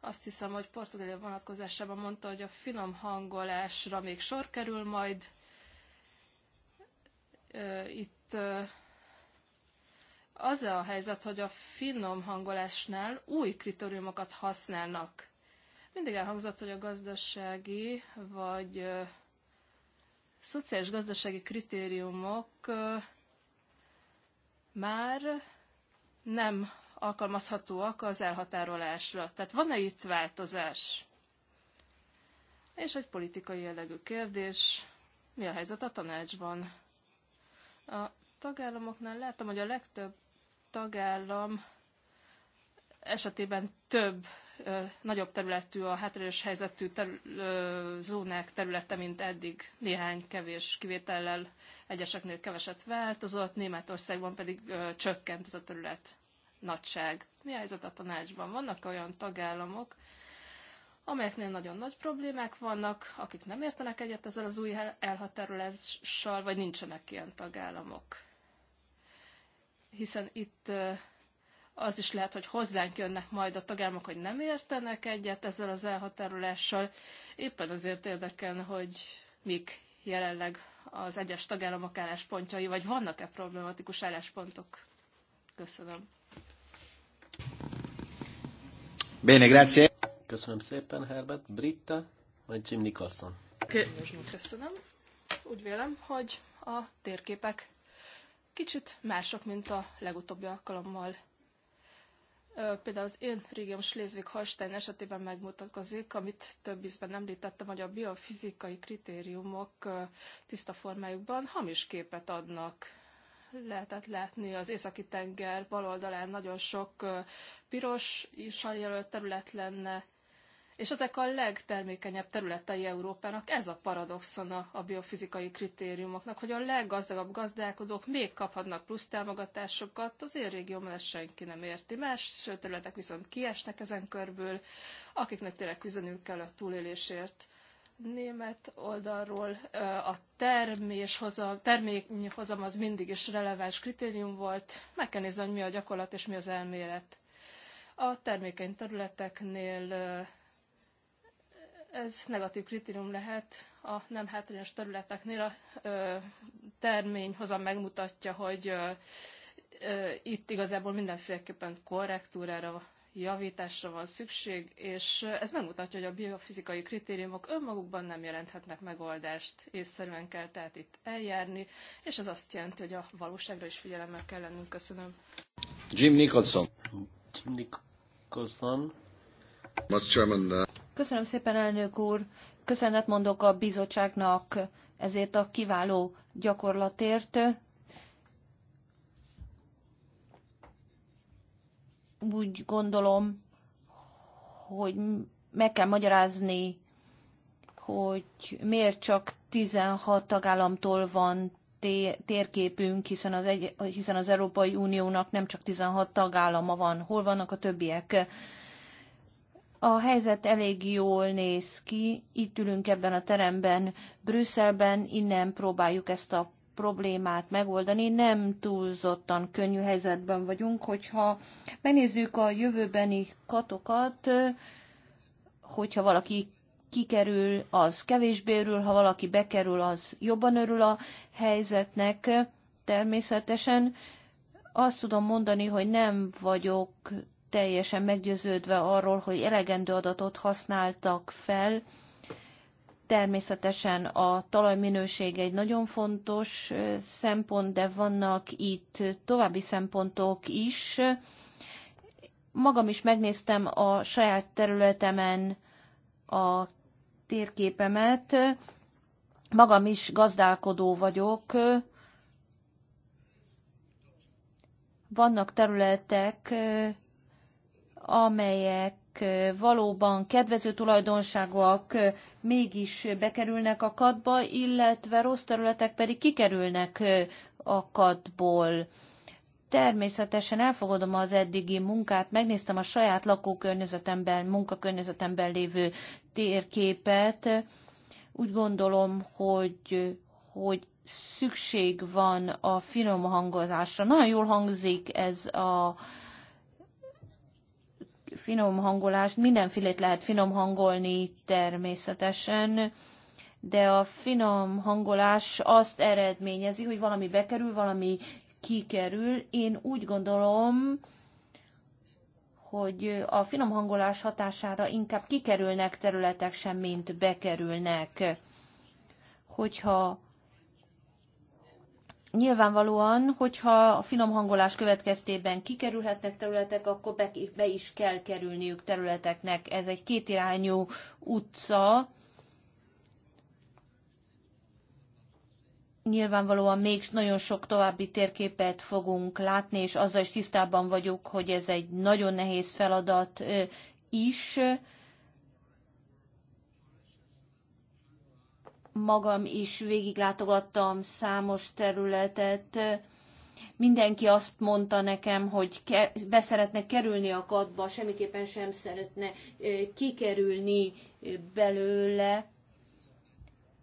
Azt hiszem, hogy Portugália vonatkozásában mondta, hogy a finom hangolásra még sor kerül majd. Itt az a helyzet, hogy a finom hangolásnál új kritériumokat használnak. Mindig elhangzott, hogy a gazdasági vagy szociális gazdasági kritériumok már nem alkalmazhatóak az elhatárolásra. Tehát van-e itt változás? És egy politikai jellegű kérdés, mi a helyzet a tanácsban? A tagállamoknál láttam, hogy a legtöbb tagállam esetében több ö, nagyobb területű, a hátrányos helyzetű terül, ö, zónák területe, mint eddig néhány kevés kivétellel egyeseknél keveset változott, Németországban pedig ö, csökkent ez a terület nagyság. Mi a helyzet a tanácsban? Vannak olyan tagállamok, amelyeknél nagyon nagy problémák vannak, akik nem értenek egyet ezzel az új elhatárolással, vagy nincsenek ilyen tagállamok. Hiszen itt az is lehet, hogy hozzánk jönnek majd a tagállamok, hogy nem értenek egyet ezzel az elhatárolással. Éppen azért érdekelne, hogy mik jelenleg az egyes tagállamok álláspontjai, vagy vannak-e problematikus álláspontok? Köszönöm. Bene, grazie. Köszönöm szépen, Herbert. Britta, vagy Jim Nicholson. Köszönöm. Úgy vélem, hogy a térképek kicsit mások, mint a legutóbbi alkalommal. Például az én régióm Schleswig-Holstein esetében megmutatkozik, amit több ízben említettem, hogy a biofizikai kritériumok tiszta formájukban hamis képet adnak lehetett látni az északi tenger bal oldalán nagyon sok piros isal jelölt terület lenne, és ezek a legtermékenyebb területei Európának. Ez a paradoxon a biofizikai kritériumoknak, hogy a leggazdagabb gazdálkodók még kaphatnak plusz támogatásokat, az én régióm ezt senki nem érti. Más területek viszont kiesnek ezen körből, akiknek tényleg küzdenünk kell a túlélésért német oldalról a terméshozam, termékhozam az mindig is releváns kritérium volt. Meg kell nézni, hogy mi a gyakorlat és mi az elmélet. A termékeny területeknél ez negatív kritérium lehet a nem hátrányos területeknél. A terményhozam megmutatja, hogy itt igazából mindenféleképpen korrektúrára javításra van szükség, és ez megmutatja, hogy a biofizikai kritériumok önmagukban nem jelenthetnek megoldást, észszerűen kell tehát itt eljárni, és ez azt jelenti, hogy a valóságra is figyelemmel kell lennünk. Köszönöm. Jim Nicholson. Jim Nicholson. Uh, Köszönöm szépen, elnök úr. Köszönet mondok a bizottságnak ezért a kiváló gyakorlatért úgy gondolom, hogy meg kell magyarázni, hogy miért csak 16 tagállamtól van térképünk, hiszen az, egy, hiszen az Európai Uniónak nem csak 16 tagállama van. Hol vannak a többiek? A helyzet elég jól néz ki. Itt ülünk ebben a teremben, Brüsszelben, innen próbáljuk ezt a problémát megoldani. Nem túlzottan könnyű helyzetben vagyunk, hogyha megnézzük a jövőbeni katokat, hogyha valaki kikerül, az kevésbé örül, ha valaki bekerül, az jobban örül a helyzetnek. Természetesen azt tudom mondani, hogy nem vagyok teljesen meggyőződve arról, hogy elegendő adatot használtak fel, Természetesen a talajminőség egy nagyon fontos szempont, de vannak itt további szempontok is. Magam is megnéztem a saját területemen a térképemet. Magam is gazdálkodó vagyok. Vannak területek, amelyek valóban kedvező tulajdonságúak mégis bekerülnek a kadba, illetve rossz területek pedig kikerülnek a kadból. Természetesen elfogadom az eddigi munkát, megnéztem a saját lakókörnyezetemben, munkakörnyezetemben lévő térképet. Úgy gondolom, hogy, hogy szükség van a finom hangozásra. Nagyon jól hangzik ez a finom hangolást, mindenfélét lehet finom hangolni természetesen, de a finom hangolás azt eredményezi, hogy valami bekerül, valami kikerül. Én úgy gondolom, hogy a finom hangolás hatására inkább kikerülnek területek sem, mint bekerülnek. Hogyha nyilvánvalóan, hogyha a finom hangolás következtében kikerülhetnek területek, akkor be, be is kell kerülniük területeknek. Ez egy kétirányú utca. Nyilvánvalóan még nagyon sok további térképet fogunk látni, és azzal is tisztában vagyok, hogy ez egy nagyon nehéz feladat is magam is végiglátogattam számos területet, mindenki azt mondta nekem, hogy ke- beszeretne kerülni a kadba, semmiképpen sem szeretne eh, kikerülni eh, belőle.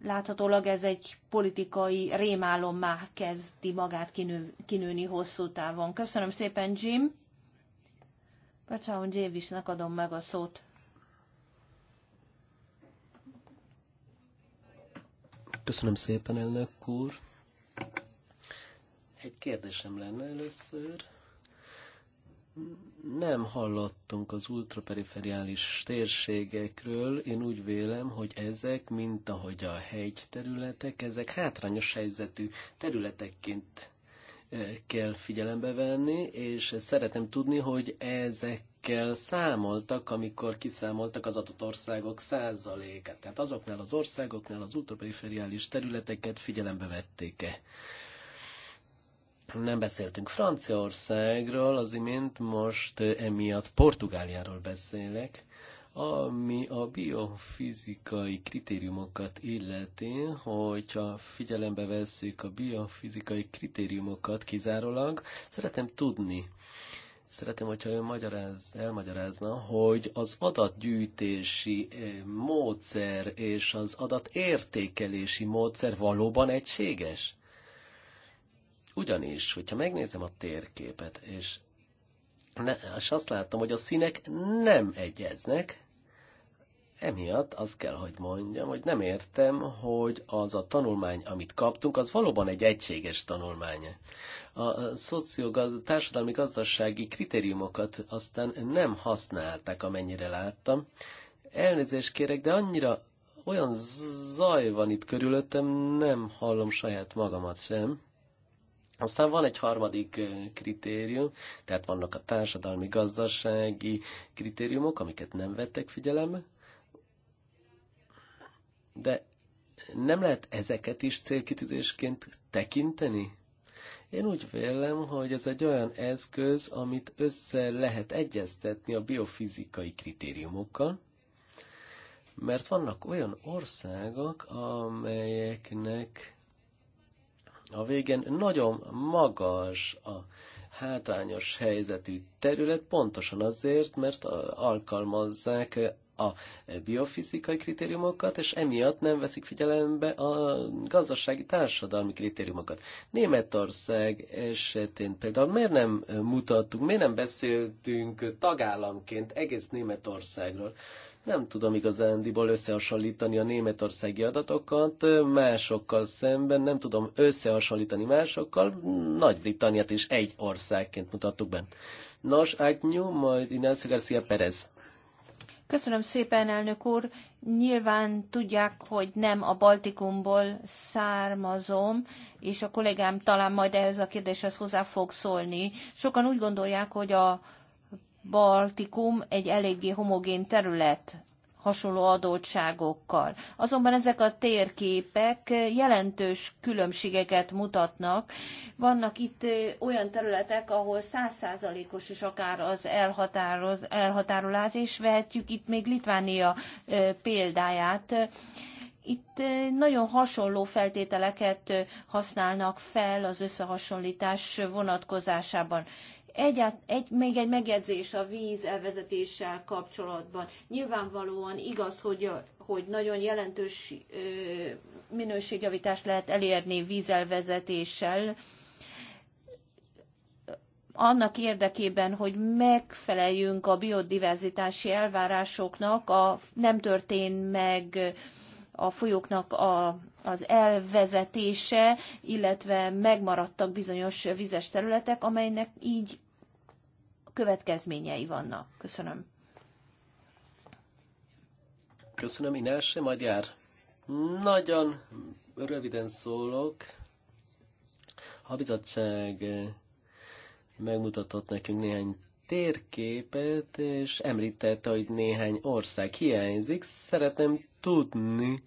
Láthatólag ez egy politikai rémálom már kezdi magát kinő, kinőni hosszú távon. Köszönöm szépen, Jim. Pacsáon Jévisnek adom meg a szót. Köszönöm szépen, elnök úr. Egy kérdésem lenne először. Nem hallottunk az ultraperiferiális térségekről. Én úgy vélem, hogy ezek, mint ahogy a hegy területek, ezek hátrányos helyzetű területekként kell figyelembe venni, és szeretem tudni, hogy ezekkel számoltak, amikor kiszámoltak az adott országok százalékát. Tehát azoknál az országoknál az ultraperiferiális területeket figyelembe vették-e. Nem beszéltünk Franciaországról az imént, most emiatt Portugáliáról beszélek ami a biofizikai kritériumokat illeti, hogyha figyelembe vesszük a biofizikai kritériumokat kizárólag, szeretem tudni, Szeretem, hogyha ő magyaráz, elmagyarázna, hogy az adatgyűjtési eh, módszer és az adatértékelési módszer valóban egységes? Ugyanis, hogyha megnézem a térképet, és, ne, és azt láttam, hogy a színek nem egyeznek, Emiatt azt kell, hogy mondjam, hogy nem értem, hogy az a tanulmány, amit kaptunk, az valóban egy egységes tanulmány. A szociogaz, társadalmi gazdasági kritériumokat aztán nem használták, amennyire láttam. Elnézést kérek, de annyira olyan zaj van itt körülöttem, nem hallom saját magamat sem. Aztán van egy harmadik kritérium, tehát vannak a társadalmi gazdasági kritériumok, amiket nem vettek figyelembe. De nem lehet ezeket is célkitűzésként tekinteni? Én úgy vélem, hogy ez egy olyan eszköz, amit össze lehet egyeztetni a biofizikai kritériumokkal, mert vannak olyan országok, amelyeknek a végén nagyon magas a hátrányos helyzetű terület, pontosan azért, mert alkalmazzák a biofizikai kritériumokat, és emiatt nem veszik figyelembe a gazdasági társadalmi kritériumokat. Németország esetén például miért nem mutattunk, miért nem beszéltünk tagállamként egész Németországról? nem tudom igazándiból összehasonlítani a németországi adatokat másokkal szemben, nem tudom összehasonlítani másokkal, Nagy-Britanniát is egy országként mutattuk be. Nos, Agnew, majd Inácio García Pérez. Köszönöm szépen, elnök úr. Nyilván tudják, hogy nem a Baltikumból származom, és a kollégám talán majd ehhez a kérdéshez hozzá fog szólni. Sokan úgy gondolják, hogy a Baltikum egy eléggé homogén terület hasonló adottságokkal. Azonban ezek a térképek jelentős különbségeket mutatnak. Vannak itt olyan területek, ahol százszázalékos is akár az elhatároz, elhatárolás, és vehetjük itt még Litvánia példáját itt nagyon hasonló feltételeket használnak fel az összehasonlítás vonatkozásában. Egy, egy, még egy megjegyzés a víz elvezetéssel kapcsolatban. Nyilvánvalóan igaz, hogy, hogy nagyon jelentős ö, minőségjavítást lehet elérni vízelvezetéssel, annak érdekében, hogy megfeleljünk a biodiverzitási elvárásoknak, a, nem történ meg a folyóknak a, az elvezetése, illetve megmaradtak bizonyos vizes területek, amelynek így következményei vannak. Köszönöm. Köszönöm, Inás, majd jár. Nagyon röviden szólok. A bizottság eh, megmutatott nekünk néhány térképet, és említette, hogy néhány ország hiányzik. Szeretném tudni,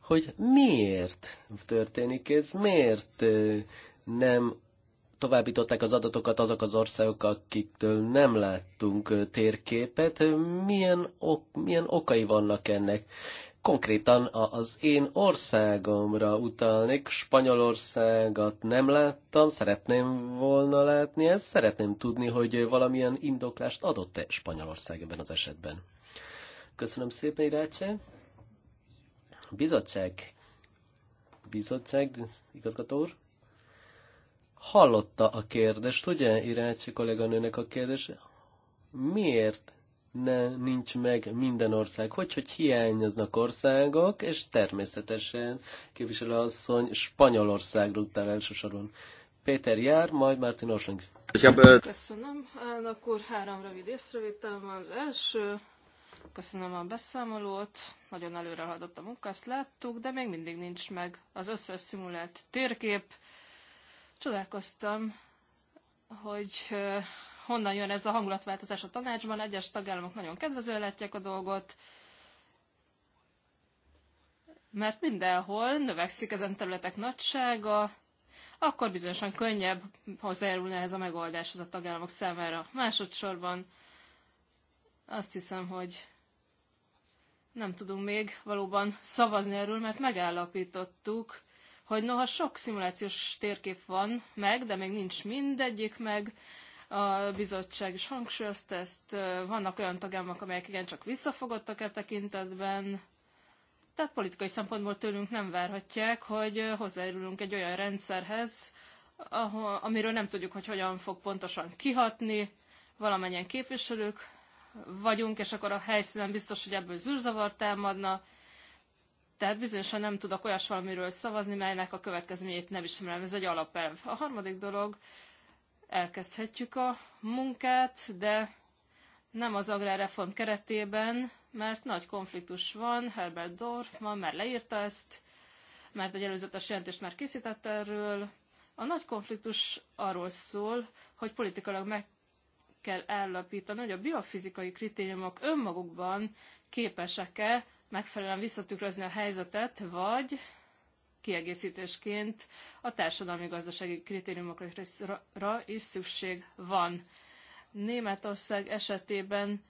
hogy miért történik ez, miért eh, nem továbbították az adatokat azok az országok, akiktől nem láttunk térképet. Milyen, ok, milyen okai vannak ennek? Konkrétan az én országomra utalnék, Spanyolországot nem láttam, szeretném volna látni ezt, szeretném tudni, hogy valamilyen indoklást adott-e Spanyolország ebben az esetben. Köszönöm szépen, Irácse. Bizottság. Bizottság, igazgató úr. Hallotta a kérdést, ugye, Irácsi kolléganőnek a kérdés? Miért ne, nincs meg minden ország? Hogy, hogy hiányoznak országok, és természetesen képviselő asszony Spanyolországról utál elsősorban. Péter jár, majd Martin Osling. Köszönöm, elnök úr, három rövid van az első. Köszönöm a beszámolót, nagyon előre haladott a munka, ezt láttuk, de még mindig nincs meg az összes szimulált térkép. Csodálkoztam, hogy honnan jön ez a hangulatváltozás a tanácsban. Egyes tagállamok nagyon kedvezően látják a dolgot, mert mindenhol növekszik ezen területek nagysága, akkor bizonyosan könnyebb hozzájárulni ehhez a megoldáshoz a tagállamok számára. Másodszorban azt hiszem, hogy nem tudunk még valóban szavazni erről, mert megállapítottuk, hogy noha sok szimulációs térkép van meg, de még nincs mindegyik meg, a bizottság is hangsúlyozta ezt, vannak olyan tagállamok, amelyek igencsak visszafogottak e tekintetben, tehát politikai szempontból tőlünk nem várhatják, hogy hozzájárulunk egy olyan rendszerhez, amiről nem tudjuk, hogy hogyan fog pontosan kihatni, valamennyien képviselők vagyunk, és akkor a helyszínen biztos, hogy ebből zűrzavar támadna, tehát bizonyosan nem tudok olyas valamiről szavazni, melynek a következményét nem ismerem. Ez egy alapelv. A harmadik dolog, elkezdhetjük a munkát, de nem az agrárreform keretében, mert nagy konfliktus van, Herbert Dorfman már leírta ezt, mert egy előzetes jelentést már készített erről. A nagy konfliktus arról szól, hogy politikailag meg kell állapítani, hogy a biofizikai kritériumok önmagukban képesek-e megfelelően visszatükrözni a helyzetet, vagy kiegészítésként a társadalmi-gazdasági kritériumokra is szükség van. Németország esetében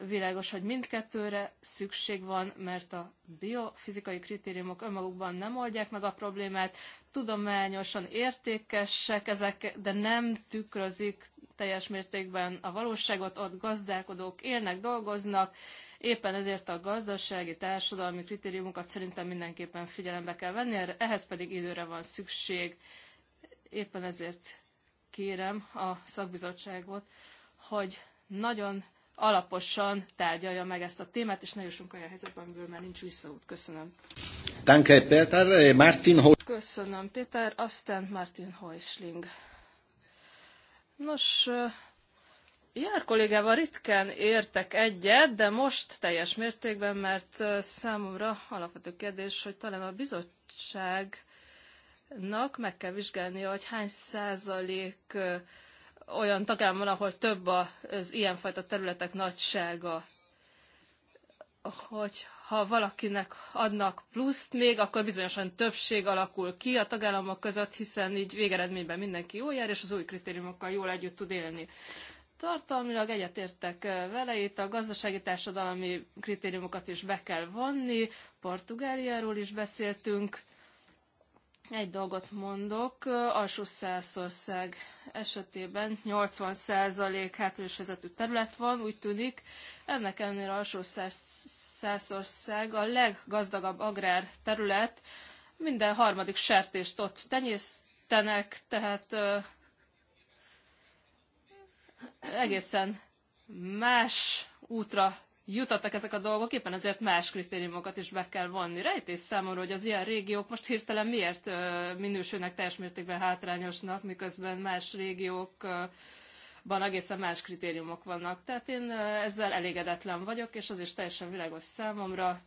Világos, hogy mindkettőre szükség van, mert a biofizikai kritériumok önmagukban nem oldják meg a problémát, tudományosan értékesek ezek, de nem tükrözik teljes mértékben a valóságot, ott gazdálkodók élnek, dolgoznak, éppen ezért a gazdasági, társadalmi kritériumokat szerintem mindenképpen figyelembe kell venni, ehhez pedig időre van szükség. Éppen ezért kérem a szakbizottságot, hogy nagyon alaposan tárgyalja meg ezt a témát, és ne jussunk olyan helyzetbe, amiből már nincs visszaút. Köszönöm. Danke, Péter. Eh, Martin Ho- Köszönöm, Péter. Aztán Martin Heusling. Nos, Jár kollégával ritkán értek egyet, de most teljes mértékben, mert számomra alapvető kérdés, hogy talán a bizottságnak meg kell vizsgálnia, hogy hány százalék olyan tagállam van, ahol több az ilyenfajta területek nagysága. Hogy ha valakinek adnak pluszt még, akkor bizonyosan többség alakul ki a tagállamok között, hiszen így végeredményben mindenki jól jár, és az új kritériumokkal jól együtt tud élni. Tartalmilag egyetértek eh, vele, itt a gazdasági társadalmi kritériumokat is be kell vonni, Portugáliáról is beszéltünk, egy dolgot mondok, alsó Szászország esetében 80% hátrányos helyzetű terület van, úgy tűnik. Ennek ellenére alsó Szászország a leggazdagabb agrár terület, minden harmadik sertést ott tenyésztenek, tehát egészen más útra jutottak ezek a dolgok, éppen ezért más kritériumokat is be kell vonni. Rejtés számomra, hogy az ilyen régiók most hirtelen miért minősülnek teljes mértékben hátrányosnak, miközben más régiókban egészen más kritériumok vannak. Tehát én ezzel elégedetlen vagyok, és az is teljesen világos számomra,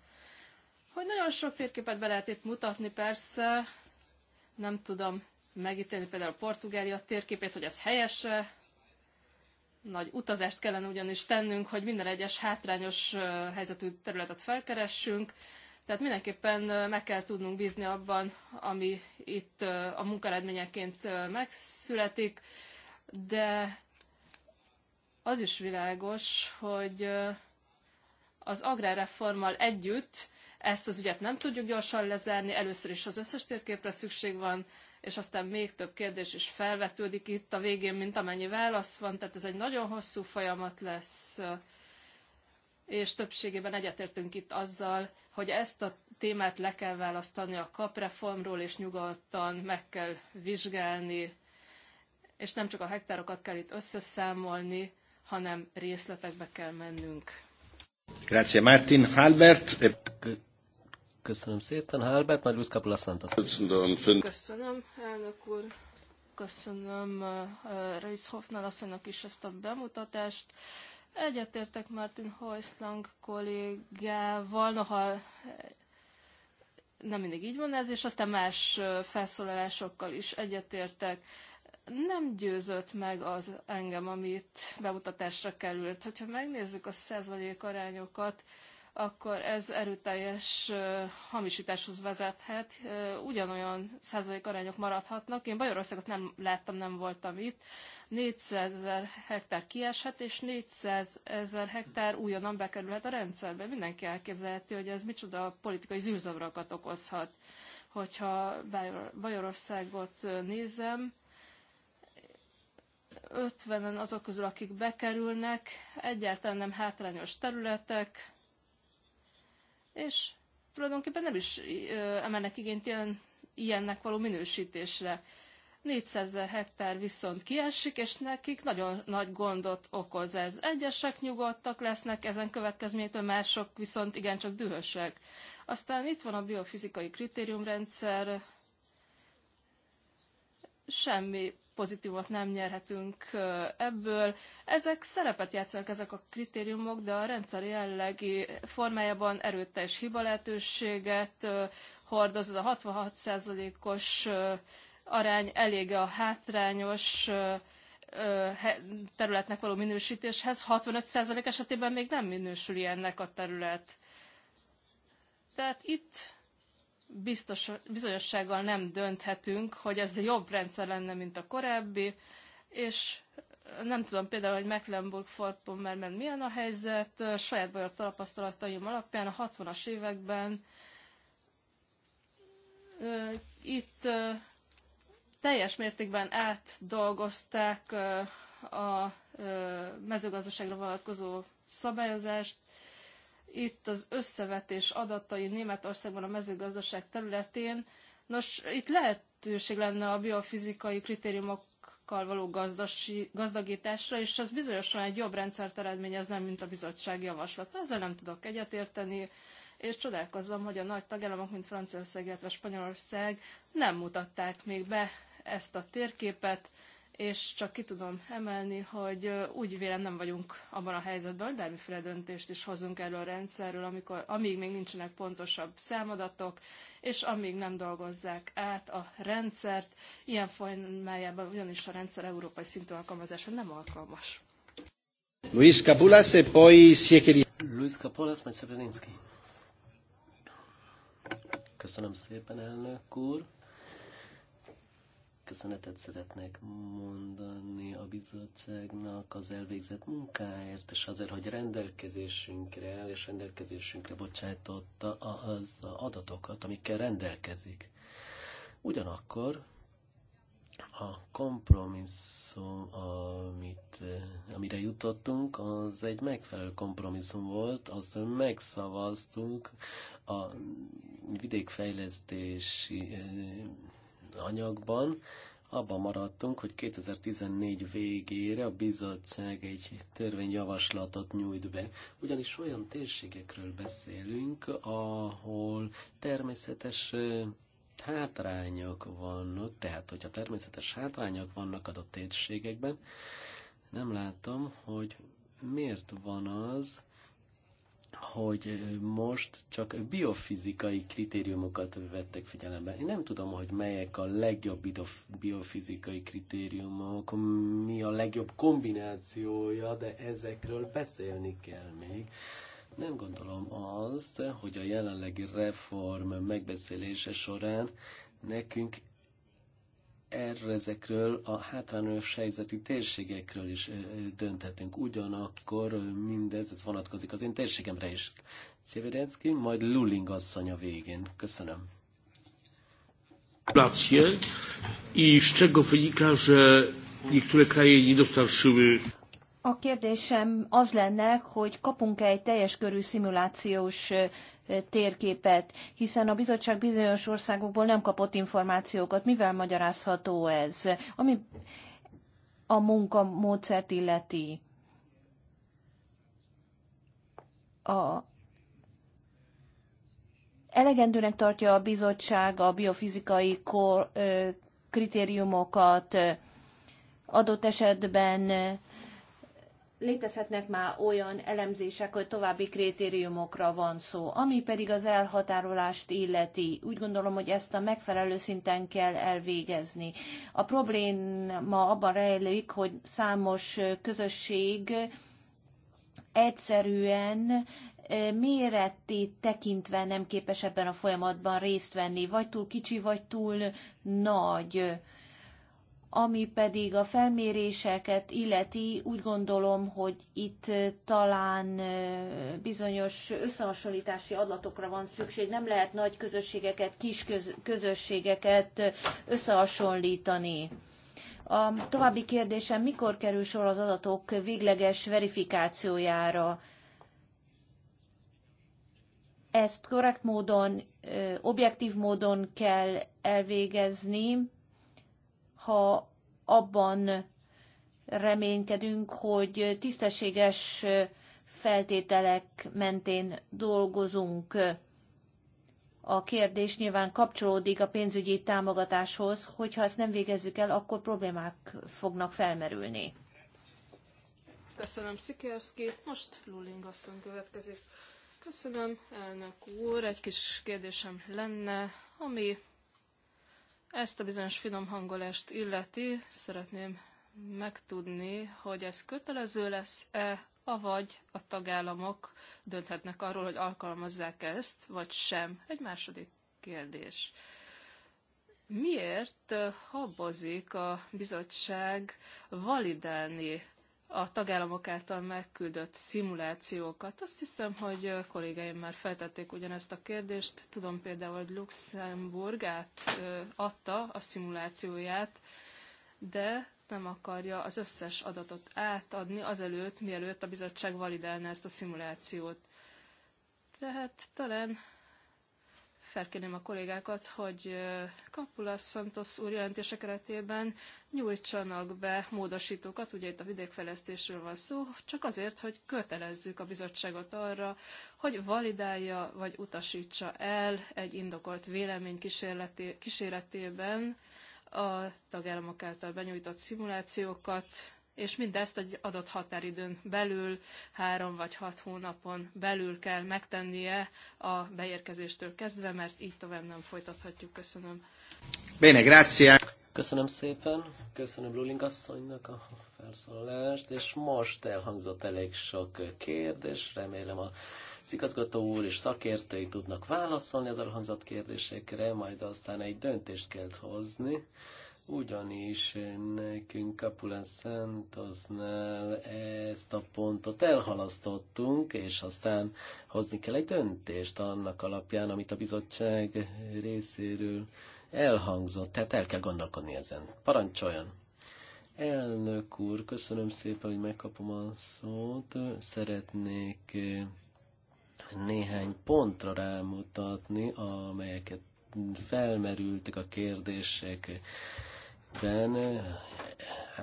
hogy nagyon sok térképet be lehet itt mutatni, persze, nem tudom megítélni például a Portugália térképét, hogy ez helyese, nagy utazást kellene ugyanis tennünk, hogy minden egyes hátrányos helyzetű területet felkeressünk, tehát mindenképpen meg kell tudnunk bízni abban, ami itt a munkaeredményeként megszületik, de az is világos, hogy az agrárreformmal együtt ezt az ügyet nem tudjuk gyorsan lezárni, először is az összes térképre szükség van, és aztán még több kérdés is felvetődik itt a végén, mint amennyi válasz van, tehát ez egy nagyon hosszú folyamat lesz, és többségében egyetértünk itt azzal, hogy ezt a témát le kell választani a kapreformról, és nyugodtan meg kell vizsgálni, és nem csak a hektárokat kell itt összeszámolni, hanem részletekbe kell mennünk. Grazie Martin Halbert. Köszönöm szépen, Halbert, majd Luz Capula Santos. Köszönöm, elnök úr. Köszönöm uh, uh Reis Hoffnál asszonynak is ezt a bemutatást. Egyetértek Martin Hoislang kollégával, noha eh, nem mindig így van ez, és aztán más eh, felszólalásokkal is egyetértek. Nem győzött meg az engem, amit bemutatásra került. Hogyha megnézzük a százalék arányokat, akkor ez erőteljes hamisításhoz vezethet. Ugyanolyan százalék arányok maradhatnak. Én Bajorországot nem láttam, nem voltam itt. 400 ezer hektár kieshet, és 400 ezer hektár újonnan bekerülhet a rendszerbe. Mindenki elképzelheti, hogy ez micsoda politikai zűrzavrakat okozhat. Hogyha Bajorországot nézem, 50-en azok közül, akik bekerülnek, egyáltalán nem hátrányos területek, és tulajdonképpen nem is emelnek igényt ilyen, ilyennek való minősítésre. 400 ezer hektár viszont kiesik, és nekik nagyon nagy gondot okoz ez. Egyesek nyugodtak lesznek ezen következményétől, mások viszont igencsak dühösek. Aztán itt van a biofizikai kritériumrendszer, semmi pozitívot nem nyerhetünk ebből. Ezek szerepet játszanak ezek a kritériumok, de a rendszer jellegi formájában erőteljes hiba lehetőséget hordoz, ez a 66%-os arány elég a hátrányos területnek való minősítéshez, 65% esetében még nem minősül ilyennek a terület. Tehát itt biztos, bizonyossággal nem dönthetünk, hogy ez jobb rendszer lenne, mint a korábbi, és nem tudom például, hogy mecklenburg mert milyen a helyzet, saját bajor tapasztalataim alapján a 60-as években itt teljes mértékben átdolgozták a mezőgazdaságra vonatkozó szabályozást, itt az összevetés adatai Németországban a mezőgazdaság területén. Nos, itt lehetőség lenne a biofizikai kritériumokkal való gazdasi, gazdagításra, és ez bizonyosan egy jobb rendszert eredményezne, mint a bizottság javaslata. Ezzel nem tudok egyetérteni és csodálkozom, hogy a nagy tagállamok, mint Franciaország, illetve Spanyolország nem mutatták még be ezt a térképet, és csak ki tudom emelni, hogy úgy vélem nem vagyunk abban a helyzetben, hogy bármiféle döntést is hozzunk erről a rendszerről, amikor, amíg még nincsenek pontosabb számadatok, és amíg nem dolgozzák át a rendszert, ilyen formájában ugyanis a rendszer európai szintű alkalmazása nem alkalmas. Luis Capulas e poi Siekeri. Luis Capulas, Köszönöm szépen, elnök úr köszönetet szeretnék mondani a bizottságnak az elvégzett munkáért, és azért, hogy rendelkezésünkre áll, és rendelkezésünkre bocsájtotta az adatokat, amikkel rendelkezik. Ugyanakkor a kompromisszum, amit, amire jutottunk, az egy megfelelő kompromisszum volt, azt megszavaztunk a vidékfejlesztési anyagban abban maradtunk, hogy 2014 végére a bizottság egy törvényjavaslatot nyújt be. Ugyanis olyan térségekről beszélünk, ahol természetes hátrányok vannak, tehát hogyha természetes hátrányok vannak adott térségekben, nem látom, hogy miért van az, hogy most csak biofizikai kritériumokat vettek figyelembe. Én nem tudom, hogy melyek a legjobb biofizikai kritériumok, mi a legjobb kombinációja, de ezekről beszélni kell még. Nem gondolom azt, hogy a jelenlegi reform megbeszélése során nekünk ezekről a hátrányos helyzeti térségekről is dönthetünk. Ugyanakkor mindez, ez vonatkozik az én térségemre is. Szeverenszki, majd Luling asszony a végén. Köszönöm. Placje i z czego wynika, że niektóre kraje nie dostarczyły a kérdésem az lenne, hogy kapunk-e egy teljes körű szimulációs térképet, hiszen a bizottság bizonyos országokból nem kapott információkat. Mivel magyarázható ez? Ami a munkamódszert illeti. A elegendőnek tartja a bizottság a biofizikai kritériumokat, adott esetben létezhetnek már olyan elemzések, hogy további kritériumokra van szó. Ami pedig az elhatárolást illeti, úgy gondolom, hogy ezt a megfelelő szinten kell elvégezni. A probléma abban rejlik, hogy számos közösség egyszerűen méretté tekintve nem képes ebben a folyamatban részt venni, vagy túl kicsi, vagy túl nagy ami pedig a felméréseket illeti, úgy gondolom, hogy itt talán bizonyos összehasonlítási adatokra van szükség. Nem lehet nagy közösségeket, kis közösségeket összehasonlítani. A további kérdésem, mikor kerül sor az adatok végleges verifikációjára? Ezt korrekt módon, objektív módon kell elvégezni ha abban reménykedünk, hogy tisztességes feltételek mentén dolgozunk. A kérdés nyilván kapcsolódik a pénzügyi támogatáshoz, hogyha ezt nem végezzük el, akkor problémák fognak felmerülni. Köszönöm, Szikerszki. Most Luling asszony következik. Köszönöm, elnök úr. Egy kis kérdésem lenne, ami ezt a bizonyos finom hangolást illeti, szeretném megtudni, hogy ez kötelező lesz-e, avagy a tagállamok dönthetnek arról, hogy alkalmazzák ezt, vagy sem. Egy második kérdés. Miért habozik a bizottság validálni a tagállamok által megküldött szimulációkat. Azt hiszem, hogy kollégáim már feltették ugyanezt a kérdést. Tudom például, hogy Luxemburg át adta a szimulációját, de nem akarja az összes adatot átadni azelőtt, mielőtt a bizottság validálná ezt a szimulációt. Tehát talán felkérném a kollégákat, hogy Kapula Santos úr jelentése keretében nyújtsanak be módosítókat, ugye itt a vidékfejlesztésről van szó, csak azért, hogy kötelezzük a bizottságot arra, hogy validálja vagy utasítsa el egy indokolt vélemény kísérletében a tagállamok által benyújtott szimulációkat, és mindezt egy adott határidőn belül, három vagy hat hónapon belül kell megtennie a beérkezéstől kezdve, mert így tovább nem folytathatjuk. Köszönöm. Bene, grazie. Köszönöm szépen, köszönöm Luling asszonynak a felszólalást, és most elhangzott elég sok kérdés, remélem a az igazgató úr és szakértői tudnak válaszolni az elhangzott kérdésekre, majd aztán egy döntést kell hozni ugyanis nekünk Capula Santosnál ezt a pontot elhalasztottunk, és aztán hozni kell egy döntést annak alapján, amit a bizottság részéről elhangzott. Tehát el kell gondolkodni ezen. Parancsoljon! Elnök úr, köszönöm szépen, hogy megkapom a szót. Szeretnék néhány pontra rámutatni, amelyeket felmerültek a kérdések Ben, eh,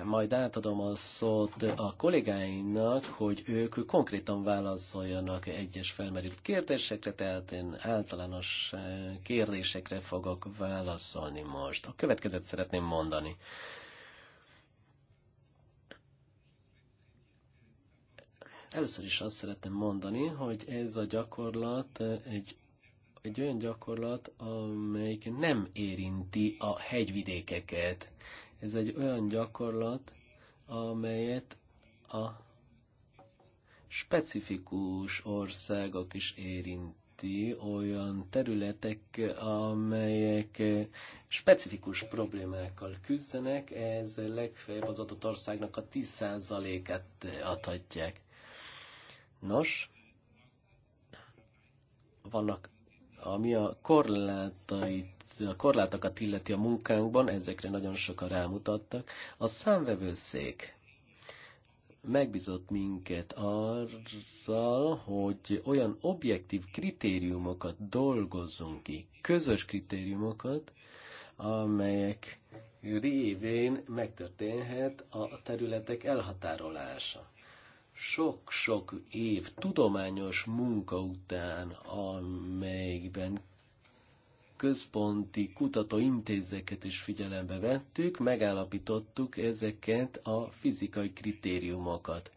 majd átadom a szót a kollégáinak, hogy ők konkrétan válaszoljanak egyes felmerült kérdésekre, tehát én általános eh, kérdésekre fogok válaszolni most. A következőt szeretném mondani. Először is azt szeretném mondani, hogy ez a gyakorlat eh, egy egy olyan gyakorlat, amelyik nem érinti a hegyvidékeket. Ez egy olyan gyakorlat, amelyet a specifikus országok is érinti, olyan területek, amelyek specifikus problémákkal küzdenek, ez legfeljebb az adott országnak a 10%-át adhatják. Nos, vannak ami a korlátait a korlátokat illeti a munkánkban, ezekre nagyon sokan rámutattak. A számvevőszék megbízott minket azzal, hogy olyan objektív kritériumokat dolgozzunk ki, közös kritériumokat, amelyek révén megtörténhet a területek elhatárolása sok-sok év tudományos munka után, amelyikben központi kutatóintézeket is figyelembe vettük, megállapítottuk ezeket a fizikai kritériumokat.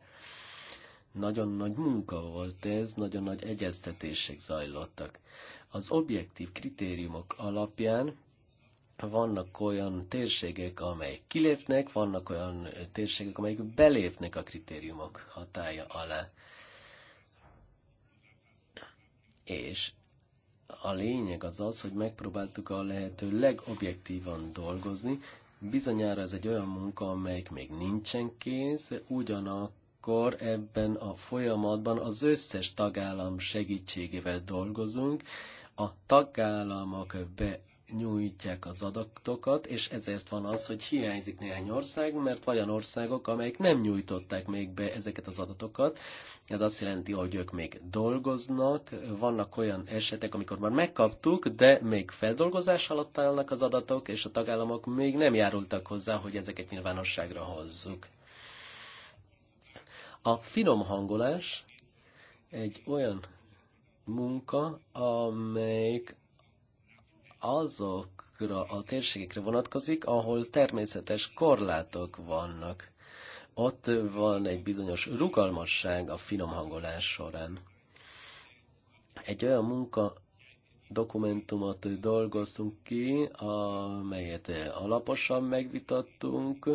Nagyon nagy munka volt ez, nagyon nagy egyeztetések zajlottak. Az objektív kritériumok alapján vannak olyan térségek, amelyek kilépnek, vannak olyan térségek, amelyek belépnek a kritériumok hatája alá. És a lényeg az az, hogy megpróbáltuk a lehető legobjektívan dolgozni. Bizonyára ez egy olyan munka, amelyik még nincsen kész, ugyanakkor ebben a folyamatban az összes tagállam segítségével dolgozunk, a tagállamok be nyújtják az adatokat, és ezért van az, hogy hiányzik néhány ország, mert olyan országok, amelyek nem nyújtották még be ezeket az adatokat. Ez azt jelenti, hogy ők még dolgoznak, vannak olyan esetek, amikor már megkaptuk, de még feldolgozás alatt állnak az adatok, és a tagállamok még nem járultak hozzá, hogy ezeket nyilvánosságra hozzuk. A finom hangolás egy olyan munka, amelyik azokra a térségekre vonatkozik, ahol természetes korlátok vannak. Ott van egy bizonyos rugalmasság a finom hangolás során. Egy olyan munka dokumentumot dolgoztunk ki, amelyet alaposan megvitattunk,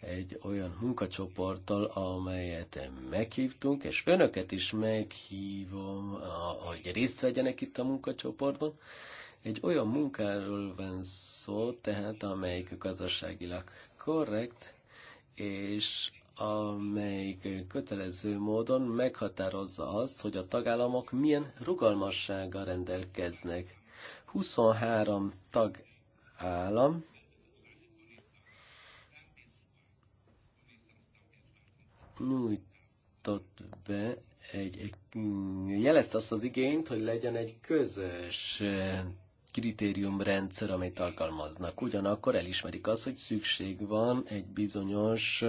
egy olyan munkacsoporttal, amelyet meghívtunk, és önöket is meghívom, hogy részt vegyenek itt a munkacsoportban. Egy olyan munkáról van szó, tehát amelyik gazdaságilag korrekt, és amelyik kötelező módon meghatározza azt, hogy a tagállamok milyen rugalmassággal rendelkeznek. 23 tagállam nyújtott be egy, egy jelezte azt az igényt, hogy legyen egy közös kritériumrendszer, amit alkalmaznak. Ugyanakkor elismerik azt, hogy szükség van egy bizonyos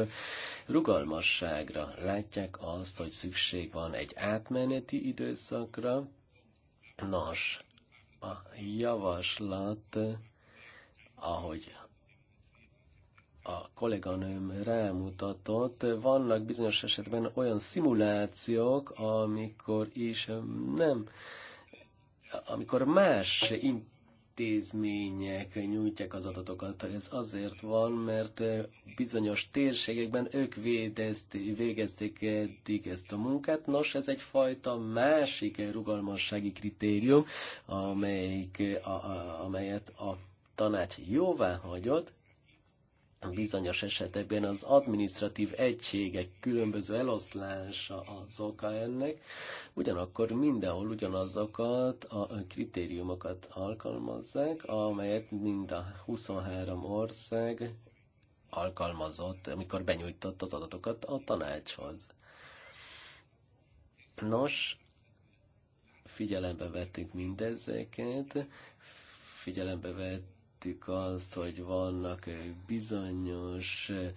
rugalmasságra. Látják azt, hogy szükség van egy átmeneti időszakra. Nos, a javaslat, ahogy a kolléganőm rámutatott, vannak bizonyos esetben olyan szimulációk, amikor is nem amikor más intézmények nyújtják az adatokat. Ez azért van, mert bizonyos térségekben ők védezték, végezték eddig ezt a munkát. Nos, ez egyfajta másik rugalmassági kritérium, amelyik, a, a, amelyet a tanács jóvá hagyott, bizonyos esetekben az administratív egységek különböző eloszlása az oka ennek, ugyanakkor mindenhol ugyanazokat a kritériumokat alkalmazzák, amelyet mind a 23 ország alkalmazott, amikor benyújtott az adatokat a tanácshoz. Nos, figyelembe vettük mindezeket, figyelembe vett említettük azt, hogy vannak eh, bizonyos eh,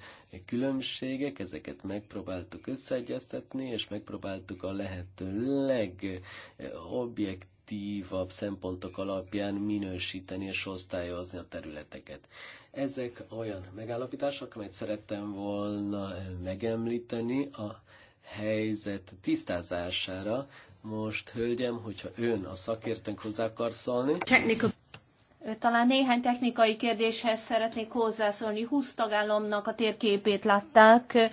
különbségek, ezeket megpróbáltuk összeegyeztetni, és megpróbáltuk a lehető legobjektív objektívabb szempontok alapján minősíteni és osztályozni a területeket. Ezek olyan megállapítások, amelyet szerettem volna eh, megemlíteni a helyzet tisztázására. Most, hölgyem, hogyha ön a szakértőnk hozzá akar szólni. Technical. Talán néhány technikai kérdéshez szeretnék hozzászólni. 20 tagállamnak a térképét látták.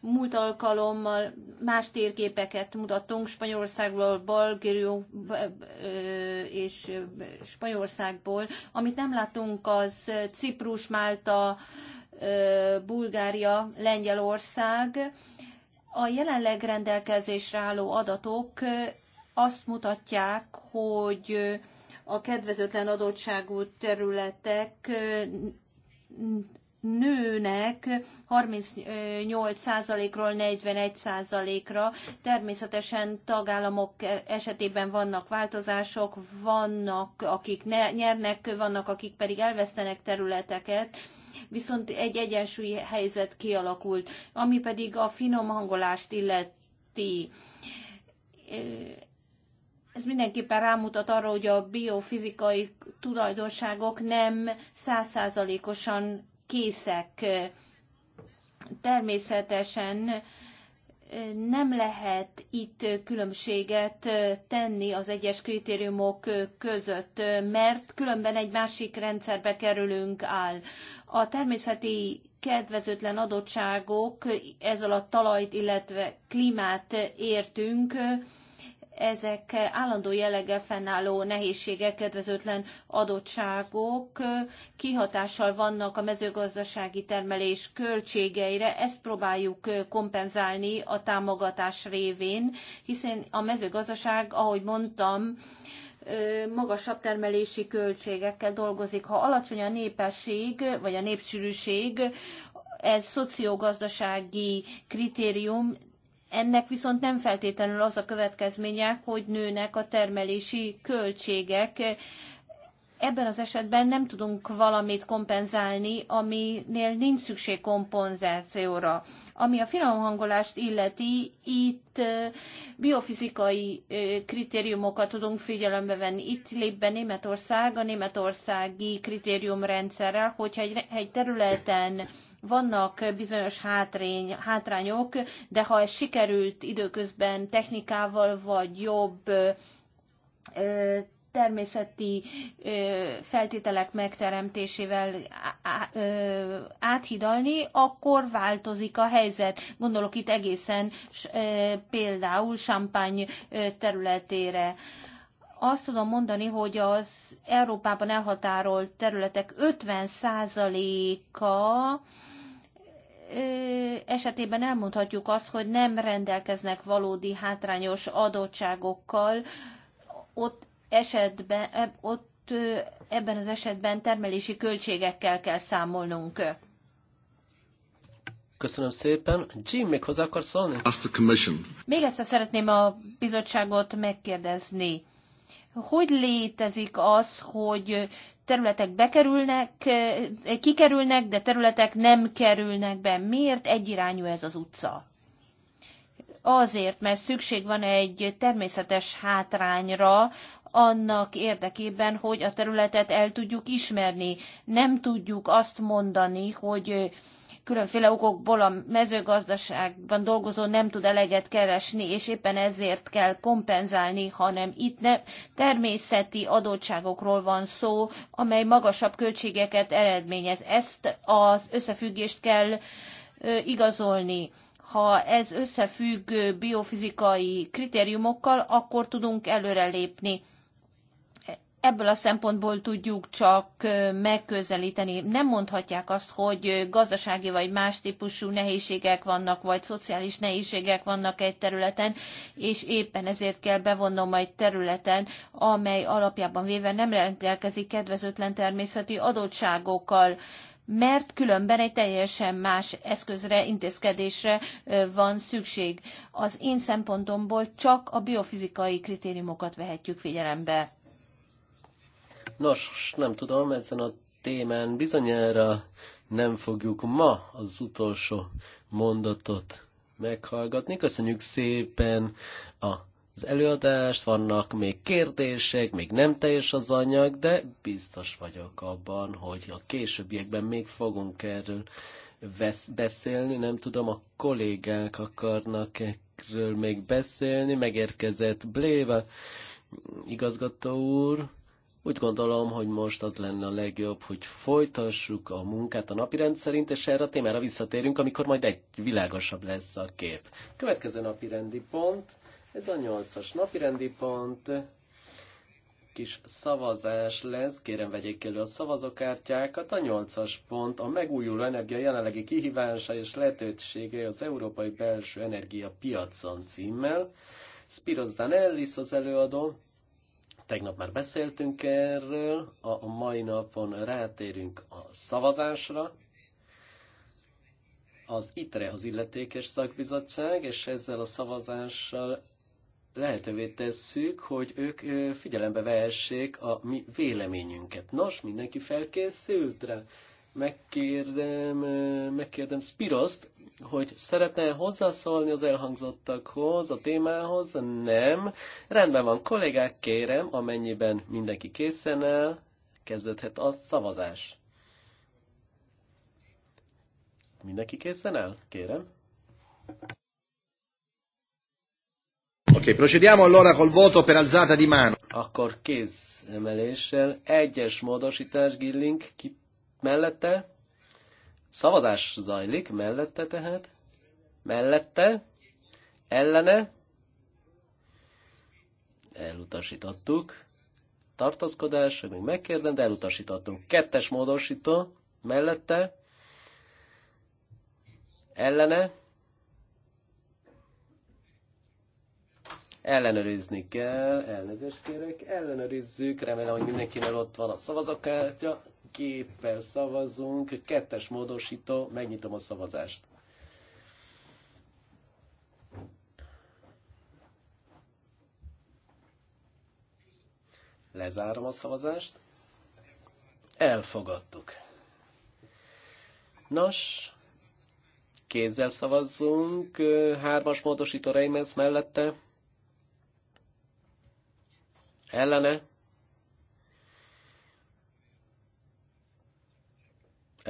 Múlt alkalommal más térképeket mutattunk Spanyolországból, Balgérió és Spanyolországból. Amit nem látunk, az Ciprus, Málta, Bulgária, Lengyelország. A jelenleg rendelkezésre álló adatok azt mutatják, hogy a kedvezőtlen adottságú területek nőnek 38%-ról 41%-ra. Természetesen tagállamok esetében vannak változások, vannak akik nyernek, vannak akik pedig elvesztenek területeket, viszont egy egyensúlyi helyzet kialakult, ami pedig a finom hangolást illeti ez mindenképpen rámutat arra, hogy a biofizikai tulajdonságok nem százszázalékosan készek. Természetesen eh, nem lehet itt különbséget eh, tenni az egyes kritériumok eh, között, mert különben egy másik rendszerbe kerülünk áll. A természeti kedvezőtlen adottságok, ez alatt talajt, illetve klímát értünk, ezek állandó jelleggel fennálló nehézségek, kedvezőtlen adottságok kihatással vannak a mezőgazdasági termelés költségeire, ezt próbáljuk kompenzálni a támogatás révén, hiszen a mezőgazdaság, ahogy mondtam, magasabb termelési költségekkel dolgozik. Ha alacsony a népesség, vagy a népsűrűség, ez szociogazdasági kritérium, ennek viszont nem feltétlenül az a következménye, hogy nőnek a termelési költségek. Ebben az esetben nem tudunk valamit kompenzálni, aminél nincs szükség kompenzációra. Ami a finomhangolást illeti, itt biofizikai kritériumokat tudunk figyelembe venni. Itt lép be Németország a németországi kritériumrendszerrel, hogyha egy, egy területen vannak bizonyos hátrény, hátrányok, de ha ez sikerült időközben technikával vagy jobb természeti feltételek megteremtésével áthidalni, akkor változik a helyzet. Gondolok itt egészen például Champagne területére. Azt tudom mondani, hogy az Európában elhatárolt területek 50%-a esetében elmondhatjuk azt, hogy nem rendelkeznek valódi hátrányos adottságokkal, ott esetben, e, ott ebben az esetben termelési költségekkel kell számolnunk. Köszönöm szépen. Jim, még hozzá akarsz szólni? Még egyszer szeretném a bizottságot megkérdezni hogy létezik az, hogy területek bekerülnek, eh, kikerülnek, de területek nem kerülnek be. Miért egyirányú ez az utca? Azért, mert szükség van egy természetes hátrányra, annak érdekében, hogy a területet el tudjuk ismerni. Nem tudjuk azt mondani, hogy különféle okokból a mezőgazdaságban dolgozó nem tud eleget keresni, és éppen ezért kell kompenzálni, hanem itt ne természeti adottságokról van szó, amely magasabb költségeket eredményez. Ezt az összefüggést kell igazolni ha ez összefügg biofizikai kritériumokkal, akkor tudunk előrelépni ebből a szempontból tudjuk csak megközelíteni. Nem mondhatják azt, hogy gazdasági vagy más típusú nehézségek vannak, vagy szociális nehézségek vannak egy területen, és éppen ezért kell bevonnom egy területen, amely alapjában véve nem rendelkezik kedvezőtlen természeti adottságokkal mert különben egy teljesen más eszközre, intézkedésre van szükség. Az én szempontomból csak a biofizikai kritériumokat vehetjük figyelembe. Nos, nem tudom, ezen a témán bizonyára nem fogjuk ma az utolsó mondatot meghallgatni. Köszönjük szépen a az előadást, vannak még kérdések, még nem teljes az anyag, de biztos vagyok abban, hogy a későbbiekben még fogunk erről vesz, beszélni. Nem tudom, a kollégák akarnak erről még beszélni. Megérkezett Bléva igazgató úr, úgy gondolom, hogy most az lenne a legjobb, hogy folytassuk a munkát a napirend szerint, és erre a témára visszatérünk, amikor majd egy világosabb lesz a kép. Következő napirendi pont, ez a nyolcas napirendi pont, kis szavazás lesz, kérem vegyék elő a szavazókártyákat. A nyolcas pont a megújuló energia jelenlegi kihívása és lehetősége az európai belső energia piacon címmel. Spiros Danellis az előadó, Tegnap már beszéltünk erről, a mai napon rátérünk a szavazásra. Az ITRE az illetékes szakbizottság, és ezzel a szavazással lehetővé tesszük, hogy ők figyelembe vehessék a mi véleményünket. Nos, mindenki felkészült rá. Megkérdem, megkérdem Spiroszt, hogy szeretne hozzászólni az elhangzottakhoz, a témához? Nem. Rendben van, kollégák, kérem, amennyiben mindenki készen el, kezdődhet a szavazás. Mindenki készen el? Kérem. Oké, procediamo allora col voto per alzata di mano. Akkor kéz emeléssel egyes módosítás Gilling, ki mellette Szavazás zajlik, mellette tehát. Mellette, ellene, elutasítottuk. hogy még megkérdem, de elutasítottunk. Kettes módosító, mellette, ellene, ellenőrizni kell, elnézést kérek, ellenőrizzük, remélem, hogy mindenkinek ott van a szavazókártya képpel szavazunk, kettes módosító, megnyitom a szavazást. Lezárom a szavazást. Elfogadtuk. Nos, kézzel szavazzunk, hármas módosító Reimers mellette. Ellene.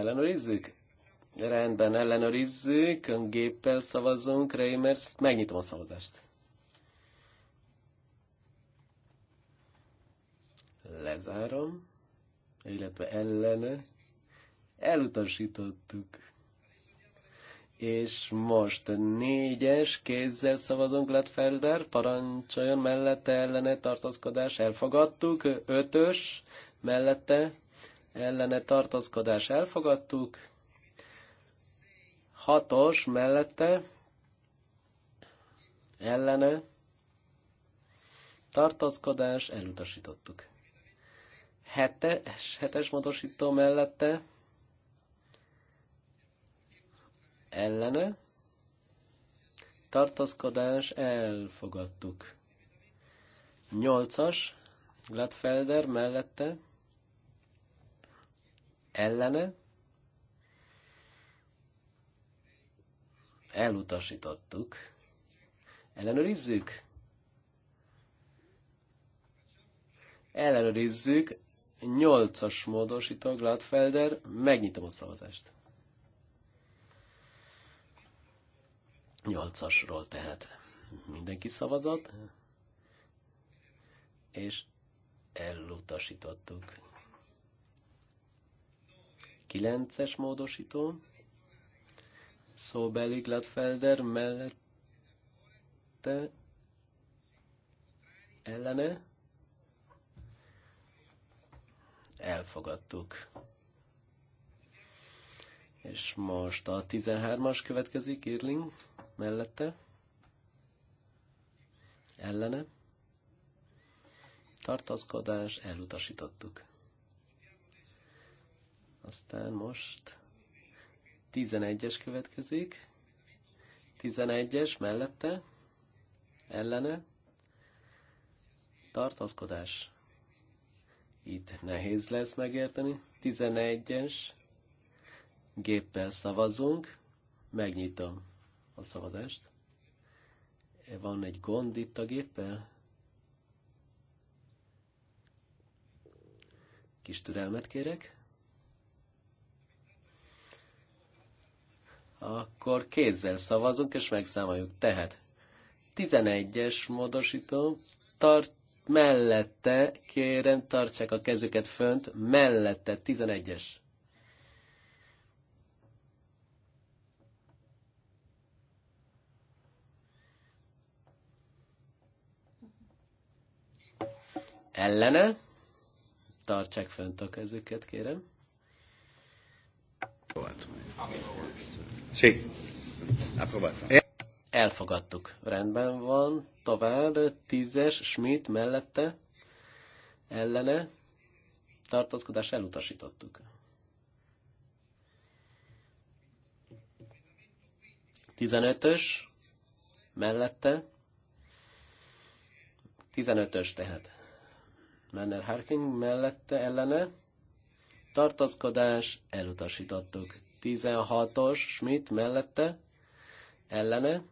Ellenőrizzük? Rendben, ellenőrizzük. A géppel szavazzunk, Reimers. Megnyitom a szavazást. Lezárom, illetve ellene. Elutasítottuk. És most négyes kézzel szavazunk Letfelder, parancsoljon mellette ellene tartózkodás, elfogadtuk. Ötös mellette ellene tartózkodás elfogadtuk. Hatos mellette ellene tartózkodás elutasítottuk. Hetes, hetes módosító mellette ellene tartózkodás elfogadtuk. Nyolcas Gladfelder mellette ellene elutasítottuk. Ellenőrizzük? Ellenőrizzük. Nyolcas as módosító Gladfelder. Megnyitom a szavazást. Nyolcasról tehát. Mindenki szavazott, és elutasítottuk. 9-es módosító, szóbeli Gladfelder mellette ellene elfogadtuk. És most a 13-as következik, Irling, mellette. Ellene. Tartaszkodás, elutasítottuk. Aztán most 11-es következik. 11-es mellette, ellene, tartózkodás. Itt nehéz lesz megérteni. 11-es géppel szavazunk, megnyitom a szavazást. Van egy gond itt a géppel? Kis türelmet kérek. akkor kézzel szavazunk, és megszámoljuk. Tehát 11-es módosító tart mellette, kérem, tartsák a kezüket fönt, mellette, 11-es. Ellene, tartsák fönt a kezüket, kérem. Sí. Elfogadtuk. Rendben van. Tovább. Tízes. Schmidt mellette. Ellene. Tartózkodás elutasítottuk. Tizenötös mellette, tizenötös tehát. Menner Harking mellette ellene, tartózkodás, elutasítottuk. 16-os Schmidt mellette, ellene,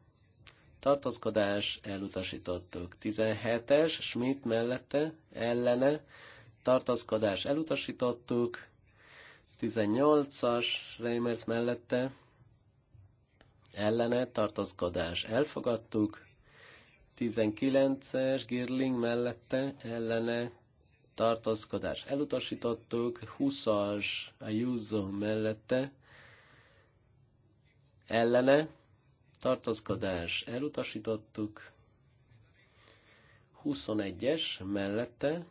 tartózkodás, elutasítottuk. 17-es Schmidt mellette, ellene, tartózkodás, elutasítottuk. 18-as Reimers mellette, ellene, tartózkodás, elfogadtuk. 19-es Girling mellette, ellene, tartózkodás elutasítottuk, 20-as Ayuso mellette ellene, tartozkodás elutasítottuk, 21-es mellette,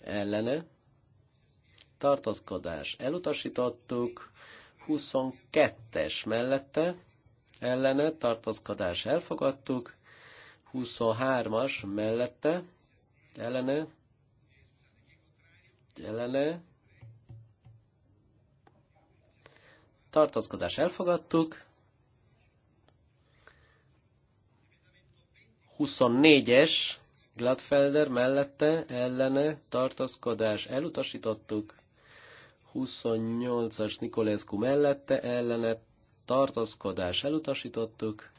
ellene, tartozkodás elutasítottuk, 22-es mellette, ellene, tartozkodás elfogadtuk, 23-as mellette, ellene, ellene, tartózkodás elfogadtuk. 24-es Gladfelder mellette ellene tartózkodás elutasítottuk. 28-as Nikolescu mellette ellene tartózkodás elutasítottuk.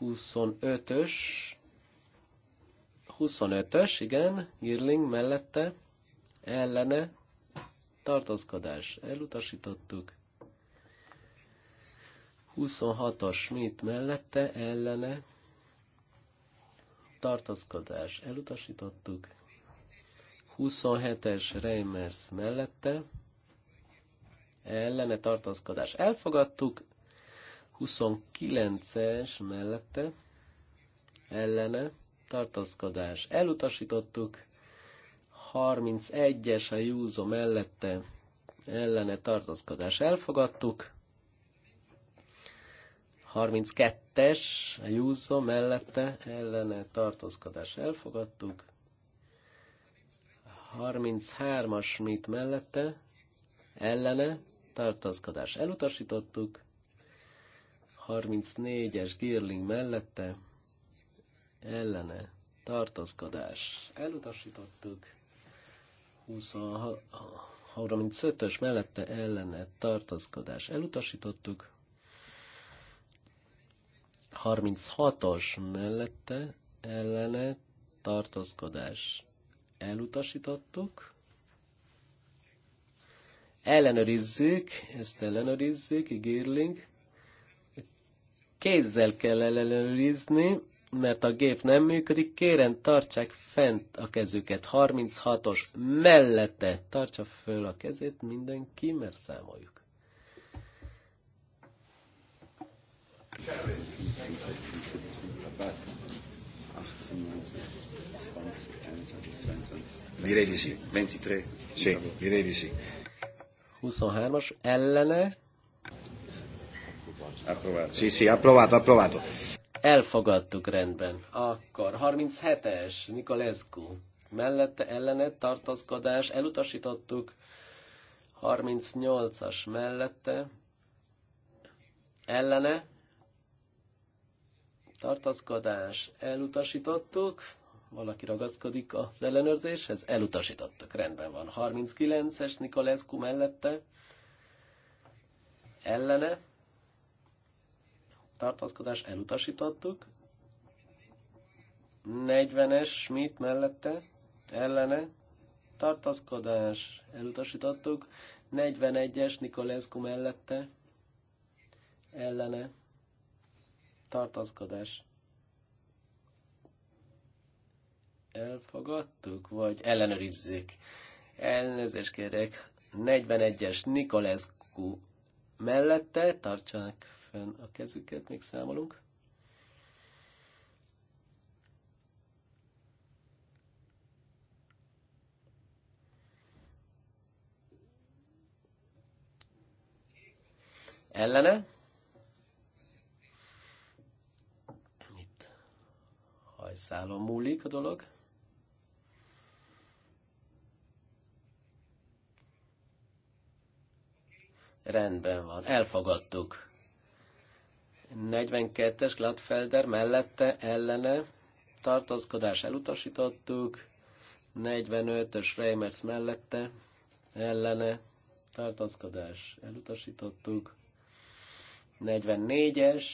25-ös 25-ös, igen, Girling mellette ellene tartózkodás elutasítottuk. 26-as mit mellette, ellene, tartaszkodás. elutasítottuk. 27-es Reimers mellette, ellene tartaszkodás. elfogadtuk. 29-es mellette, ellene tartaszkodás. elutasítottuk. 31-es a Júzo mellette, ellene tartaszkodás. elfogadtuk. 32-es, Júzó mellette ellene tartózkodás elfogadtuk. 33-as mit mellette ellene tartózkodás elutasítottuk. 34-es Girling mellette ellene tartózkodás elutasítottuk. 20, 35-ös mellette ellene tartózkodás elutasítottuk. 36-os mellette ellene tartózkodás. Elutasítottuk. Ellenőrizzük, ezt ellenőrizzük, Girling. Kézzel kell ellenőrizni, mert a gép nem működik, kérem tartsák fent a kezüket, 36-os mellette. Tartsa föl a kezét mindenki, mert számoljuk. Kevés. 23. 23-as ellene. Approvato. Sí, sì, approvato, Elfogadtuk rendben. Akkor 37-es Nikolescu. Mellette ellene tartózkodás elutasítottuk. 38-as mellette ellene tartaszkodás, elutasítottuk, valaki ragaszkodik az ellenőrzéshez, elutasítottuk, rendben van. 39-es Nikolescu mellette, ellene, tartaszkodás, elutasítottuk. 40-es Schmidt mellette, ellene, tartaszkodás, elutasítottuk. 41-es Nikolescu mellette, ellene, tartózkodás elfogadtuk, vagy ellenőrizzük. Elnézést kérek, 41-es Nikolescu mellette, tartsanak fönn a kezüket, még számolunk. Ellene? hajszálon múlik a dolog. Rendben van, elfogadtuk. 42-es Gladfelder mellette ellene tartózkodás elutasítottuk. 45-ös Reimers mellette ellene tartózkodás elutasítottuk. 44-es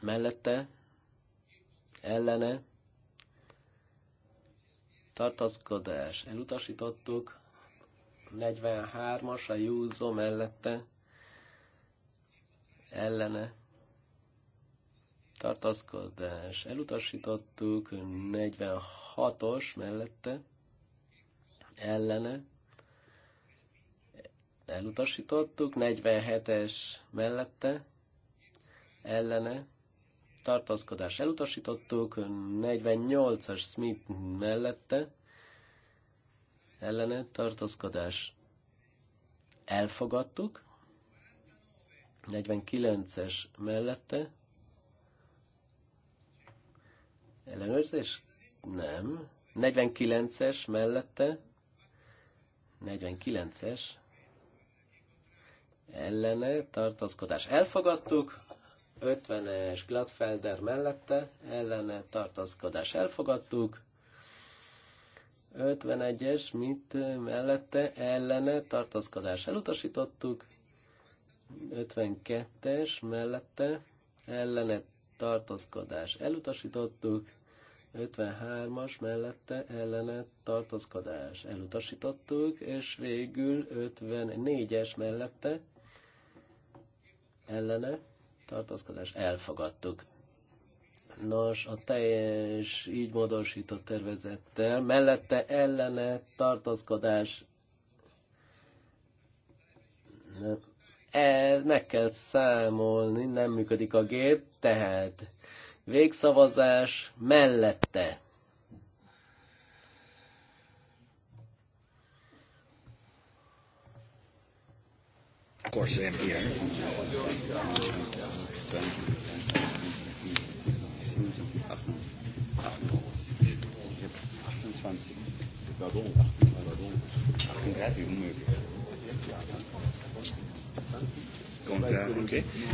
mellette ellene tartaszkodás. elutasítottuk, 43-as a Júzó mellette ellene tartaszkodás. elutasítottuk, 46-os mellette ellene elutasítottuk, 47-es mellette ellene tartózkodás elutasítottuk, 48-as Smith mellette, ellene tartózkodás elfogadtuk, 49-es mellette, ellenőrzés? Nem. 49-es mellette, 49-es ellene tartózkodás elfogadtuk, 50-es Gladfelder mellette ellene tartaszkodás elfogadtuk. 51-es mit mellette ellene tartaszkodás elutasítottuk. 52-es mellette ellene tartaszkodás elutasítottuk. 53-as mellette ellene tartaszkodás elutasítottuk, és végül 54-es mellette ellene tartózkodás elfogadtuk. Nos, a teljes így módosított tervezettel mellette ellene tartózkodás E, meg kell számolni, nem működik a gép, tehát végszavazás mellette. Of course, I am here.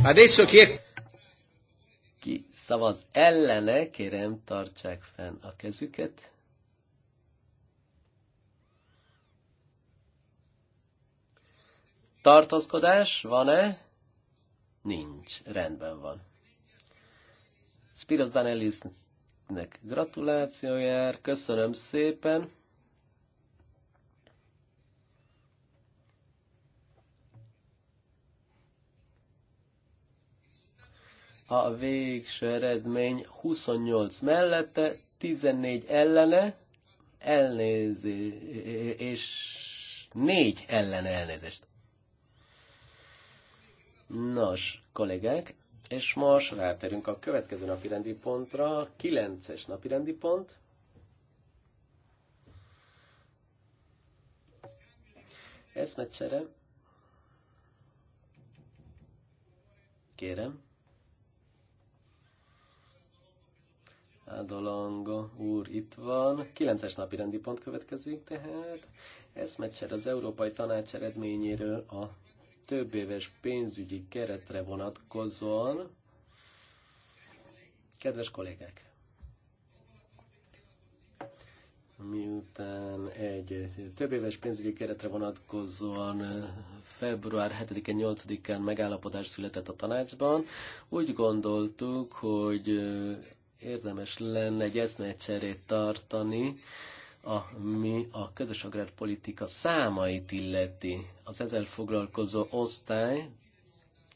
Adesso chi Ki szavaz ellene, kérem, tartsák fenn a kezüket. Tartózkodás van-e? Nincs. Rendben van. Spiros Danelisnek gratuláció jár. Köszönöm szépen. A végső eredmény 28 mellette, 14 ellene, elnézés, és négy ellene elnézést. Nos, kollégák, és most ráterünk a következő napirendi pontra, 9-es napirendi pont. Eszmecsere. Kérem. Adolongo úr itt van. 9-es napi rendi pont következik tehát. Eszmecser az Európai Tanács eredményéről a több éves pénzügyi keretre vonatkozóan. Kedves kollégák! miután egy több éves pénzügyi keretre vonatkozóan február 7 8-án megállapodás született a tanácsban, úgy gondoltuk, hogy érdemes lenne egy eszmecserét tartani ami a közös agrárpolitika számait illeti. Az ezzel foglalkozó osztály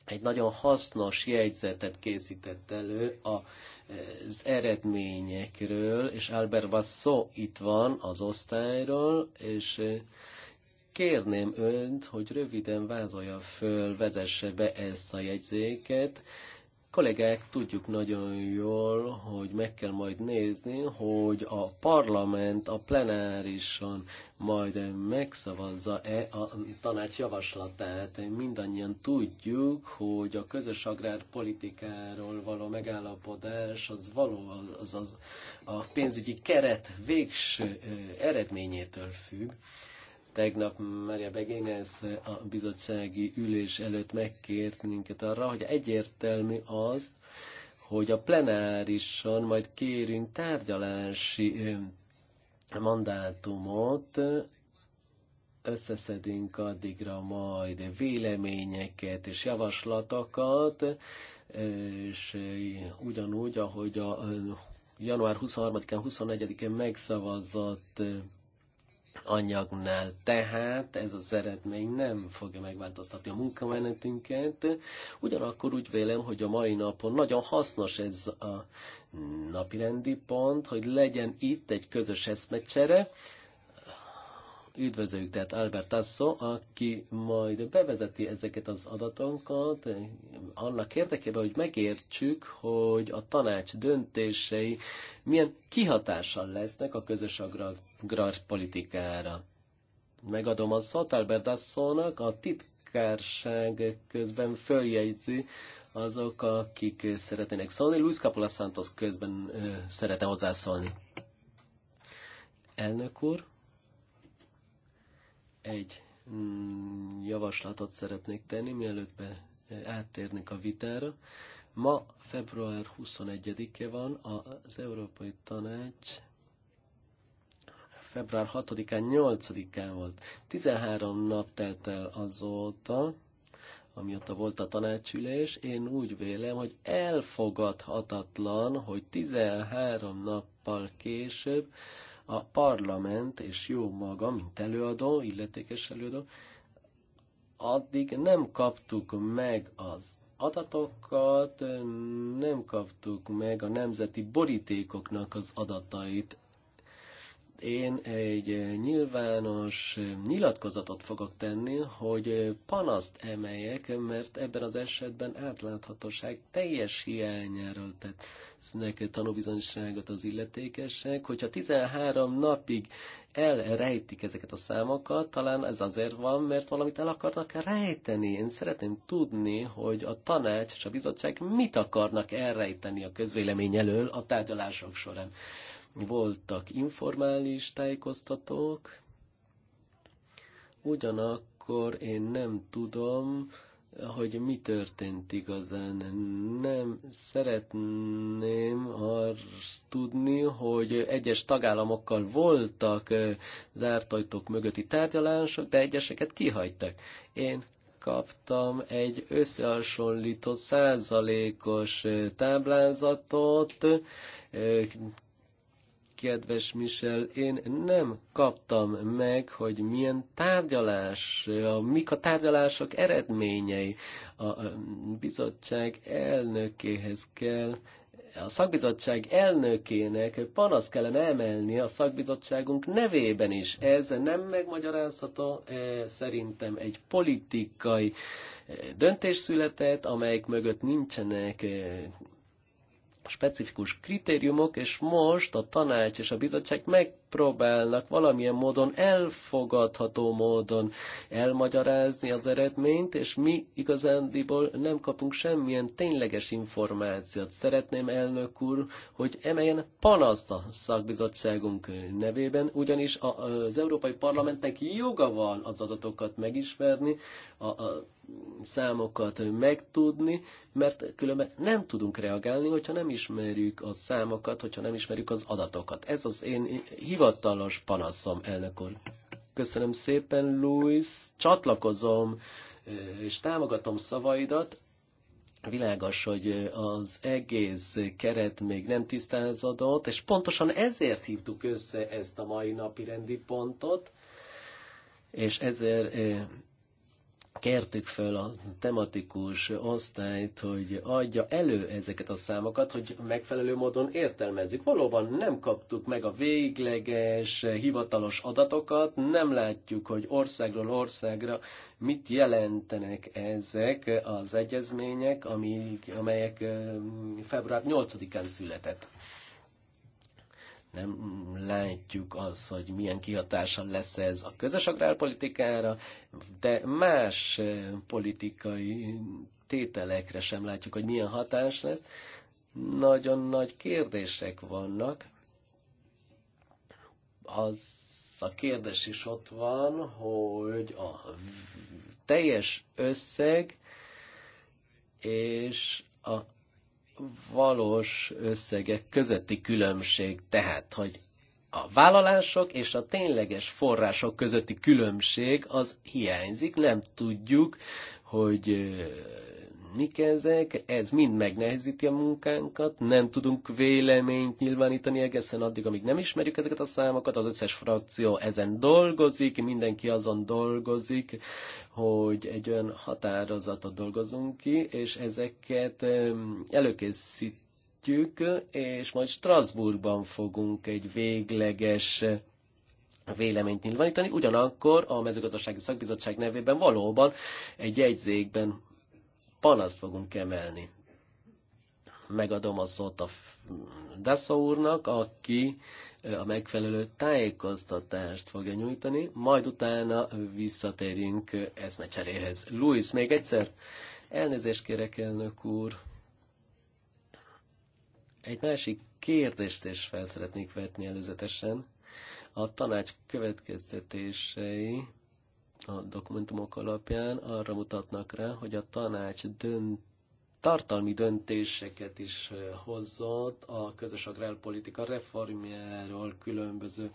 egy nagyon hasznos jegyzetet készített elő az eredményekről, és Albert Basso itt van az osztályról, és kérném önt, hogy röviden vázolja föl, vezesse be ezt a jegyzéket, kollégák, tudjuk nagyon jól, hogy meg kell majd nézni, hogy a parlament a plenárison majd megszavazza-e a tanács javaslatát. Mindannyian tudjuk, hogy a közös agrárpolitikáról való megállapodás az való, az, az a pénzügyi keret végső eredményétől függ. Tegnap Maria Begenes a bizottsági ülés előtt megkért minket arra, hogy egyértelmű az, hogy a plenárison majd kérünk tárgyalási mandátumot, összeszedünk addigra majd véleményeket és javaslatokat, és ugyanúgy, ahogy a január 23-án, 24-én megszavazott anyagnál. Tehát ez az eredmény nem fogja megváltoztatni a munkamenetünket. Ugyanakkor úgy vélem, hogy a mai napon nagyon hasznos ez a napirendi pont, hogy legyen itt egy közös eszmecsere, Üdvözöljük tehát Albert Tasso, aki majd bevezeti ezeket az adatokat. Eh, annak érdekében, hogy megértsük, hogy a tanács döntései milyen kihatással lesznek a közös agrárpolitikára. Megadom a szót Albert Tasso-nak, a titkárság közben följegyzi azok, akik szeretnének szólni. Luis Capola Santos közben eh, szeretne hozzászólni. Elnök úr, egy mm, javaslatot szeretnék tenni, mielőtt be, áttérnék a vitára. Ma február 21-e van az Európai Tanács február 6-án, 8-án volt. 13 nap telt el azóta, amióta volt a tanácsülés, én úgy vélem, hogy elfogadhatatlan, hogy 13 nappal később a parlament és jó maga, mint előadó, illetékes előadó, addig nem kaptuk meg az adatokat, nem kaptuk meg a nemzeti borítékoknak az adatait én egy eh, nyilvános eh, nyilatkozatot fogok tenni, hogy eh, panaszt emeljek, mert ebben az esetben átláthatóság teljes hiányáról tesznek tanúbizonyságot az illetékesek. Hogyha 13 napig elrejtik ezeket a számokat, talán ez azért van, mert valamit el akarnak rejteni. Én szeretném tudni, hogy a tanács és a bizottság mit akarnak elrejteni a közvélemény elől a tárgyalások során voltak informális tájékoztatók, ugyanakkor én nem tudom, hogy mi történt igazán. Nem szeretném azt tudni, hogy egyes tagállamokkal voltak zárt ajtók mögötti tárgyalások, de egyeseket kihagytak. Én kaptam egy összehasonlító százalékos táblázatot, kedves Michel, én nem kaptam meg, hogy milyen tárgyalás, a, mik a tárgyalások eredményei. A, a bizottság elnökéhez kell a szakbizottság elnökének panasz kellene emelni a szakbizottságunk nevében is. Ez nem megmagyarázható, e, szerintem egy politikai e, döntés született, amelyik mögött nincsenek e, specifikus kritériumok, és most a tanács és a bizottság megpróbálnak valamilyen módon, elfogadható módon elmagyarázni az eredményt, és mi igazándiból nem kapunk semmilyen tényleges információt. Szeretném, elnök úr, hogy emeljen panaszt a szakbizottságunk nevében, ugyanis az Európai Parlamentnek joga van az adatokat megismerni, a, a számokat megtudni, mert különben nem tudunk reagálni, hogyha nem ismerjük a számokat, hogyha nem ismerjük az adatokat. Ez az én hivatalos panaszom, elnök úr. Köszönöm szépen, Louis. Csatlakozom eh, és támogatom szavaidat. Világos, hogy eh, az egész keret még nem tisztázódott, és pontosan ezért hívtuk össze ezt a mai napi rendi pontot, és ezért eh, kértük föl a tematikus osztályt, hogy adja elő ezeket a számokat, hogy megfelelő módon értelmezzük. Valóban nem kaptuk meg a végleges, hivatalos adatokat, nem látjuk, hogy országról országra mit jelentenek ezek az egyezmények, amik, amelyek február 8-án született nem látjuk az, hogy milyen kihatással lesz ez a közös agrárpolitikára, de más eh, politikai tételekre sem látjuk, hogy milyen hatás lesz. Nagyon nagy kérdések vannak. Az a kérdés is ott van, hogy a teljes összeg és a valós összegek közötti különbség, tehát, hogy a vállalások és a tényleges források közötti különbség az hiányzik, nem tudjuk, hogy mik ezek, ez mind megnehezíti a munkánkat, nem tudunk véleményt nyilvánítani egészen addig, amíg nem ismerjük ezeket a számokat, az összes frakció ezen dolgozik, mindenki azon dolgozik, hogy egy olyan határozatot dolgozunk ki, és ezeket előkészítjük, és majd Strasbourgban fogunk egy végleges véleményt nyilvánítani, ugyanakkor a mezőgazdasági szakbizottság nevében valóban egy jegyzékben panaszt fogunk emelni. Megadom a szót a Dessa úrnak, aki a megfelelő tájékoztatást fogja nyújtani, majd utána visszatérjünk eszmecseréhez. Luis, még egyszer elnézést kérek, elnök úr. Egy másik kérdést is fel szeretnék vetni előzetesen. A tanács következtetései a dokumentumok alapján arra mutatnak rá, hogy a tanács dönt tartalmi döntéseket is hozott a közös agrárpolitika reformjáról, különböző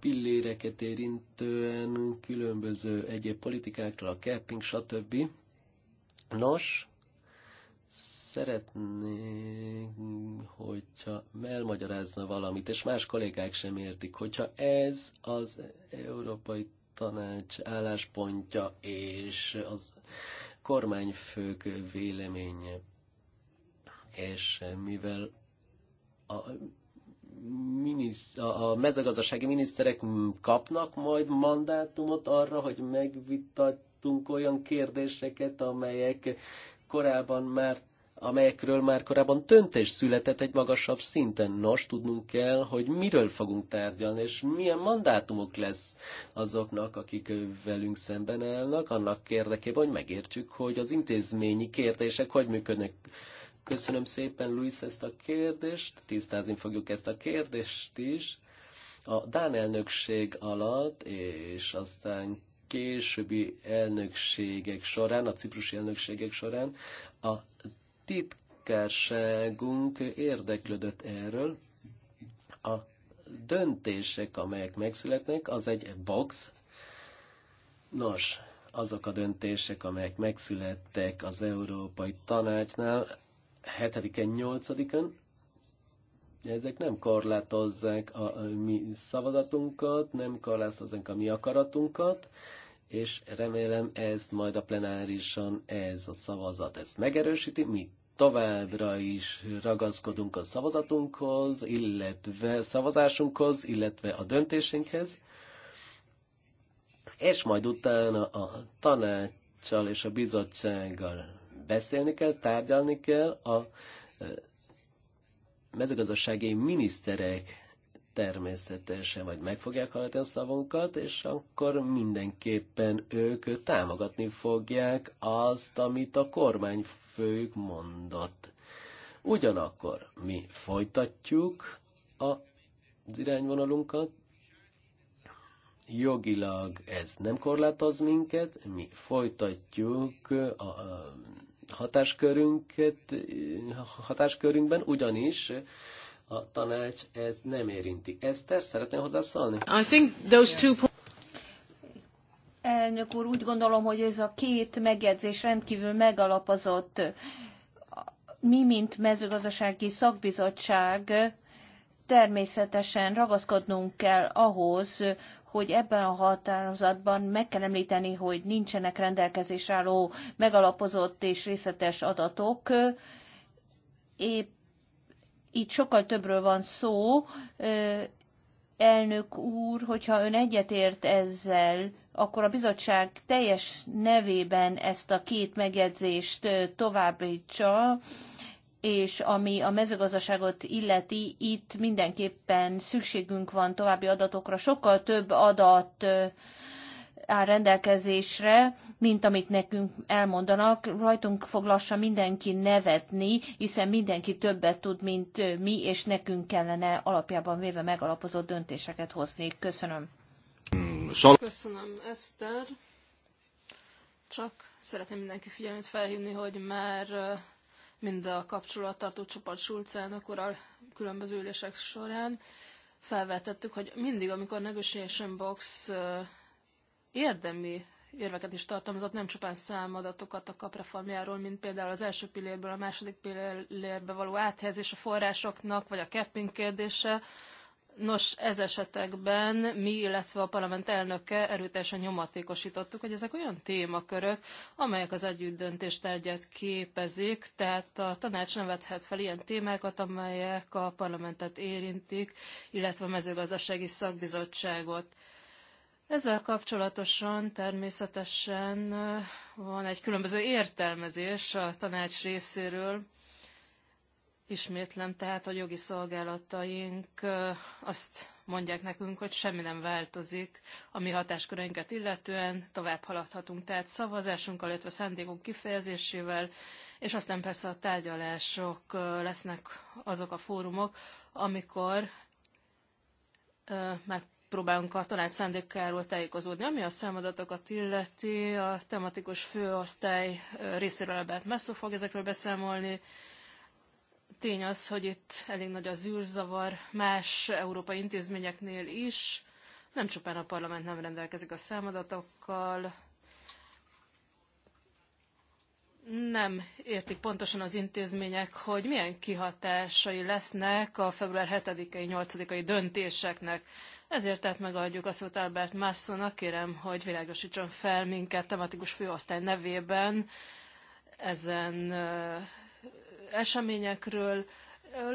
pilléreket érintően, különböző egyéb politikákról, a capping, stb. Nos, szeretnék, hogyha elmagyarázna valamit, és más kollégák sem értik, hogyha ez az európai tanács álláspontja és az kormányfők véleménye. És mivel a, minisz, a, a mezőgazdasági miniszterek kapnak majd mandátumot arra, hogy megvitatjunk olyan kérdéseket, amelyek korábban már amelyekről már korábban döntés született egy magasabb szinten. Nos, tudnunk kell, hogy miről fogunk tárgyalni, és milyen mandátumok lesz azoknak, akik velünk szemben állnak, annak érdekében, hogy megértsük, hogy az intézményi kérdések hogy működnek. Köszönöm szépen, Luis, ezt a kérdést, tisztázni fogjuk ezt a kérdést is. A Dán elnökség alatt, és aztán későbbi elnökségek során, a ciprusi elnökségek során a titkárságunk érdeklődött erről. A döntések, amelyek megszületnek, az egy box. Nos, azok a döntések, amelyek megszülettek az Európai Tanácsnál 7-en, 8-en, ezek nem korlátozzák a, a mi szavazatunkat, nem korlátozzák a mi akaratunkat, és remélem ezt majd a plenárisan ez a szavazat ezt megerősíti, mi továbbra is ragaszkodunk a szavazatunkhoz, illetve szavazásunkhoz, illetve a döntésünkhez, és majd utána a tanácssal és a bizottsággal beszélni kell, tárgyalni kell a eh, mezőgazdasági miniszterek természetesen vagy meg fogják hallani a szavunkat, és akkor mindenképpen ők támogatni fogják azt, amit a kormányfők mondott. Ugyanakkor mi folytatjuk az irányvonalunkat, jogilag ez nem korlátoz minket, mi folytatjuk a hatáskörünket, hatáskörünkben, ugyanis a tanács ez nem érinti. Eszter, szeretnél hozzászólni? I think those two points... Elnök úr, úgy gondolom, hogy ez a két megjegyzés rendkívül megalapozott. Mi, mint mezőgazdasági szakbizottság, természetesen ragaszkodnunk kell ahhoz, hogy ebben a határozatban meg kell említeni, hogy nincsenek rendelkezésre álló megalapozott és részletes adatok, épp itt sokkal többről van szó. Elnök úr, hogyha ön egyetért ezzel, akkor a bizottság teljes nevében ezt a két megjegyzést továbbítsa, és ami a mezőgazdaságot illeti, itt mindenképpen szükségünk van további adatokra. Sokkal több adat áll rendelkezésre, mint amit nekünk elmondanak. Rajtunk fog lassan mindenki nevetni, hiszen mindenki többet tud, mint mi, és nekünk kellene alapjában véve megalapozott döntéseket hozni. Köszönöm. Köszönöm, Eszter. Csak szeretném mindenki figyelmét felhívni, hogy már mind a kapcsolattartó csoport Schulz akkor a különböző ülések során felvetettük, hogy mindig, amikor negotiation box érdemi érveket is tartalmazott, nem csupán számadatokat a kapreformjáról, mint például az első pillérből a második pillérbe való áthelyezés a forrásoknak, vagy a capping kérdése. Nos, ez esetekben mi, illetve a parlament elnöke erőteljesen nyomatékosítottuk, hogy ezek olyan témakörök, amelyek az együttdöntés tárgyát képezik, tehát a tanács nem vethet fel ilyen témákat, amelyek a parlamentet érintik, illetve a mezőgazdasági szakbizottságot. Ezzel kapcsolatosan természetesen eh, van egy különböző értelmezés a tanács részéről. Ismétlem tehát a jogi szolgálataink eh, azt mondják nekünk, hogy semmi nem változik a mi hatáskörünket illetően, tovább haladhatunk tehát szavazásunkkal, illetve szándékunk kifejezésével, és aztán persze a tárgyalások eh, lesznek azok a fórumok, amikor meg próbálunk a tanács szándékáról tájékozódni. Ami a számadatokat illeti, a tematikus főosztály részéről Albert Messzó fog ezekről beszámolni. Tény az, hogy itt elég nagy az űrzavar más európai intézményeknél is. Nem csupán a parlament nem rendelkezik a számadatokkal, nem értik pontosan az intézmények, hogy milyen kihatásai lesznek a február 7-i, 8-ai döntéseknek. Ezért tehát megadjuk a szót Albert Massonnak, kérem, hogy világosítson fel minket tematikus főosztály nevében ezen eseményekről.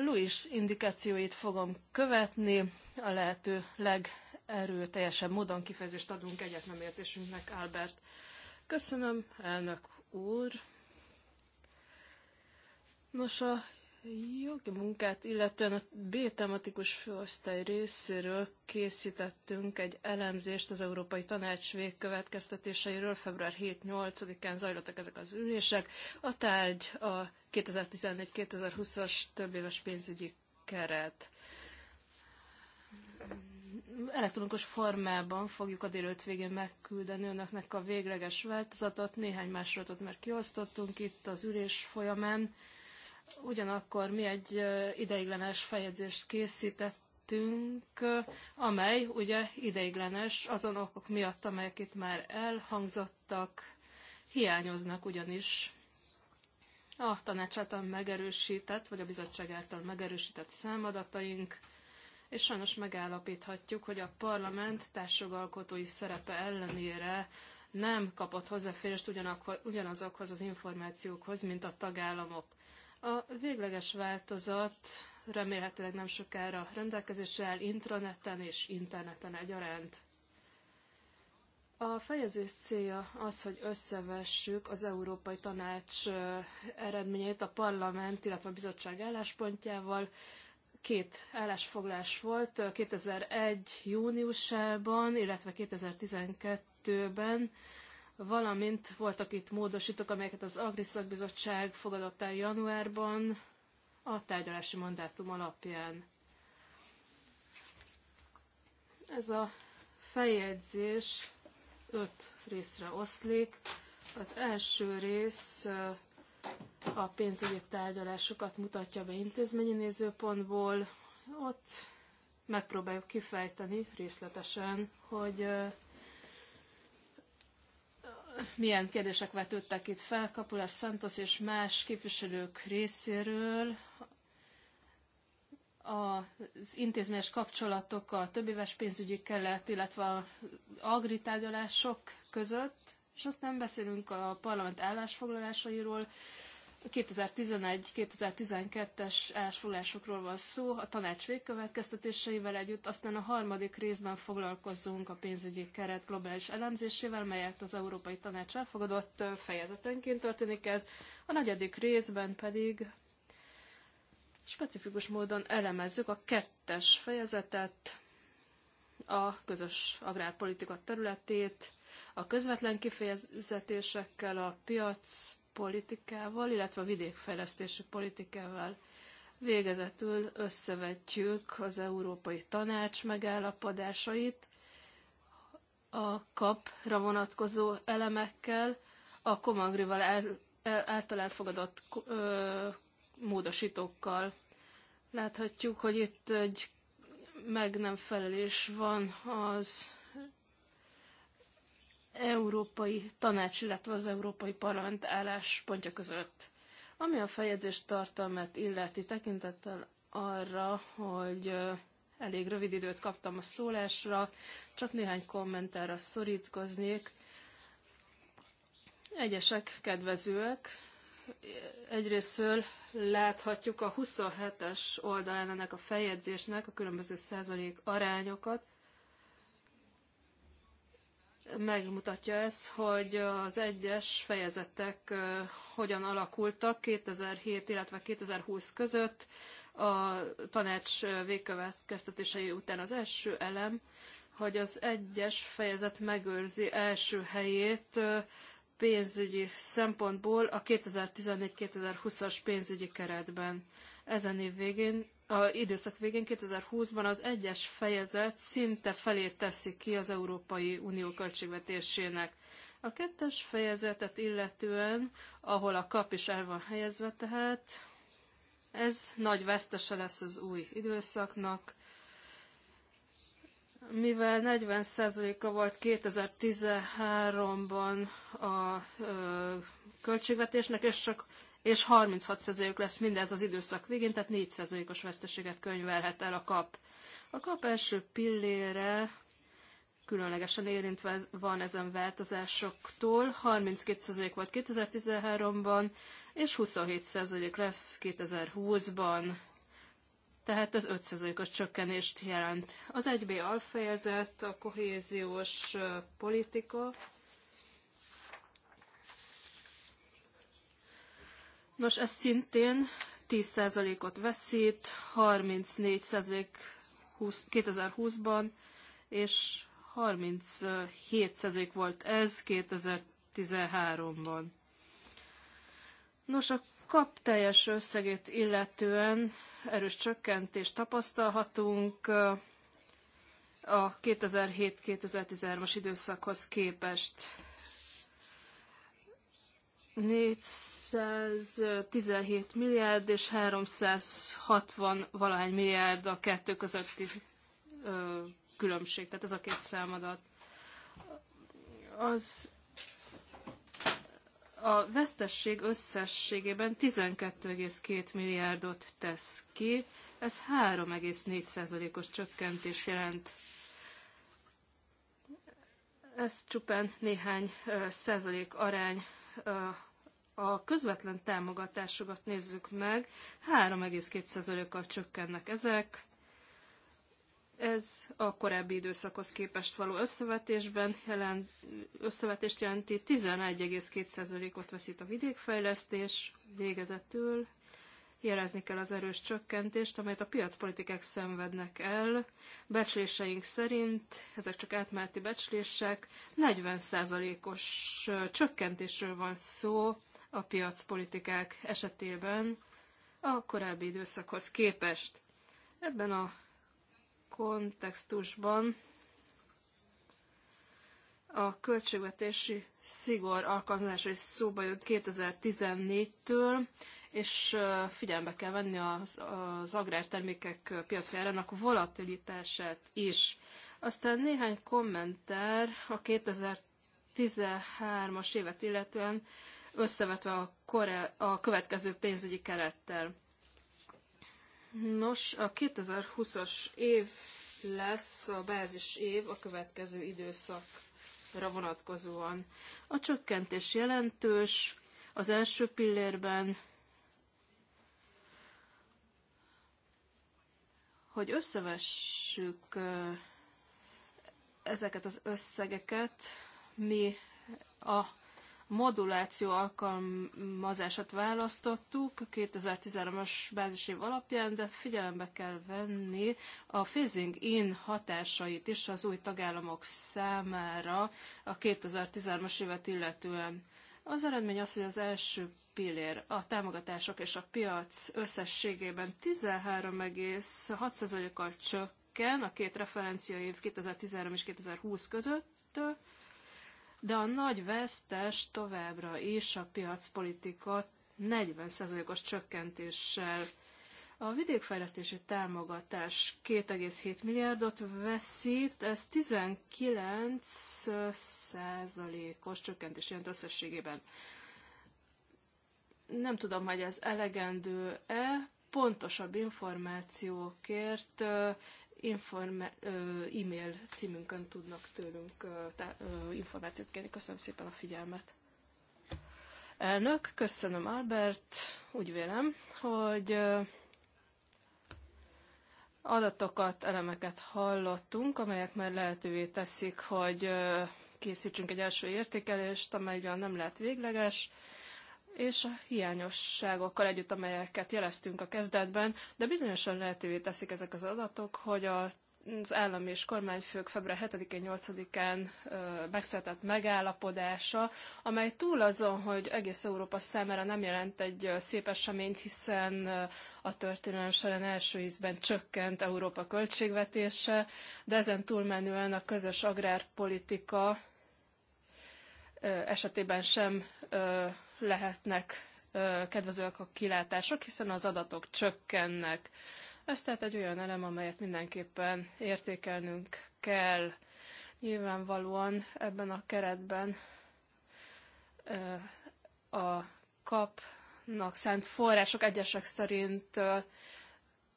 Louis indikációit fogom követni, a lehető legerőteljesebb módon kifejezést adunk értésünknek Albert. Köszönöm, elnök úr. Nos, a jogi munkát, illetően a B-tematikus főosztály részéről készítettünk egy elemzést az Európai Tanács végkövetkeztetéseiről. Február 7-8-án zajlottak ezek az ülések. A tárgy a 2014-2020-as többéves pénzügyi keret. Elektronikus formában fogjuk a délőtt végén megküldeni önöknek a végleges változatot. Néhány másolatot már kiosztottunk itt az ülés folyamán. Ugyanakkor mi egy ideiglenes feljegyzést készítettünk, amely ugye ideiglenes azon okok miatt, amelyek itt már elhangzottak, hiányoznak ugyanis a tanács által megerősített, vagy a bizottság által megerősített számadataink, és sajnos megállapíthatjuk, hogy a parlament társjogalkotói szerepe ellenére nem kapott hozzáférést ugyanazokhoz az információkhoz, mint a tagállamok. A végleges változat remélhetőleg nem sokára rendelkezésre áll intraneten és interneten egyaránt. A fejezés célja az, hogy összevessük az Európai Tanács eredményeit a parlament, illetve a bizottság álláspontjával. Két állásfoglás volt 2001. júniusában, illetve 2012-ben valamint voltak itt módosítók, amelyeket az Agriszak fogadott el januárban a tárgyalási mandátum alapján. Ez a feljegyzés öt részre oszlik. Az első rész eh, a pénzügyi tárgyalásokat mutatja be intézményi nézőpontból. Ott megpróbáljuk kifejteni részletesen, hogy eh, milyen kérdések vetődtek itt fel Kapulás Santos és más képviselők részéről az intézményes kapcsolatok a többéves pénzügyi kellett, illetve az agri tárgyalások között, és aztán beszélünk a parlament állásfoglalásairól, 2011-2012-es állásfoglalásokról van szó, a tanács végkövetkeztetéseivel együtt, aztán a harmadik részben foglalkozzunk a pénzügyi keret globális elemzésével, melyet az Európai Tanács elfogadott, fejezetenként történik ez, a negyedik részben pedig specifikus módon elemezzük a kettes fejezetet, a közös agrárpolitika területét, a közvetlen kifejezetésekkel, a piac politikával, illetve a vidékfejlesztési politikával. Végezetül összevetjük az Európai Tanács megállapodásait a kapra vonatkozó elemekkel, a komagrival el, által elfogadott ö, módosítókkal. Láthatjuk, hogy itt egy meg nem felelés van az Európai Tanács, illetve az Európai Parlament álláspontja között. Ami a feljegyzés tartalmát illeti tekintettel arra, hogy elég rövid időt kaptam a szólásra, csak néhány kommentára szorítkoznék. Egyesek kedvezőek. Egyrésztől láthatjuk a 27-es oldalán ennek a feljegyzésnek a különböző százalék arányokat, megmutatja ez, hogy az egyes fejezetek hogyan alakultak 2007, illetve 2020 között. A tanács végkövetkeztetései után az első elem, hogy az egyes fejezet megőrzi első helyét pénzügyi szempontból a 2014-2020-as pénzügyi keretben. Ezen év végén a időszak végén 2020-ban az egyes fejezet szinte felét teszi ki az Európai Unió költségvetésének. A kettes fejezetet illetően, ahol a kap is el van helyezve tehát, ez nagy vesztese lesz az új időszaknak, mivel 40%-a volt 2013-ban a ö, költségvetésnek, és csak és 36% százalék lesz mindez az időszak végén, tehát 4 százalékos veszteséget könyvelhet el a kap. A kap első pillére különlegesen érintve van ezen változásoktól. 32% százalék volt 2013-ban, és 27% százalék lesz 2020-ban. Tehát ez 5 százalékos csökkenést jelent. Az 1B alfejezet, a kohéziós politika, Nos, ez szintén 10%-ot veszít, 34% 2020-ban, és 37% volt ez 2013-ban. Nos, a kap teljes összegét illetően erős csökkentést tapasztalhatunk a 2007-2013-as időszakhoz képest. 417 milliárd és 360 valahány milliárd a kettő közötti ö, különbség. Tehát ez a két számadat. Az a vesztesség összességében 12,2 milliárdot tesz ki, ez 3,4%-os csökkentést jelent. Ez csupán néhány százalék arány a közvetlen támogatásokat nézzük meg, 3,2%-kal csökkennek ezek. Ez a korábbi időszakhoz képest való összevetésben jelent, összevetést jelenti, 11,2%-ot veszít a vidékfejlesztés végezetül. Jelezni kell az erős csökkentést, amelyet a piacpolitikák szenvednek el. Becsléseink szerint, ezek csak átmeneti becslések, 40%-os csökkentésről van szó a piacpolitikák esetében a korábbi időszakhoz képest. Ebben a kontextusban a költségvetési szigor alkalmazása is szóba jött 2014-től, és figyelembe kell venni az, az agrártermékek piaci volatilitását is. Aztán néhány kommentár a 2013-as évet illetően összevetve a, kore, a következő pénzügyi kerettel. Nos, a 2020-as év lesz a bázis év a következő időszakra vonatkozóan. A csökkentés jelentős, az első pillérben, hogy összevessük ezeket az összegeket, mi a moduláció alkalmazását választottuk 2013-as év alapján, de figyelembe kell venni a phasing in hatásait is az új tagállamok számára a 2013-as évet illetően. Az eredmény az, hogy az első pillér a támogatások és a piac összességében 13,6%-kal csökken a két év 2013 és 2020 között, de a nagy vesztes továbbra is a piacpolitika 40%-os csökkentéssel. A vidékfejlesztési támogatás 2,7 milliárdot veszít, ez 19%-os csökkentés jelent összességében. Nem tudom, hogy ez elegendő-e, pontosabb információkért e-mail címünkön tudnak tőlünk információt kérni. Köszönöm szépen a figyelmet. Elnök, köszönöm Albert. Úgy vélem, hogy adatokat, elemeket hallottunk, amelyek már lehetővé teszik, hogy készítsünk egy első értékelést, amely ugyan nem lehet végleges, és a hiányosságokkal együtt, amelyeket jeleztünk a kezdetben, de bizonyosan lehetővé teszik ezek az adatok, hogy a az állam és kormányfők február 7-én, 8-án megszületett megállapodása, amely túl azon, hogy egész Európa számára nem jelent egy szép eseményt, hiszen a történelem során első ízben csökkent Európa költségvetése, de ezen túlmenően a közös agrárpolitika esetében sem lehetnek kedvezőek a kilátások, hiszen az adatok csökkennek. Ez tehát egy olyan elem, amelyet mindenképpen értékelnünk kell. Nyilvánvalóan ebben a keretben a kapnak szent források egyesek szerint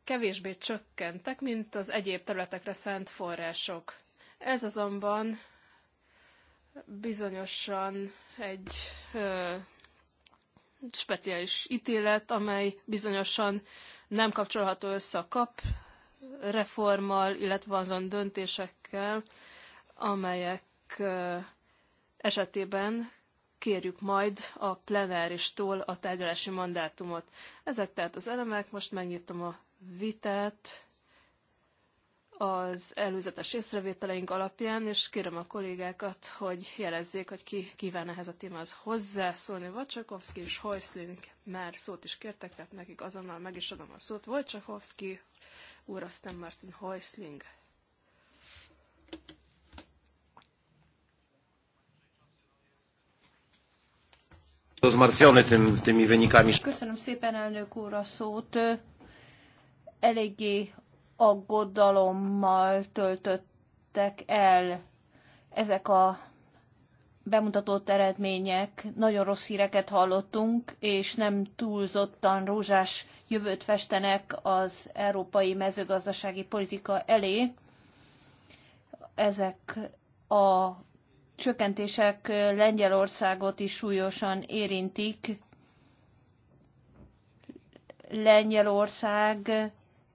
kevésbé csökkentek, mint az egyéb területekre szent források. Ez azonban bizonyosan egy speciális ítélet, amely bizonyosan nem kapcsolható össze a kap reformmal, illetve azon döntésekkel, amelyek esetében kérjük majd a plenáristól a tárgyalási mandátumot. Ezek tehát az elemek, most megnyitom a vitát az előzetes észrevételeink alapján, és kérem a kollégákat, hogy jelezzék, hogy ki kíván ehhez a témához hozzászólni. Vacsakovszki és Hojszling már szót is kértek, tehát nekik azonnal meg is adom a szót. Vacsakovszki, úr, aztán Martin Hojszling. Köszönöm szépen, elnök úr, a szót. Eléggé aggodalommal töltöttek el ezek a bemutatott eredmények, nagyon rossz híreket hallottunk, és nem túlzottan rózsás jövőt festenek az európai mezőgazdasági politika elé. Ezek a csökkentések Lengyelországot is súlyosan érintik. Lengyelország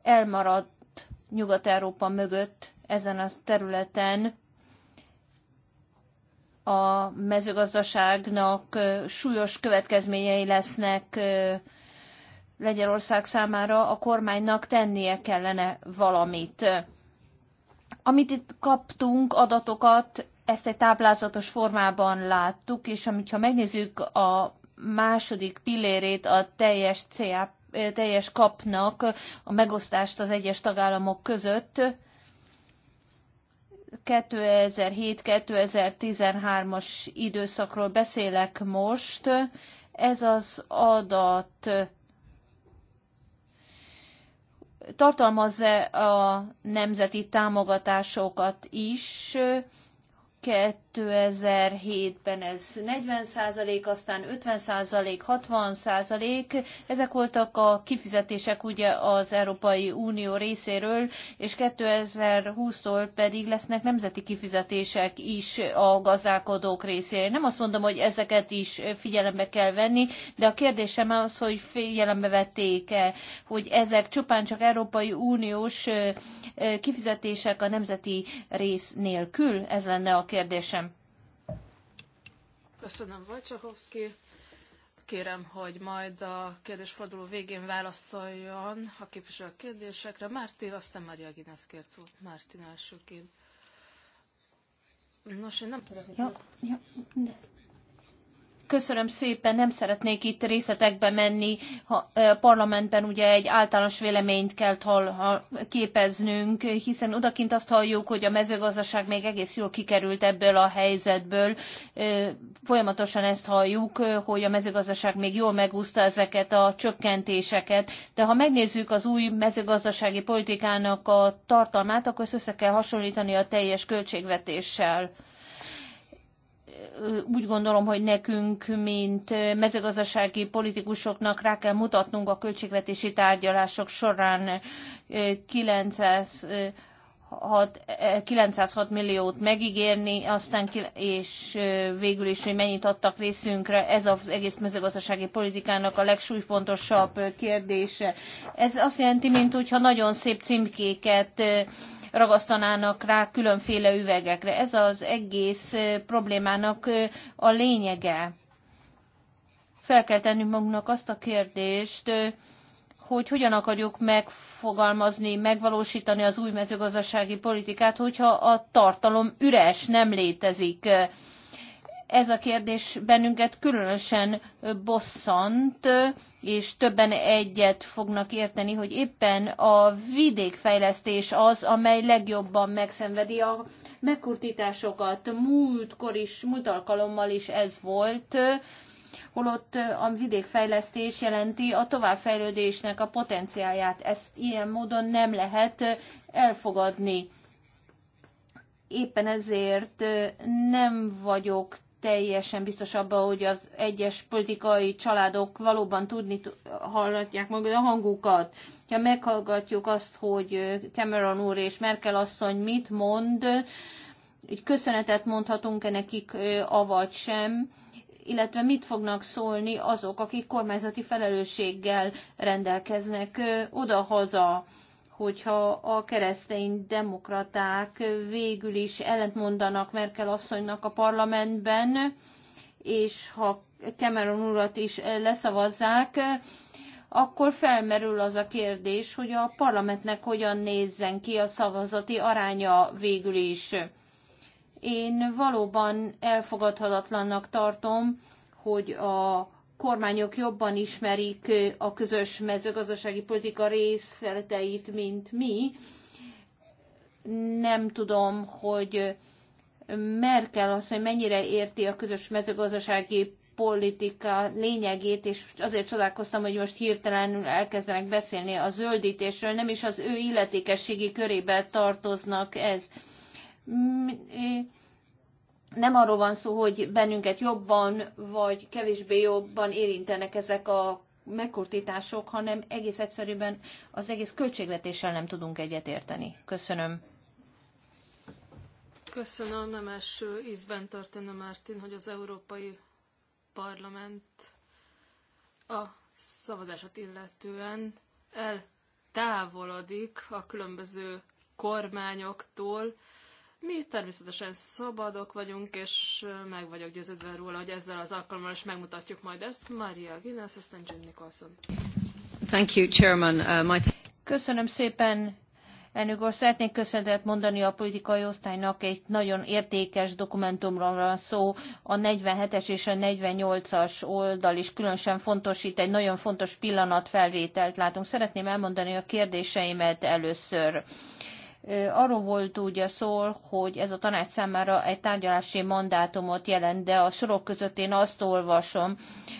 elmarad Nyugat-Európa mögött ezen a területen a mezőgazdaságnak súlyos következményei lesznek Lengyelország számára, a kormánynak tennie kellene valamit. Amit itt kaptunk, adatokat, ezt egy táblázatos formában láttuk, és amit ha megnézzük a második pillérét a teljes CAP teljes kapnak a megosztást az egyes tagállamok között. 2007-2013-as időszakról beszélek most. Ez az adat tartalmaz-e a nemzeti támogatásokat is? 2007-ben ez 40 százalék, aztán 50 százalék, 60 százalék. Ezek voltak a kifizetések ugye az Európai Unió részéről, és 2020-tól pedig lesznek nemzeti kifizetések is a gazdálkodók részéről. Nem azt mondom, hogy ezeket is figyelembe kell venni, de a kérdésem az, hogy figyelembe vették-e, hogy ezek csupán csak Európai Uniós kifizetések a nemzeti rész nélkül? Ez lenne a kérdésem. Köszönöm, Vajcsahovszki. Kérem, hogy majd a kérdésforduló végén válaszoljon a képviselő kérdésekre. Mártin, aztán Maria Ginesz kért szót. Mártin elsőként. Nos, én nem szeretnék... Ja, ja, de Köszönöm szépen, nem szeretnék itt részletekbe menni. Ha, parlamentben ugye egy általános véleményt kell hall, képeznünk, hiszen odakint azt halljuk, hogy a mezőgazdaság még egész jól kikerült ebből a helyzetből. Folyamatosan ezt halljuk, hogy a mezőgazdaság még jól megúszta ezeket a csökkentéseket. De ha megnézzük az új mezőgazdasági politikának a tartalmát, akkor ezt össze kell hasonlítani a teljes költségvetéssel úgy gondolom, hogy nekünk, mint mezőgazdasági politikusoknak rá kell mutatnunk a költségvetési tárgyalások során 906, eh, 906 eh, eh, milliót megígérni, aztán és végül is, hogy mennyit adtak részünkre, ez az egész mezőgazdasági politikának a legsúlyfontosabb kérdése. Ez azt jelenti, mint hogyha nagyon szép címkéket ragasztanának rá különféle üvegekre. Ez az egész problémának a lényege. Fel kell tennünk magunknak azt a kérdést, hogy hogyan akarjuk megfogalmazni, megvalósítani az új mezőgazdasági politikát, hogyha a tartalom üres, nem létezik ez a kérdés bennünket különösen bosszant, és többen egyet fognak érteni, hogy éppen a vidékfejlesztés az, amely legjobban megszenvedi a megkurtításokat. Múltkor is, múlt alkalommal is ez volt, holott a vidékfejlesztés jelenti a továbbfejlődésnek a potenciáját. Ezt ilyen módon nem lehet elfogadni éppen ezért nem vagyok teljesen biztos abban, hogy az egyes politikai családok valóban tudni hallatják magad a hangukat. Ha meghallgatjuk azt, hogy Cameron úr és Merkel asszony mit mond, így köszönetet mondhatunk-e nekik avagy sem, illetve mit fognak szólni azok, akik kormányzati felelősséggel rendelkeznek oda-haza hogyha a keresztény demokraták végül is ellentmondanak Merkel asszonynak a parlamentben, és ha Cameron urat is leszavazzák, akkor felmerül az a kérdés, hogy a parlamentnek hogyan nézzen ki a szavazati aránya végül is. Én valóban elfogadhatatlannak tartom, hogy a kormányok jobban ismerik a közös mezőgazdasági politika részleteit, mint mi. Nem tudom, hogy Merkel azt, hogy mennyire érti a közös mezőgazdasági politika lényegét, és azért csodálkoztam, hogy most hirtelen elkezdenek beszélni a zöldítésről, nem is az ő illetékességi körébe tartoznak ez nem arról van szó, hogy bennünket jobban vagy kevésbé jobban érintenek ezek a megkortítások, hanem egész egyszerűen az egész költségvetéssel nem tudunk egyetérteni. Köszönöm. Köszönöm, nem első ízben tartana Mártin, hogy az Európai Parlament a szavazásot illetően eltávolodik a különböző kormányoktól, mi természetesen szabadok vagyunk, és meg vagyok győződve róla, hogy ezzel az alkalommal is megmutatjuk majd ezt. Maria Guinness, aztán Jim Nicholson. Thank you, Chairman. Uh, my... Köszönöm szépen, Elnök úr, szeretnék köszönetet mondani a politikai osztálynak, egy nagyon értékes dokumentumról van szó, a 47-es és a 48-as oldal is különösen fontos, itt egy nagyon fontos pillanatfelvételt látunk. Szeretném elmondani a kérdéseimet először. Arról volt ugye szól, hogy ez a tanács számára egy tárgyalási mandátumot jelent, de a sorok között én azt olvasom,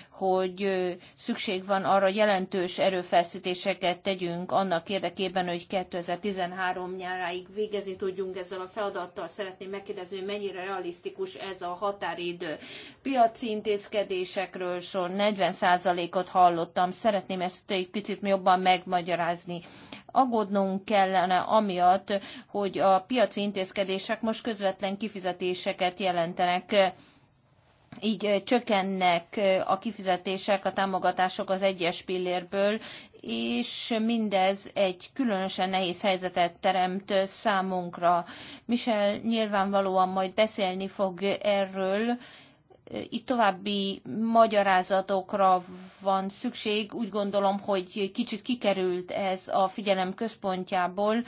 hogy szükség van arra jelentős erőfeszítéseket tegyünk annak érdekében, hogy 2013 nyáráig végezni tudjunk ezzel a feladattal. Szeretném megkérdezni, hogy mennyire realisztikus ez a határidő. Piaci intézkedésekről sor 40%-ot hallottam. Szeretném ezt egy picit jobban megmagyarázni aggódnunk kellene amiatt, hogy a piaci intézkedések most közvetlen kifizetéseket jelentenek így eh, csökkennek eh, a kifizetések, a támogatások az egyes pillérből, és mindez egy különösen nehéz helyzetet teremt számunkra. Michel nyilvánvalóan majd beszélni fog erről, itt további magyarázatokra van szükség. Úgy gondolom, hogy kicsit kikerült ez a figyelem központjából.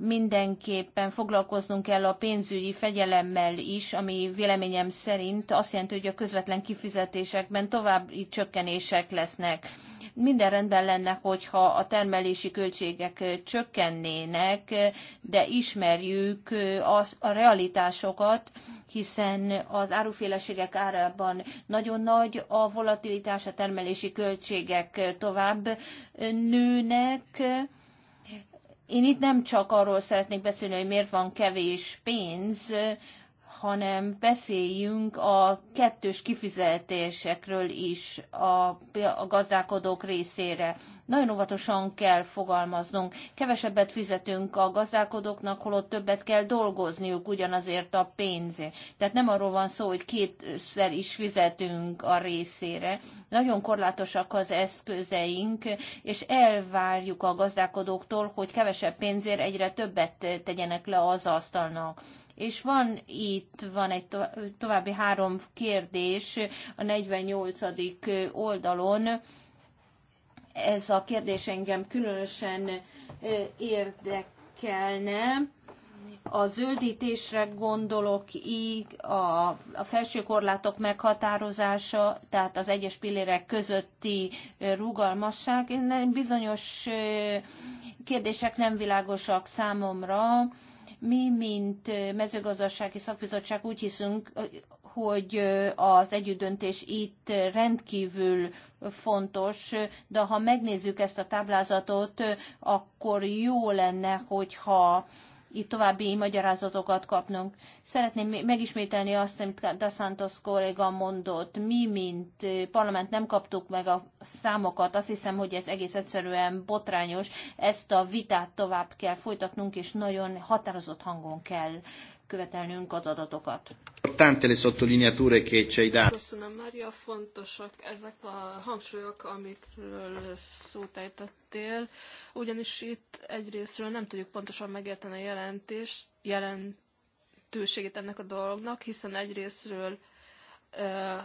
Mindenképpen foglalkoznunk kell a pénzügyi fegyelemmel is, ami véleményem szerint azt jelenti, hogy a közvetlen kifizetésekben további csökkenések lesznek. Minden rendben lenne, hogyha a termelési költségek csökkennének, de ismerjük az, a realitásokat, hiszen az áruféleségek árában nagyon nagy a volatilitás, a termelési költségek tovább nőnek. Én itt nem csak arról szeretnék beszélni, hogy miért van kevés pénz, hanem beszéljünk a kettős kifizetésekről is a, a gazdálkodók részére. Nagyon óvatosan kell fogalmaznunk. Kevesebbet fizetünk a gazdálkodóknak, holott többet kell dolgozniuk ugyanazért a pénzért. Tehát nem arról van szó, hogy kétszer is fizetünk a részére. Nagyon korlátosak az eszközeink, és elvárjuk a gazdálkodóktól, hogy kevesebb pénzért egyre többet tegyenek le az asztalnak. És van itt, van egy további három kérdés a 48. oldalon. Ez a kérdés engem különösen érdekelne a zöldítésre gondolok így, a, a felső korlátok meghatározása, tehát az egyes pillérek közötti rugalmasság. Bizonyos kérdések nem világosak számomra, mi, mint mezőgazdasági szakbizottság úgy hiszünk, hogy az együttdöntés itt rendkívül fontos, de ha megnézzük ezt a táblázatot, akkor jó lenne, hogyha itt további magyarázatokat kapnunk. Szeretném megismételni azt, amit De Santos kolléga mondott. Mi, mint parlament nem kaptuk meg a számokat. Azt hiszem, hogy ez egész egyszerűen botrányos. Ezt a vitát tovább kell folytatnunk, és nagyon határozott hangon kell követelnünk az adatokat. Tante le sottolineature che ci hai dato. Köszönöm, Mária, fontosak ezek a hangsúlyok, amikről szót ejtettél, ugyanis itt egyrésztről nem tudjuk pontosan megérteni a jelentést, jelentőségét ennek a dolognak, hiszen egyrésztről uh,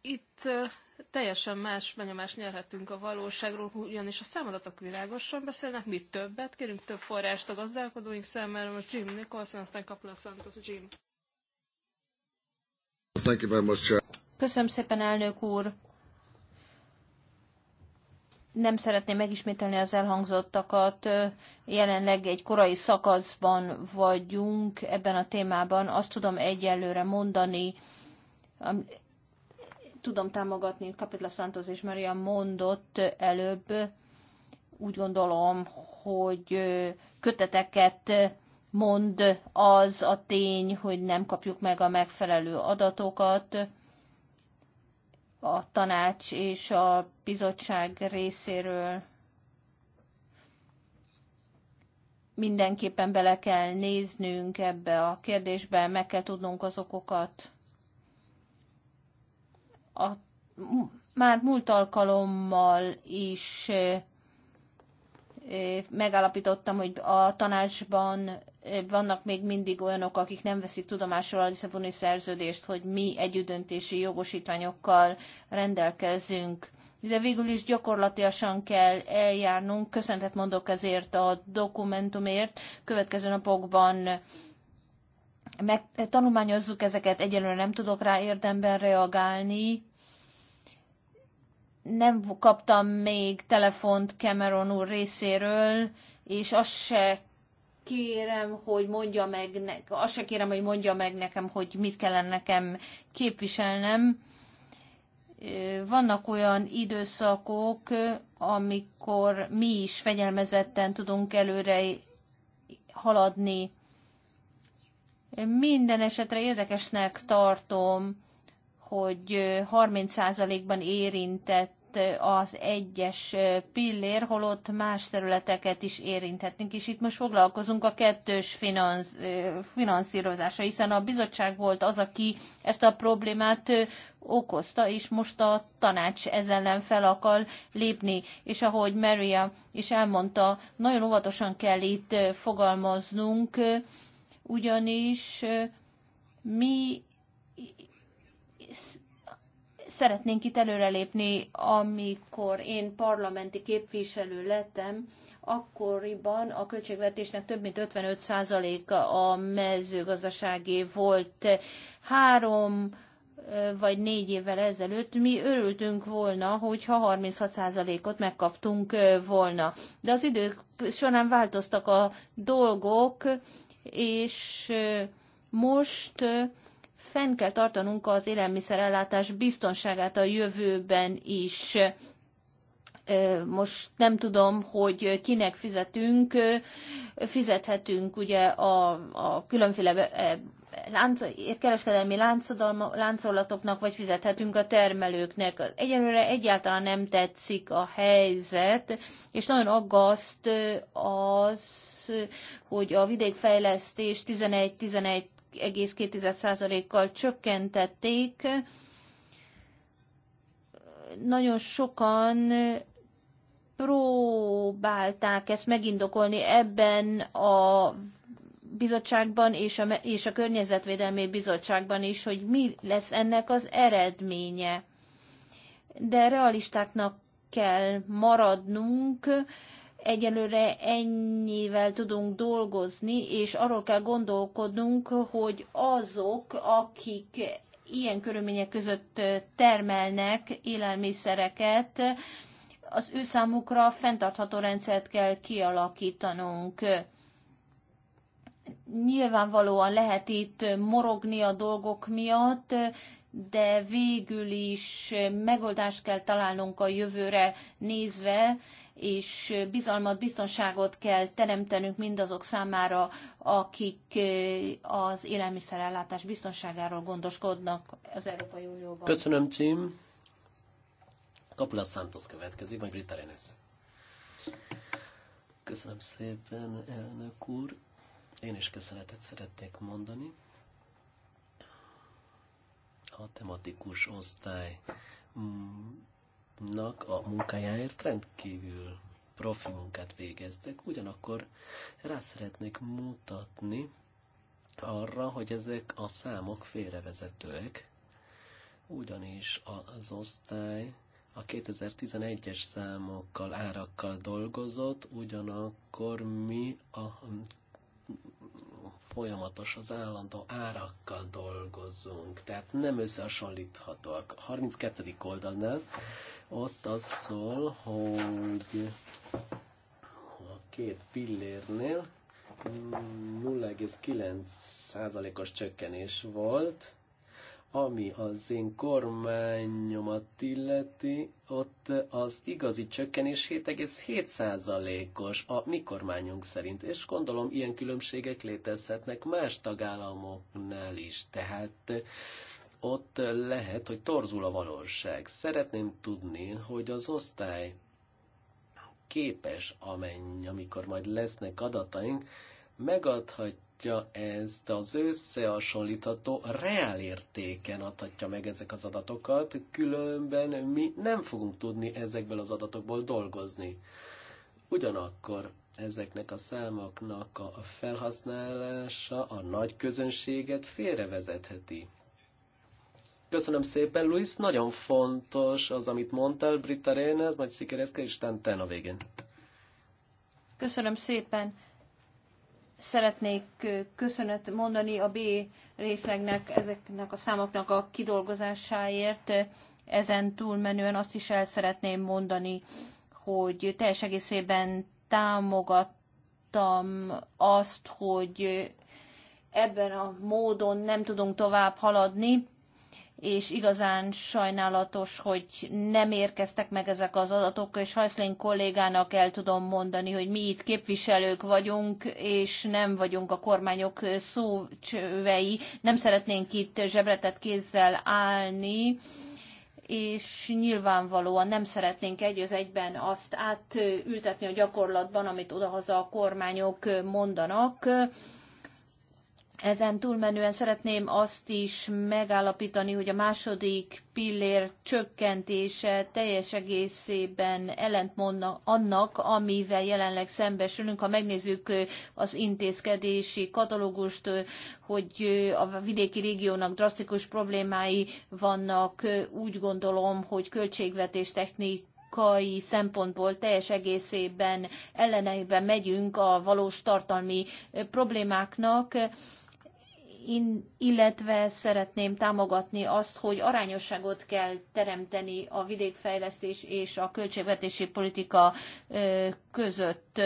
itt uh, teljesen más benyomást nyerhetünk a valóságról, ugyanis a számadatok világosan beszélnek, mi többet, kérünk több forrást a gazdálkodóink számára, most Jim Nicholson, aztán a szantot, Jim. Köszönöm szépen, elnök úr! Nem szeretném megismételni az elhangzottakat. Jelenleg egy korai szakaszban vagyunk ebben a témában. Azt tudom egyelőre mondani, tudom támogatni, Kapitla Santos és Maria mondott előbb, úgy gondolom, hogy köteteket mond az a tény, hogy nem kapjuk meg a megfelelő adatokat a tanács és a bizottság részéről. Mindenképpen bele kell néznünk ebbe a kérdésbe, meg kell tudnunk az okokat a, már múlt alkalommal is megállapítottam, hogy a tanácsban vannak még mindig olyanok, akik nem veszik tudomásról a Lisszaboni szerződést, hogy mi együttdöntési jogosítványokkal rendelkezünk. De végül is gyakorlatilag kell eljárnunk. Köszöntet mondok ezért a dokumentumért. Következő napokban meg, eh, tanulmányozzuk ezeket, egyelőre nem tudok rá érdemben reagálni. Nem kaptam még telefont Cameron úr részéről, és azt se kérem, hogy mondja meg, ne, azt se kérem, hogy mondja meg nekem, hogy mit kellene nekem képviselnem. Eh, vannak olyan időszakok, amikor mi is fegyelmezetten tudunk előre haladni minden esetre érdekesnek tartom, hogy 30%-ban érintett az egyes pillér, holott más területeket is érinthetnénk, és itt most foglalkozunk a kettős finansz, finanszírozása, hiszen a bizottság volt az, aki ezt a problémát okozta, és most a tanács ezzel ellen fel akar lépni. És ahogy Maria is elmondta, nagyon óvatosan kell itt fogalmaznunk, ugyanis mi szeretnénk itt előrelépni, amikor én parlamenti képviselő lettem, akkoriban a költségvetésnek több mint 55%-a a mezőgazdaságé volt. Három vagy négy évvel ezelőtt mi örültünk volna, hogyha 36%-ot megkaptunk volna. De az idők során változtak a dolgok, és most fenn kell tartanunk az élelmiszerellátás biztonságát a jövőben is. Most nem tudom, hogy kinek fizetünk, fizethetünk ugye a, a különféle lánc, kereskedelmi láncolatoknak, vagy fizethetünk a termelőknek. Egyelőre egyáltalán nem tetszik a helyzet, és nagyon aggaszt az az, hogy a vidékfejlesztés 11-11,2%-kal csökkentették. Nagyon sokan próbálták ezt megindokolni ebben a bizottságban és a, és a környezetvédelmi bizottságban is, hogy mi lesz ennek az eredménye. De realistáknak kell maradnunk, egyelőre ennyivel tudunk dolgozni, és arról kell gondolkodnunk, hogy azok, akik ilyen körülmények között termelnek élelmiszereket, az ő számukra fenntartható rendszert kell kialakítanunk. Nyilvánvalóan lehet itt morogni a dolgok miatt, de végül is megoldást kell találnunk a jövőre nézve, és bizalmat, biztonságot kell teremtenünk mindazok számára, akik az élelmiszerellátás biztonságáról gondoskodnak az Európai Unióban. Köszönöm, Tim. Kapula Santos következik, majd Brita Renes. Köszönöm szépen, elnök úr. Én is köszönetet szeretnék mondani. A tematikus osztály mm, nak a munkájáért rendkívül profi munkát végeztek, ugyanakkor rá szeretnék mutatni arra, hogy ezek a számok félrevezetőek, ugyanis az osztály a 2011-es számokkal, árakkal dolgozott, ugyanakkor mi a folyamatos, az állandó árakkal dolgozunk, tehát nem összehasonlíthatóak. A 32. oldalnál ott az szól, hogy a két pillérnél 0,9%-os csökkenés volt, ami az én kormányomat illeti, ott az igazi csökkenés 7,7%-os a mi kormányunk szerint, és gondolom ilyen különbségek létezhetnek más tagállamoknál is. Tehát ott lehet, hogy torzul a valóság. Szeretném tudni, hogy az osztály képes, amennyi, amikor majd lesznek adataink, megadhatja ezt az összehasonlítható reál értéken adhatja meg ezek az adatokat, különben mi nem fogunk tudni ezekből az adatokból dolgozni. Ugyanakkor ezeknek a számoknak a felhasználása a nagy közönséget félrevezetheti. Köszönöm szépen, Luis. Nagyon fontos az, amit mondtál, Britta Rénez, majd Szikereszke és a végén. Köszönöm szépen. Szeretnék köszönet mondani a B részlegnek, ezeknek a számoknak a kidolgozásáért. Ezen túlmenően azt is el szeretném mondani, hogy teljes egészében támogattam azt, hogy ebben a módon nem tudunk tovább haladni és igazán sajnálatos, hogy nem érkeztek meg ezek az adatok, és Hajszlén kollégának el tudom mondani, hogy mi itt képviselők vagyunk, és nem vagyunk a kormányok szócsövei, nem szeretnénk itt zsebretett kézzel állni, és nyilvánvalóan nem szeretnénk egy az egyben azt átültetni a gyakorlatban, amit odahaza a kormányok mondanak ezen túlmenően szeretném azt is megállapítani, hogy a második pillér csökkentése teljes egészében ellentmondna annak, amivel jelenleg szembesülünk. Ha megnézzük az intézkedési katalógust, hogy a vidéki régiónak drasztikus problémái vannak, úgy gondolom, hogy költségvetés technik szempontból teljes egészében ellenében megyünk a valós tartalmi problémáknak illetve szeretném támogatni azt, hogy arányosságot kell teremteni a vidékfejlesztés és a költségvetési politika között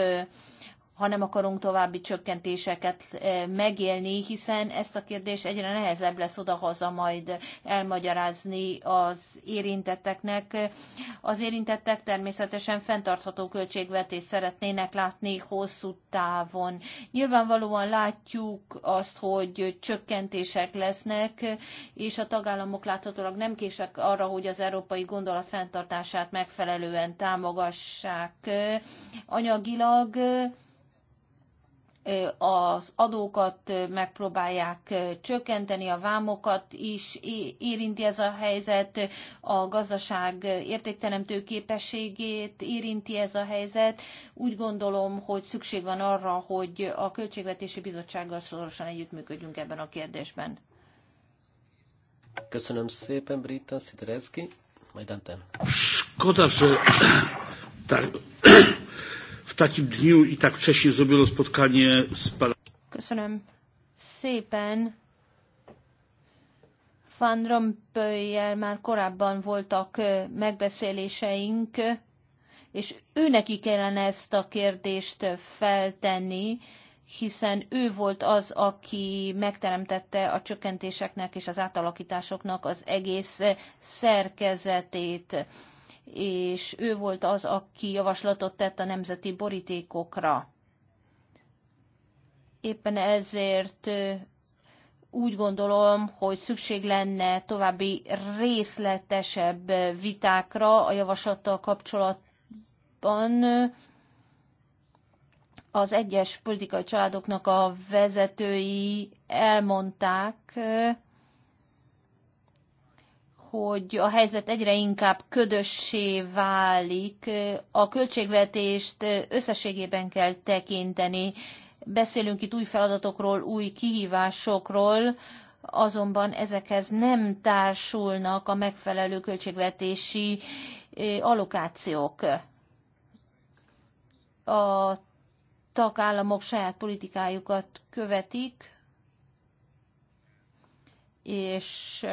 ha nem akarunk további csökkentéseket eh, megélni, hiszen ezt a kérdést egyre nehezebb lesz odahaza majd elmagyarázni az érintetteknek. Az érintettek természetesen fenntartható költségvetést szeretnének látni hosszú távon. Nyilvánvalóan látjuk azt, hogy csökkentések lesznek, és a tagállamok láthatólag nem kések arra, hogy az európai gondolat fenntartását megfelelően támogassák anyagilag az adókat megpróbálják csökkenteni, a vámokat is érinti ez a helyzet, a gazdaság értékteremtő képességét érinti ez a helyzet. Úgy gondolom, hogy szükség van arra, hogy a Költségvetési Bizottsággal szorosan együttműködjünk ebben a kérdésben. Köszönöm szépen, Brita Szidereszki. Majd Ante. Skoda, takim dniu i tak zrobiono spotkanie z Köszönöm szépen. Van Rompöjjel már korábban voltak megbeszéléseink, és neki kellene ezt a kérdést feltenni, hiszen ő volt az, aki megteremtette a csökkentéseknek és az átalakításoknak az egész szerkezetét és ő volt az, aki javaslatot tett a nemzeti borítékokra. Éppen ezért úgy gondolom, hogy szükség lenne további részletesebb vitákra a javaslattal kapcsolatban az egyes politikai családoknak a vezetői elmondták, hogy a helyzet egyre inkább ködössé válik. A költségvetést összességében kell tekinteni. Beszélünk itt új feladatokról, új kihívásokról, azonban ezekhez nem társulnak a megfelelő költségvetési allokációk. A tagállamok saját politikájukat követik, és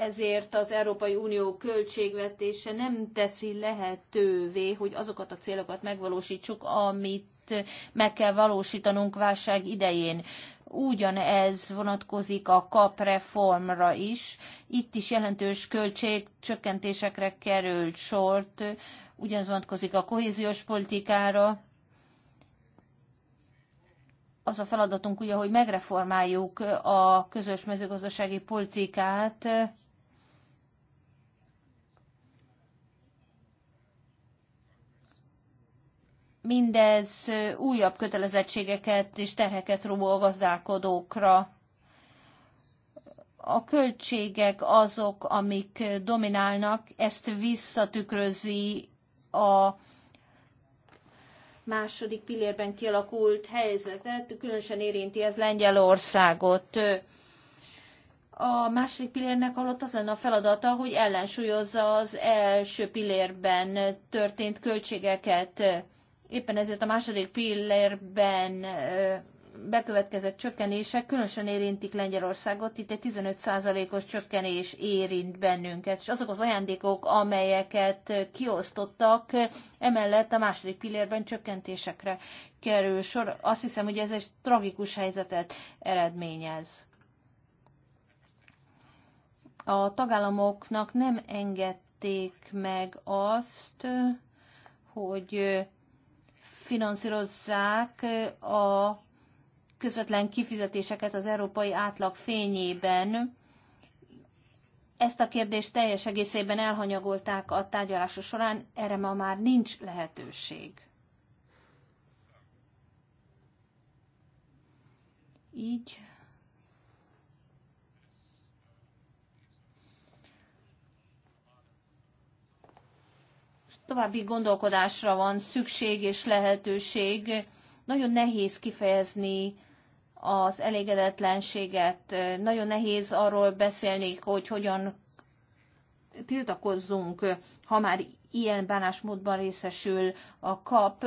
ezért az Európai Unió költségvetése nem teszi lehetővé, hogy azokat a célokat megvalósítsuk, amit meg kell valósítanunk válság idején. Ugyanez vonatkozik a KAP reformra is. Itt is jelentős költségcsökkentésekre került sort, ugyanez vonatkozik a kohéziós politikára, az a feladatunk ugye, hogy megreformáljuk a közös mezőgazdasági politikát, mindez újabb kötelezettségeket és terheket ró a gazdálkodókra. A költségek azok, amik dominálnak, ezt visszatükrözi a második pillérben kialakult helyzetet, különösen érinti ez Lengyelországot. A második pillérnek alatt az lenne a feladata, hogy ellensúlyozza az első pillérben történt költségeket Éppen ezért a második pillérben bekövetkezett csökkenések különösen érintik Lengyelországot, itt egy 15%-os csökkenés érint bennünket, és azok az ajándékok, amelyeket kiosztottak, emellett a második pillérben csökkentésekre kerül sor. Azt hiszem, hogy ez egy tragikus helyzetet eredményez. A tagállamoknak nem engedték meg azt, hogy finanszírozzák a közvetlen kifizetéseket az európai átlag fényében. Ezt a kérdést teljes egészében elhanyagolták a tárgyalása során, erre ma már nincs lehetőség. Így További gondolkodásra van szükség és lehetőség. Nagyon nehéz kifejezni az elégedetlenséget, nagyon nehéz arról beszélni, hogy hogyan tiltakozzunk, ha már ilyen bánásmódban részesül a kap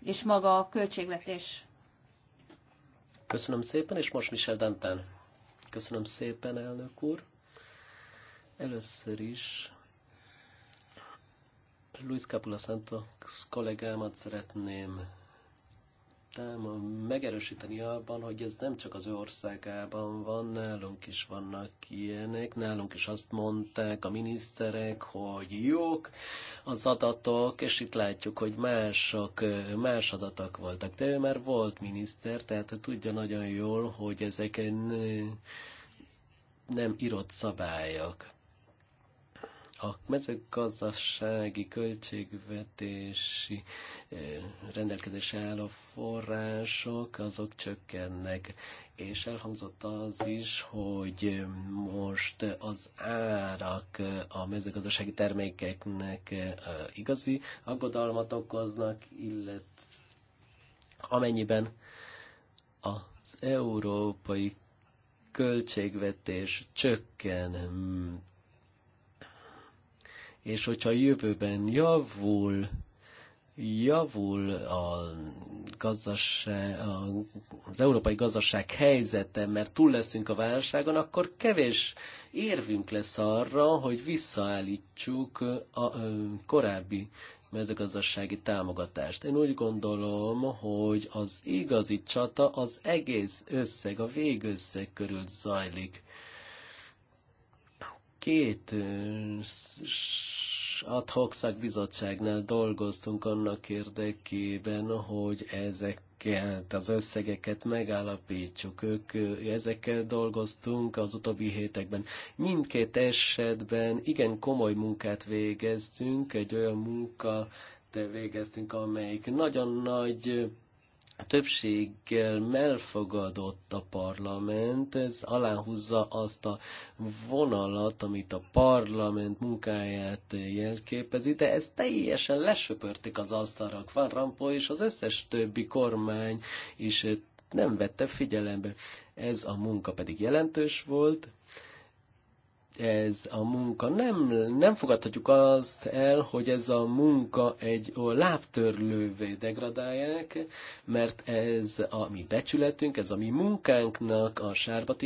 és maga a költségvetés. Köszönöm szépen, és most Michel Danten. Köszönöm szépen, elnök úr. Először is Luis Capula Santos kollégámat szeretném megerősíteni abban, hogy ez nem csak az ő országában van, nálunk is vannak ilyenek, nálunk is azt mondták a miniszterek, hogy jók az adatok, és itt látjuk, hogy mások, más adatok voltak. De ő már volt miniszter, tehát tudja nagyon jól, hogy ezeken nem írott szabályok a mezőgazdasági költségvetési eh, rendelkezés álló források azok csökkennek, és elhangzott az is, hogy most az árak a mezőgazdasági termékeknek eh, igazi aggodalmat okoznak, illetve amennyiben az európai költségvetés csökken és hogyha a jövőben javul javul a gazdaság, az európai gazdaság helyzete, mert túl leszünk a válságon, akkor kevés érvünk lesz arra, hogy visszaállítsuk a korábbi mezőgazdasági támogatást. Én úgy gondolom, hogy az igazi csata az egész összeg, a végösszeg körül zajlik két adhok szakbizottságnál dolgoztunk annak érdekében, hogy ezek az összegeket megállapítsuk. Ők ezekkel dolgoztunk az utóbbi hétekben. Mindkét esetben igen komoly munkát végeztünk, egy olyan munka, de végeztünk, amelyik nagyon nagy többséggel elfogadott a parlament, ez aláhúzza azt a vonalat, amit a parlament munkáját jelképezi, de ez teljesen lesöpörték az asztalra. Van Rampó és az összes többi kormány is nem vette figyelembe. Ez a munka pedig jelentős volt, ez a munka. Nem, nem fogadhatjuk azt el, hogy ez a munka egy ó, lábtörlővé degradálják, mert ez a mi becsületünk, ez a mi munkánknak a sárba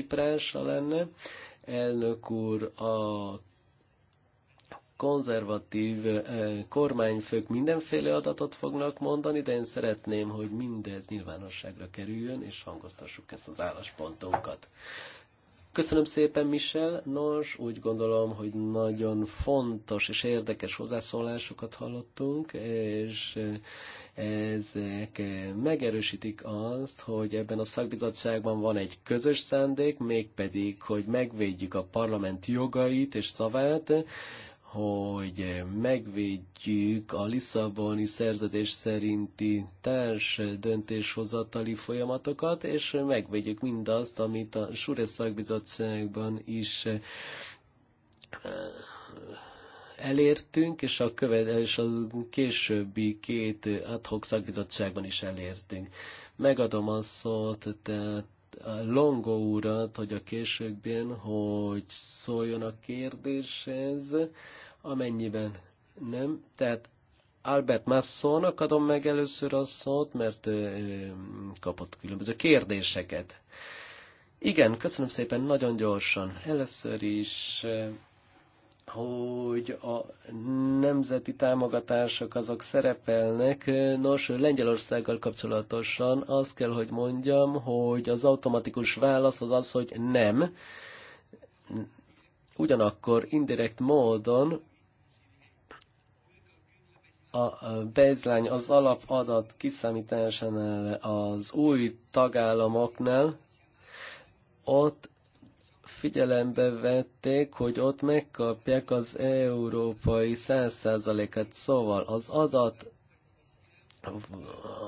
lenne. Elnök úr, a konzervatív kormányfők mindenféle adatot fognak mondani, de én szeretném, hogy mindez nyilvánosságra kerüljön, és hangoztassuk ezt az álláspontunkat. Köszönöm szépen, Michel. Nos, úgy gondolom, hogy nagyon fontos és érdekes hozzászólásokat hallottunk, és ezek megerősítik azt, hogy ebben a szakbizottságban van egy közös szándék, mégpedig, hogy megvédjük a parlament jogait és szavát, hogy megvédjük a Lisszaboni szerződés szerinti társ döntéshozatali folyamatokat, és megvédjük mindazt, amit a Sure szakbizottságban is eh, elértünk, és a, követ, és a későbbi két adhok szakbizottságban is elértünk. Megadom a szót, tehát Longo urat, hogy a későbbén, hogy szóljon a kérdéshez, amennyiben nem. Tehát Albert Massonnak adom meg először a szót, mert kapott különböző kérdéseket. Igen, köszönöm szépen, nagyon gyorsan. Először is hogy a nemzeti támogatások azok szerepelnek. Nos, Lengyelországgal kapcsolatosan azt kell, hogy mondjam, hogy az automatikus válasz az az, hogy nem. Ugyanakkor indirekt módon a baseline az alapadat kiszámításánál az új tagállamoknál ott figyelembe vették, hogy ott megkapják az európai 100%-et, szóval az adat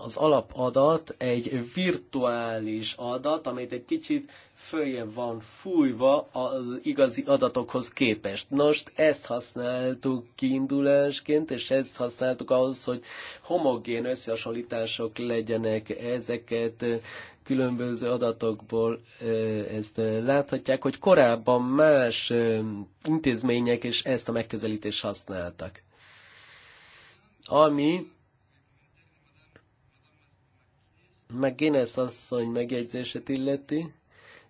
az alapadat egy virtuális adat, amit egy kicsit följebb van fújva az igazi adatokhoz képest. Most ezt használtuk kiindulásként, és ezt használtuk ahhoz, hogy homogén összehasonlítások legyenek ezeket különböző adatokból ezt láthatják, hogy korábban más intézmények is ezt a megközelítést használtak. Ami meg Guinness asszony megjegyzését illeti,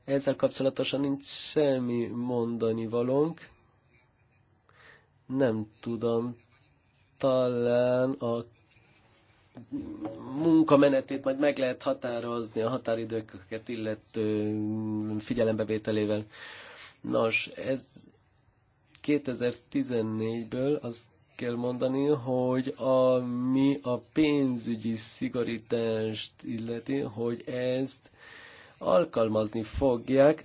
ezzel kapcsolatosan nincs semmi mondani valónk. Nem tudom, talán a munkamenetét majd meg lehet határozni a határidőket illető figyelembevételével. Nos, ez 2014-ből az kell mondani, hogy ami a pénzügyi szigorítást illeti, hogy ezt alkalmazni fogják,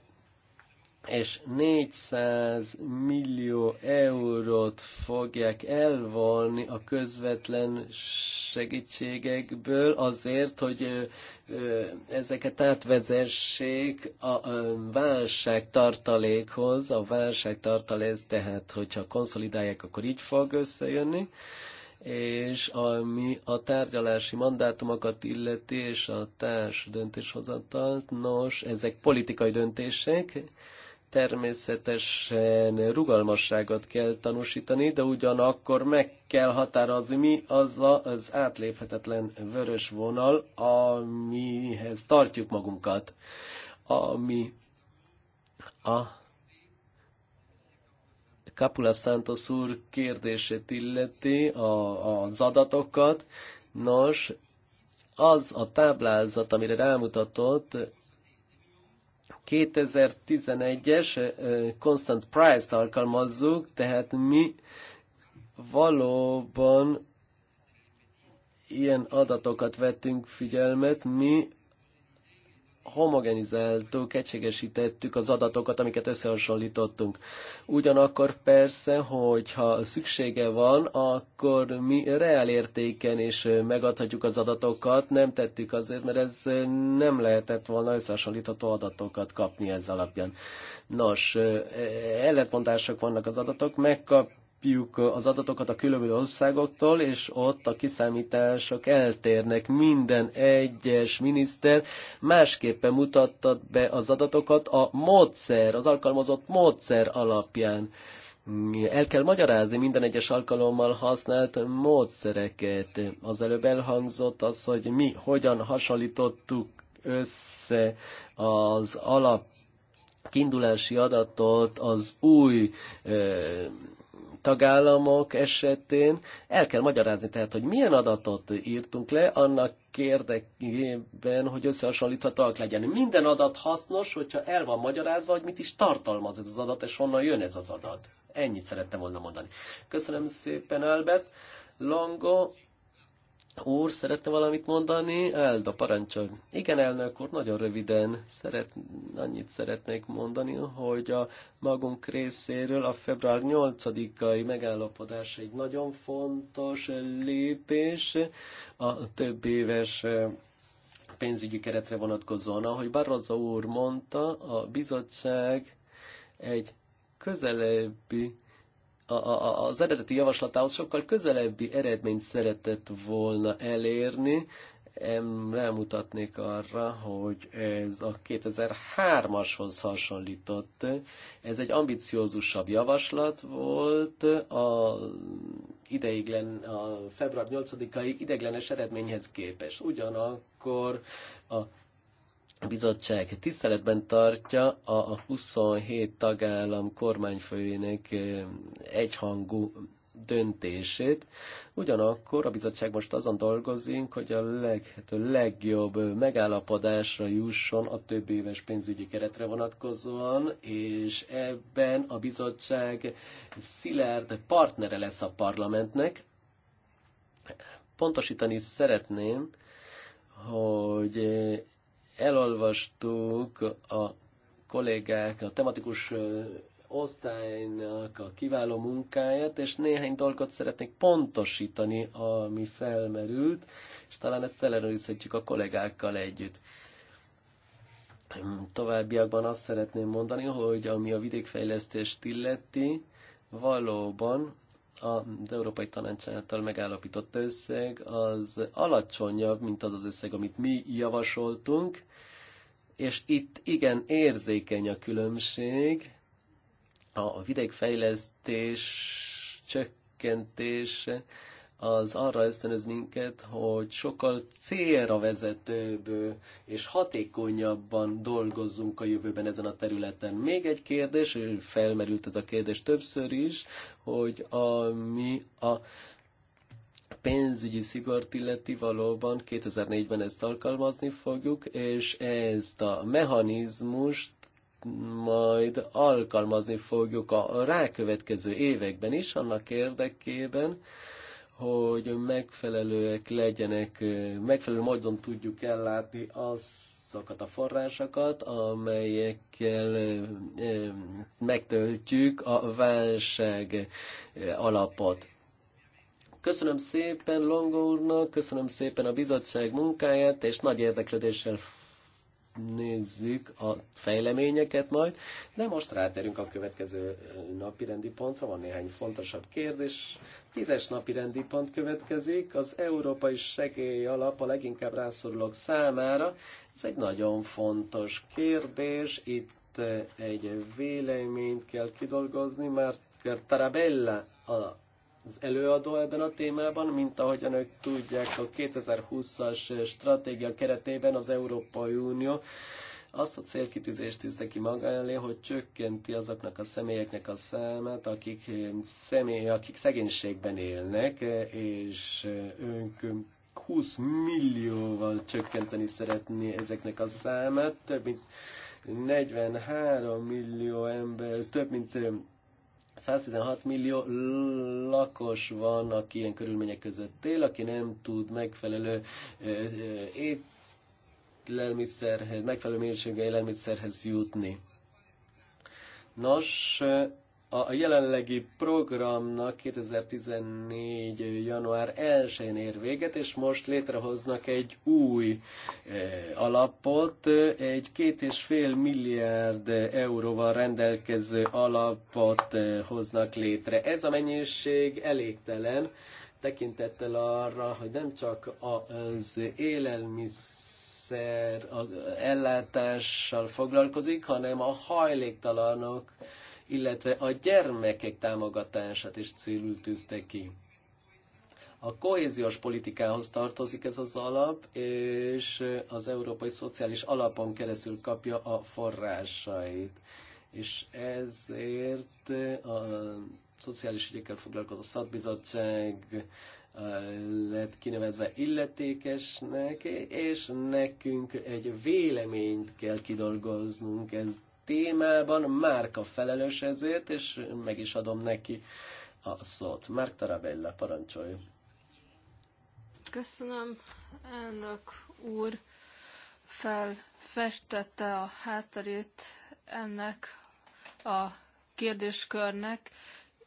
és 400 millió eurót fogják elvonni a közvetlen segítségekből azért, hogy ezeket átvezessék a válság tartalékhoz, a válság tartalékhoz, tehát hogyha konszolidálják, akkor így fog összejönni és ami a tárgyalási mandátumokat illeti, és a társ döntéshozatalt, nos, ezek politikai döntések, természetesen rugalmasságot kell tanúsítani, de ugyanakkor meg kell határozni, mi az a, az átléphetetlen vörös vonal, amihez tartjuk magunkat, ami a Capula Santos úr kérdését illeti, a, az adatokat. Nos, az a táblázat, amire rámutatott, 2011-es constant price-t alkalmazzuk, tehát mi valóban ilyen adatokat vettünk figyelmet, mi homogenizáltuk, egységesítettük az adatokat, amiket összehasonlítottunk. Ugyanakkor persze, hogyha szüksége van, akkor mi értéken is megadhatjuk az adatokat, nem tettük azért, mert ez nem lehetett volna összehasonlítható adatokat kapni ez alapján. Nos, e- e- ellentmondások vannak az adatok, megkap kapjuk az adatokat a különböző országoktól, és ott a kiszámítások eltérnek. Minden egyes miniszter másképpen mutatta be az adatokat a módszer, az alkalmazott módszer alapján. El kell magyarázni minden egyes alkalommal használt módszereket. Az előbb elhangzott az, hogy mi hogyan hasonlítottuk össze az alap kiindulási adatot az új ö, tagállamok esetén el kell magyarázni, tehát, hogy milyen adatot írtunk le, annak érdekében, hogy összehasonlíthatóak legyen. Minden adat hasznos, hogyha el van magyarázva, hogy mit is tartalmaz ez az adat, és honnan jön ez az adat. Ennyit szerettem volna mondani. Köszönöm szépen, Albert. Longo úr szeretne valamit mondani? Elda, parancsolj. Igen, elnök úr, nagyon röviden szeret, annyit szeretnék mondani, hogy a magunk részéről a február 8-ai megállapodás egy nagyon fontos lépés a több éves pénzügyi keretre vonatkozóan. Ahogy Barroza úr mondta, a bizottság egy közelebbi a, a, az eredeti javaslatához sokkal közelebbi eredményt szeretett volna elérni. Em, rámutatnék arra, hogy ez a 2003-ashoz hasonlított. Ez egy ambiciózusabb javaslat volt, a ideiglen, a február 8-ai ideiglenes eredményhez képest. Ugyanakkor a a bizottság tiszteletben tartja a 27 tagállam kormányfőjének egyhangú döntését. Ugyanakkor a bizottság most azon dolgozik, hogy a lehető legjobb megállapodásra jusson a több éves pénzügyi keretre vonatkozóan, és ebben a bizottság szilárd partnere lesz a parlamentnek. Pontosítani szeretném, hogy elolvastuk a kollégák, a tematikus osztálynak a kiváló munkáját, és néhány dolgot szeretnék pontosítani, ami felmerült, és talán ezt ellenőrizhetjük a kollégákkal együtt. Továbbiakban azt szeretném mondani, hogy ami a vidékfejlesztést illeti, valóban az Európai Tanács által megállapított összeg az alacsonyabb, mint az az összeg, amit mi javasoltunk, és itt igen érzékeny a különbség. A vidékfejlesztés csökkentése az arra ösztönöz minket, hogy sokkal célra vezetőbb és hatékonyabban dolgozzunk a jövőben ezen a területen. Még egy kérdés, felmerült ez a kérdés többször is, hogy ami a pénzügyi szigort illeti valóban 2004-ben ezt alkalmazni fogjuk, és ezt a mechanizmust majd alkalmazni fogjuk a rákövetkező években is, annak érdekében, hogy megfelelőek legyenek, megfelelő módon tudjuk ellátni azokat a forrásokat, amelyekkel megtöltjük a válság alapot. Köszönöm szépen Longo úrnak, köszönöm szépen a bizottság munkáját, és nagy érdeklődéssel nézzük a fejleményeket majd, de most ráterünk a következő napi rendi pontra, van néhány fontosabb kérdés. Tízes napi rendi pont következik, az Európai Segély Alap a leginkább rászorulók számára. Ez egy nagyon fontos kérdés, itt egy véleményt kell kidolgozni, mert Tarabella a az előadó ebben a témában, mint ahogyan ők tudják, a 2020-as stratégia keretében az Európai Unió azt a célkitűzést tűzte ki maga elé, hogy csökkenti azoknak a személyeknek a számát, akik, eh, személy, akik szegénységben élnek, eh, és eh, ők 20 millióval csökkenteni szeretné ezeknek a számát, több mint 43 millió ember, több mint 116 millió lakos van, aki ilyen körülmények között él, aki nem tud megfelelő élelmiszerhez, megfelelő minőségű élelmiszerhez jutni. Nos, a jelenlegi programnak 2014. január 1-én ér véget, és most létrehoznak egy új eh, alapot, egy két és fél milliárd euróval rendelkező alapot eh, hoznak létre. Ez a mennyiség elégtelen, tekintettel arra, hogy nem csak az élelmiszer, rendszer ellátással foglalkozik, hanem a hajléktalanok illetve a gyermekek támogatását is célul tűzte ki. A kohéziós politikához tartozik ez az alap, és az Európai Szociális Alapon keresztül kapja a forrásait. És ezért a Szociális Ügyekkel Foglalkozó Szatbizottság eh, lett kinevezve illetékesnek, és nekünk egy véleményt kell kidolgoznunk ez témában, Márka felelős ezért, és meg is adom neki a szót. Márk Tarabella, parancsolj! Köszönöm, elnök úr felfestette a hátterét ennek a kérdéskörnek.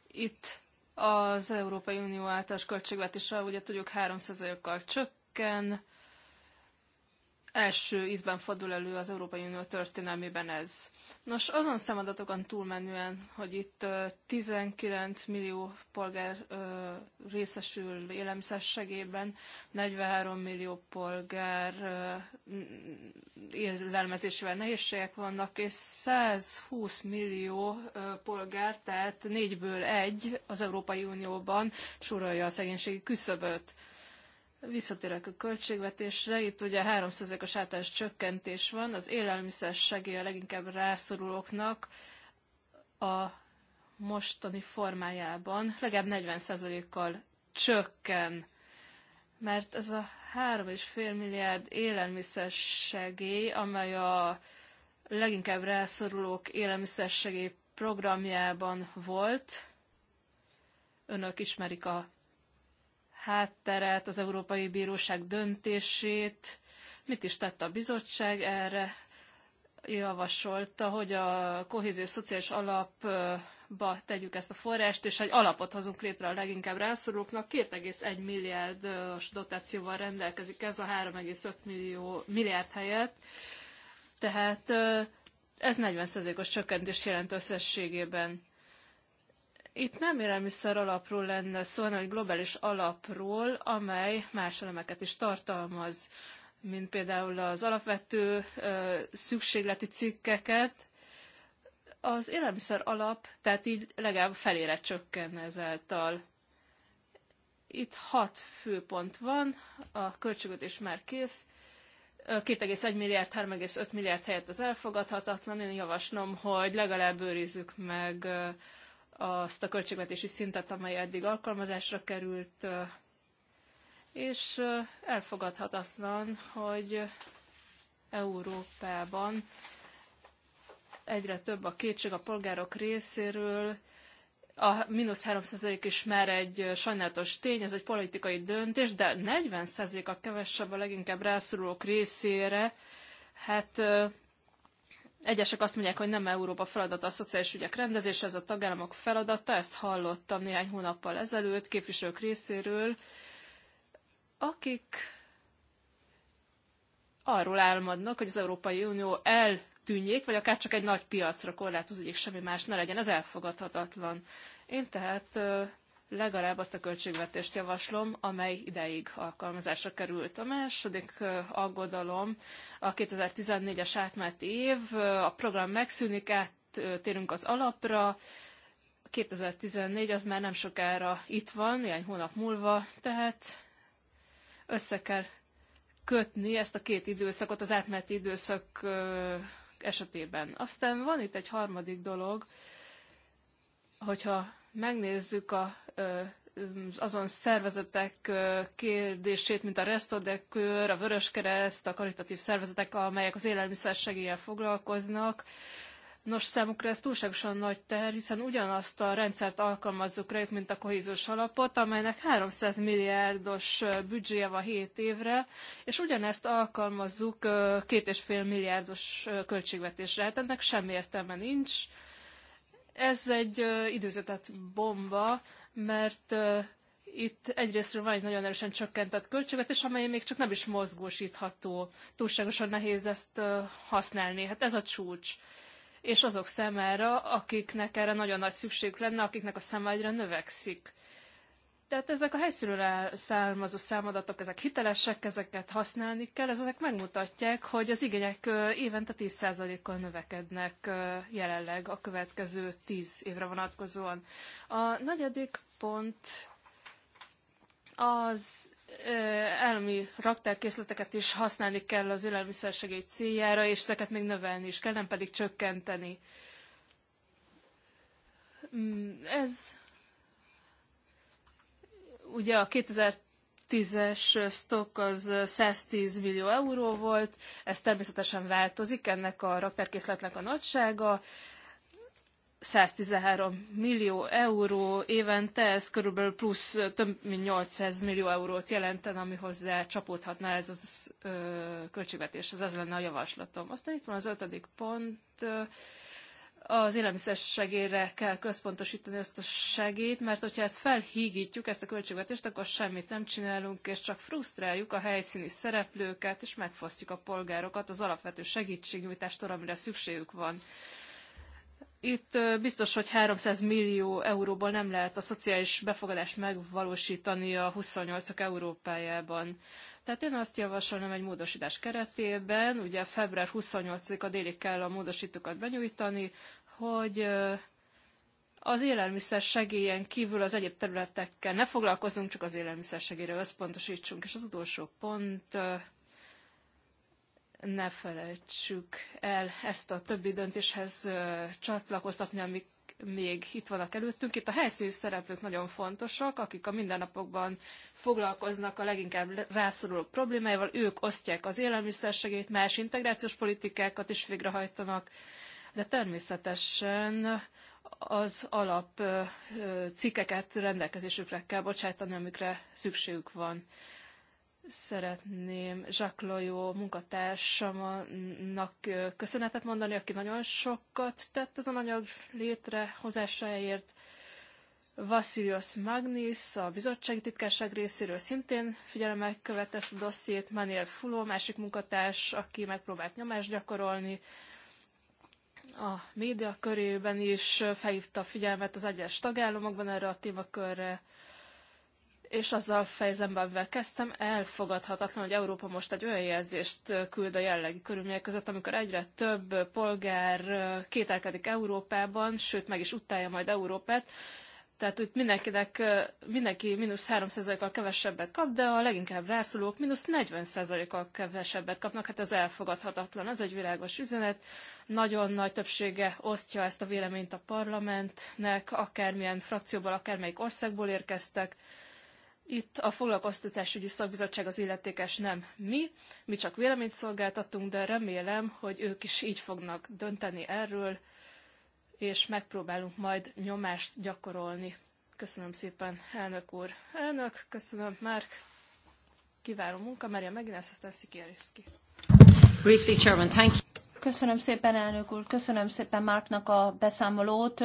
Itt az Európai Unió általános költségvetése, ugye tudjuk, 300 kal csökken, első ízben fordul elő az Európai Unió történelmében ez. Nos, azon számadatokon túlmenően, hogy itt 19 millió polgár részesül élelmiszersegében, 43 millió polgár élelmezésével nehézségek vannak, és 120 millió polgár, tehát négyből egy az Európai Unióban súrolja a szegénységi küszöböt. Visszatérek a költségvetésre, itt ugye 3%-os általános csökkentés van, az élelmiszer segély a leginkább rászorulóknak a mostani formájában legalább 40%-kal csökken, mert ez a 3,5 milliárd élelmiszer segély, amely a leginkább rászorulók élelmiszer segély programjában volt, önök ismerik a hátteret, az Európai Bíróság döntését. Mit is tett a bizottság erre? Javasolta, hogy a kohéziós szociális alapba tegyük ezt a forrást, és egy alapot hozunk létre a leginkább rászorulóknak. 2,1 milliárdos dotációval rendelkezik ez a 3,5 millió, milliárd helyett. Tehát ez 40%-os csökkentés jelent összességében. Itt nem élelmiszer alapról lenne szó, hanem egy globális alapról, amely más elemeket is tartalmaz, mint például az alapvető szükségleti cikkeket. Az élelmiszer alap, tehát így legalább felére csökkenne ezáltal. Itt hat főpont van, a költségvetés már kész, 2,1 milliárd, 3,5 milliárd helyett az elfogadhatatlan. Én javaslom, hogy legalább őrizzük meg azt a költségvetési szintet, amely eddig alkalmazásra került, és elfogadhatatlan, hogy Európában egyre több a kétség a polgárok részéről, a mínusz 3% is már egy sajnálatos tény, ez egy politikai döntés, de 40% a kevesebb a leginkább rászorulók részére, hát Egyesek azt mondják, hogy nem Európa feladata a szociális ügyek rendezése, ez a tagállamok feladata, ezt hallottam néhány hónappal ezelőtt képviselők részéről, akik arról álmodnak, hogy az Európai Unió eltűnjék, vagy akár csak egy nagy piacra korlátozódik, semmi más ne legyen, ez elfogadhatatlan. Én tehát legalább azt a költségvetést javaslom, amely ideig alkalmazásra került. A második aggodalom a 2014-es átmeneti év, a program megszűnik, áttérünk az alapra, 2014 az már nem sokára itt van, néhány hónap múlva, tehát össze kell kötni ezt a két időszakot az átmeneti időszak esetében. Aztán van itt egy harmadik dolog, hogyha megnézzük a azon szervezetek kérdését, mint a Restodekör, a Vöröskereszt, a karitatív szervezetek, amelyek az élelmiszersegéllyel foglalkoznak. Nos, számukra ez túlságosan nagy teher, hiszen ugyanazt a rendszert alkalmazzuk rájuk, mint a kohéziós alapot, amelynek 300 milliárdos büdzséje van 7 évre, és ugyanezt alkalmazzuk 2,5 milliárdos költségvetésre. Hát ennek semmi értelme nincs ez egy időzetett bomba, mert itt egyrésztről van egy nagyon erősen csökkentett költségvetés, amely még csak nem is mozgósítható. Túlságosan nehéz ezt használni. Hát ez a csúcs. És azok számára, akiknek erre nagyon nagy szükségük lenne, akiknek a száma egyre növekszik. Tehát ezek a helyszínről származó számadatok, ezek hitelesek, ezeket használni kell, ezek megmutatják, hogy az igények évente 10%-kal növekednek jelenleg a következő 10 évre vonatkozóan. A negyedik pont az elmi raktárkészleteket is használni kell az élelmiszersegély céljára, és ezeket még növelni is kell, nem pedig csökkenteni. Mm, ez Ugye a 2010-es stock az 110 millió euró volt, ez természetesen változik, ennek a raktárkészletnek a nagysága, 113 millió euró évente, ez körülbelül plusz több mint 800 millió eurót jelenten, ami hozzá csapódhatna ez az költségvetéshez, ez lenne a javaslatom. Aztán itt van az ötödik pont, az élelmiszersegélyre kell központosítani ezt a segélyt, mert hogyha ezt felhígítjuk, ezt a költségvetést, akkor semmit nem csinálunk, és csak frusztráljuk a helyszíni szereplőket, és megfosztjuk a polgárokat az alapvető segítségnyújtástól, amire szükségük van. Itt biztos, hogy 300 millió euróból nem lehet a szociális befogadást megvalósítani a 28-ak Európájában. Tehát én azt javasolnám egy módosítás keretében, ugye február 28-a délig kell a módosítókat benyújtani, hogy az élelmiszer segélyen kívül az egyéb területekkel ne foglalkozunk, csak az élelmiszer segélyre összpontosítsunk. És az utolsó pont, ne felejtsük el ezt a többi döntéshez csatlakoztatni, amik még itt vannak előttünk. Itt a helyszíni szereplők nagyon fontosak, akik a mindennapokban foglalkoznak a leginkább rászorulók problémáival, ők osztják az élelmiszersegélyt, más integrációs politikákat is végrehajtanak, de természetesen az alap cikkeket rendelkezésükre kell bocsátani, amikre szükségük van. Szeretném Jacques Lajó munkatársamnak köszönetet mondani, aki nagyon sokat tett az anyag létrehozásáért. Vasilios Magnis, a bizottsági titkárság részéről szintén figyelemmel követte ezt a dossziét, Manuel Fuló, másik munkatárs, aki megpróbált nyomást gyakorolni, a média körében is felhívta a figyelmet az egyes tagállamokban erre a témakörre, és azzal fejezem be, amivel kezdtem, elfogadhatatlan, hogy Európa most egy olyan jelzést küld a jellegi körülmények között, amikor egyre több polgár kételkedik Európában, sőt meg is utálja majd Európát, tehát itt mindenkinek, mindenki mínusz 3%-kal kevesebbet kap, de a leginkább rászulók mínusz 40%-kal kevesebbet kapnak, hát ez elfogadhatatlan, ez egy világos üzenet. Nagyon nagy többsége osztja ezt a véleményt a parlamentnek, akármilyen frakcióból, akármelyik országból érkeztek itt a foglalkoztatásügyi szakbizottság az illetékes nem mi, mi csak véleményt szolgáltatunk, de remélem, hogy ők is így fognak dönteni erről, és megpróbálunk majd nyomást gyakorolni. Köszönöm szépen, elnök úr. Elnök, köszönöm, Márk. Kiváló munka, Mária megint aztán Szikériszki. Briefly, Chairman, thank you. Köszönöm szépen, elnök úr. Köszönöm szépen Marknak a beszámolót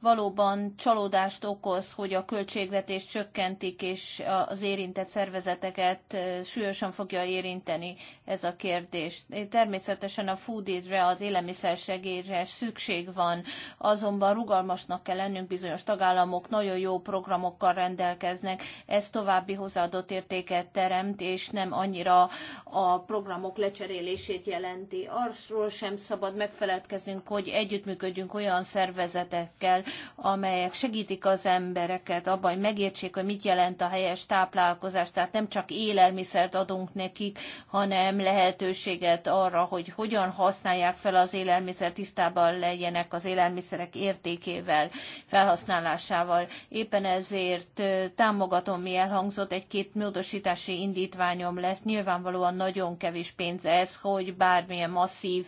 valóban csalódást okoz, hogy a költségvetést csökkentik, és az érintett szervezeteket súlyosan fogja érinteni ez a kérdés. Természetesen a foodidre, az élelmiszersegélyre szükség van, azonban rugalmasnak kell lennünk, bizonyos tagállamok nagyon jó programokkal rendelkeznek, ez további hozzáadott értéket teremt, és nem annyira a programok lecserélését jelenti. Arról sem szabad megfeledkeznünk, hogy együttműködjünk olyan szervezetekkel, amelyek segítik az embereket abban, hogy megértsék, hogy mit jelent a helyes táplálkozás. Tehát nem csak élelmiszert adunk nekik, hanem lehetőséget arra, hogy hogyan használják fel az élelmiszer, tisztában legyenek az élelmiszerek értékével, felhasználásával. Éppen ezért támogatom, mi elhangzott, egy-két módosítási indítványom lesz. Nyilvánvalóan nagyon kevés pénz ez, hogy bármilyen masszív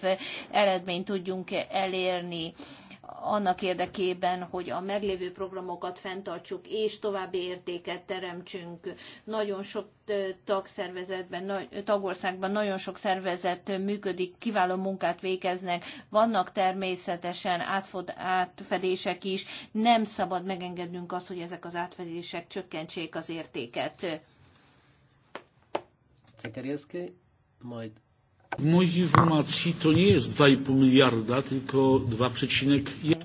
eredményt tudjunk elérni annak érdekében, hogy a meglévő programokat fenntartsuk és további értéket teremtsünk. Nagyon sok tagszervezetben, tagországban nagyon sok szervezet működik, kiváló munkát végeznek, vannak természetesen átfod, átfedések is, nem szabad megengednünk azt, hogy ezek az átfedések csökkentsék az értéket. Szekerjeszki, majd W mojej informacji to nie jest 2,5 miliarda, tylko 2,1.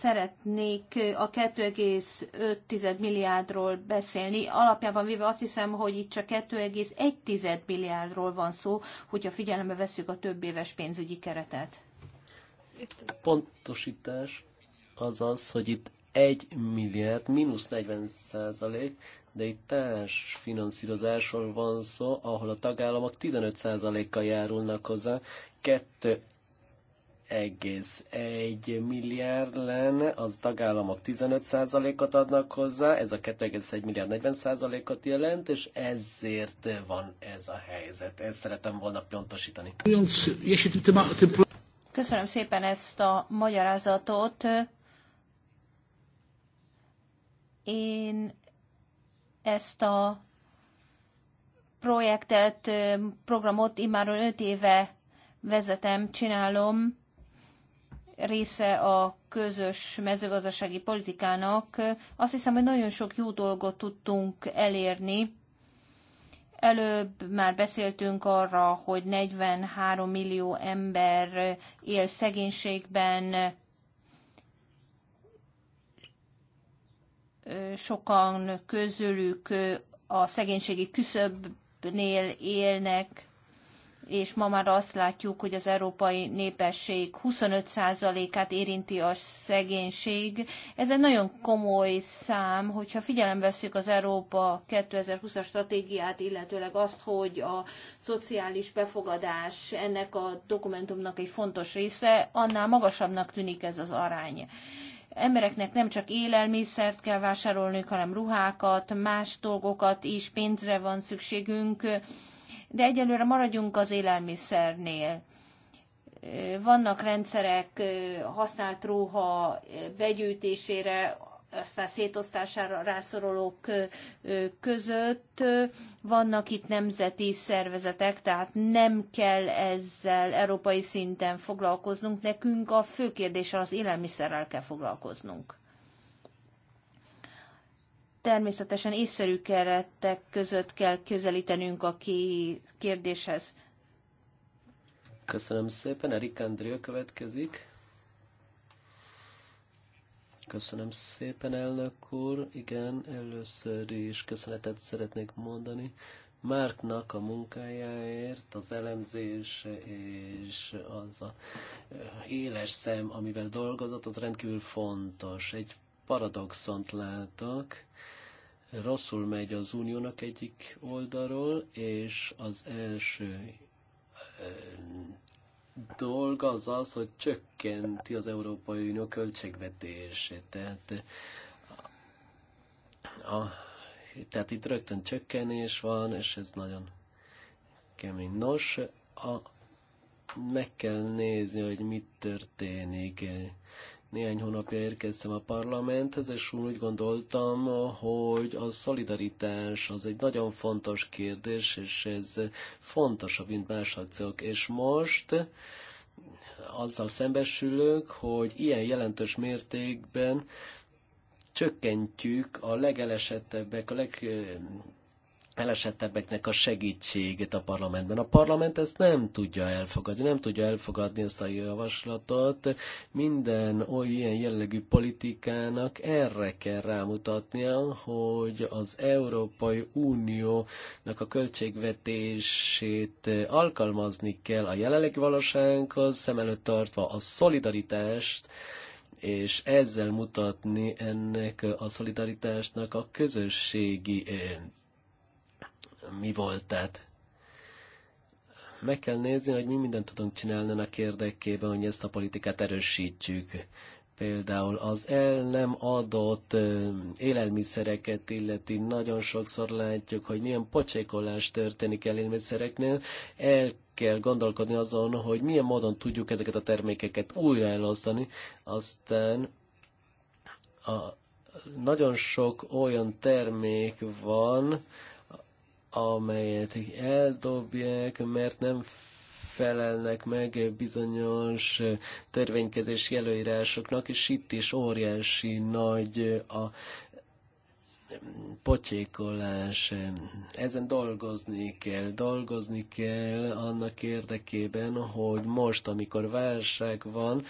Szeretnék e, a 2,5 milliárdról beszélni. Alapjában véve azt hiszem, hogy itt csak 2,1 milliárdról van szó, hogyha figyelembe veszük a több éves pénzügyi keretet. Pontosítás az az, hogy itt 1 milliárd, mínusz 40 százalék, de itt finanszírozásról van szó, ahol a tagállamok 15%-kal járulnak hozzá, 2 milliárd lenne, az tagállamok 15%-ot adnak hozzá, ez a 2,1 milliárd 40%-ot jelent, és ezért van ez a helyzet. Ezt szeretem volna pontosítani. Köszönöm szépen ezt a magyarázatot. Én ezt a projektet, programot immáron 5 éve vezetem, csinálom, része a közös mezőgazdasági politikának. Azt hiszem, hogy nagyon sok jó dolgot tudtunk elérni. Előbb már beszéltünk arra, hogy 43 millió ember él szegénységben, sokan közülük a szegénységi küszöbnél élnek, és ma már azt látjuk, hogy az európai népesség 25%-át érinti a szegénység. Ez egy nagyon komoly szám, hogyha figyelembe veszük az Európa 2020-as stratégiát, illetőleg azt, hogy a szociális befogadás ennek a dokumentumnak egy fontos része, annál magasabbnak tűnik ez az arány embereknek nem csak élelmiszert kell vásárolniuk, hanem ruhákat, más dolgokat is, pénzre van szükségünk, de egyelőre maradjunk az élelmiszernél. Vannak rendszerek használt ruha begyűjtésére, aztán szétosztására rászorolók között. Vannak itt nemzeti szervezetek, tehát nem kell ezzel európai szinten foglalkoznunk. Nekünk a fő kérdés az élelmiszerrel kell foglalkoznunk. Természetesen észszerű keretek között kell közelítenünk a kérdéshez. Köszönöm szépen, Erik Andrea következik. Köszönöm szépen, elnök úr. Igen, először is köszönetet szeretnék mondani Márknak a munkájáért, az elemzés és az a éles szem, amivel dolgozott, az rendkívül fontos. Egy paradoxont látok. Rosszul megy az uniónak egyik oldalról, és az első dolg az az, hogy csökkenti az Európai Unió költségvetését. Tehát, a, tehát itt rögtön csökkenés van, és ez nagyon kemény. Nos, a, meg kell nézni, hogy mit történik néhány hónapja érkeztem a parlamenthez, és úgy gondoltam, hogy a szolidaritás az egy nagyon fontos kérdés, és ez fontosabb, mint más akciók. És most azzal szembesülök, hogy ilyen jelentős mértékben csökkentjük a legelesettebbek, a leg elesettebbeknek a segítségét a parlamentben. A parlament ezt nem tudja elfogadni, nem tudja elfogadni ezt a javaslatot. Minden oly ilyen jellegű politikának erre kell rámutatnia, hogy az Európai Uniónak a költségvetését alkalmazni kell a jelenlegi valósághoz, szem előtt tartva a szolidaritást, és ezzel mutatni ennek a szolidaritásnak a közösségi eh, mi volt tehát? Meg kell nézni, hogy mi mindent tudunk csinálni annak érdekében, hogy ezt a politikát erősítsük. Például az el nem adott élelmiszereket illeti nagyon sokszor látjuk, hogy milyen pocsékolás történik élelmiszereknél. El kell gondolkodni azon, hogy milyen módon tudjuk ezeket a termékeket újra elosztani, aztán a, nagyon sok olyan termék van, amelyet eldobják, mert nem felelnek meg bizonyos törvénykezés előírásoknak, és itt is óriási nagy a pocsékolás, ezen dolgozni kell, dolgozni kell annak érdekében, hogy most, amikor válság van,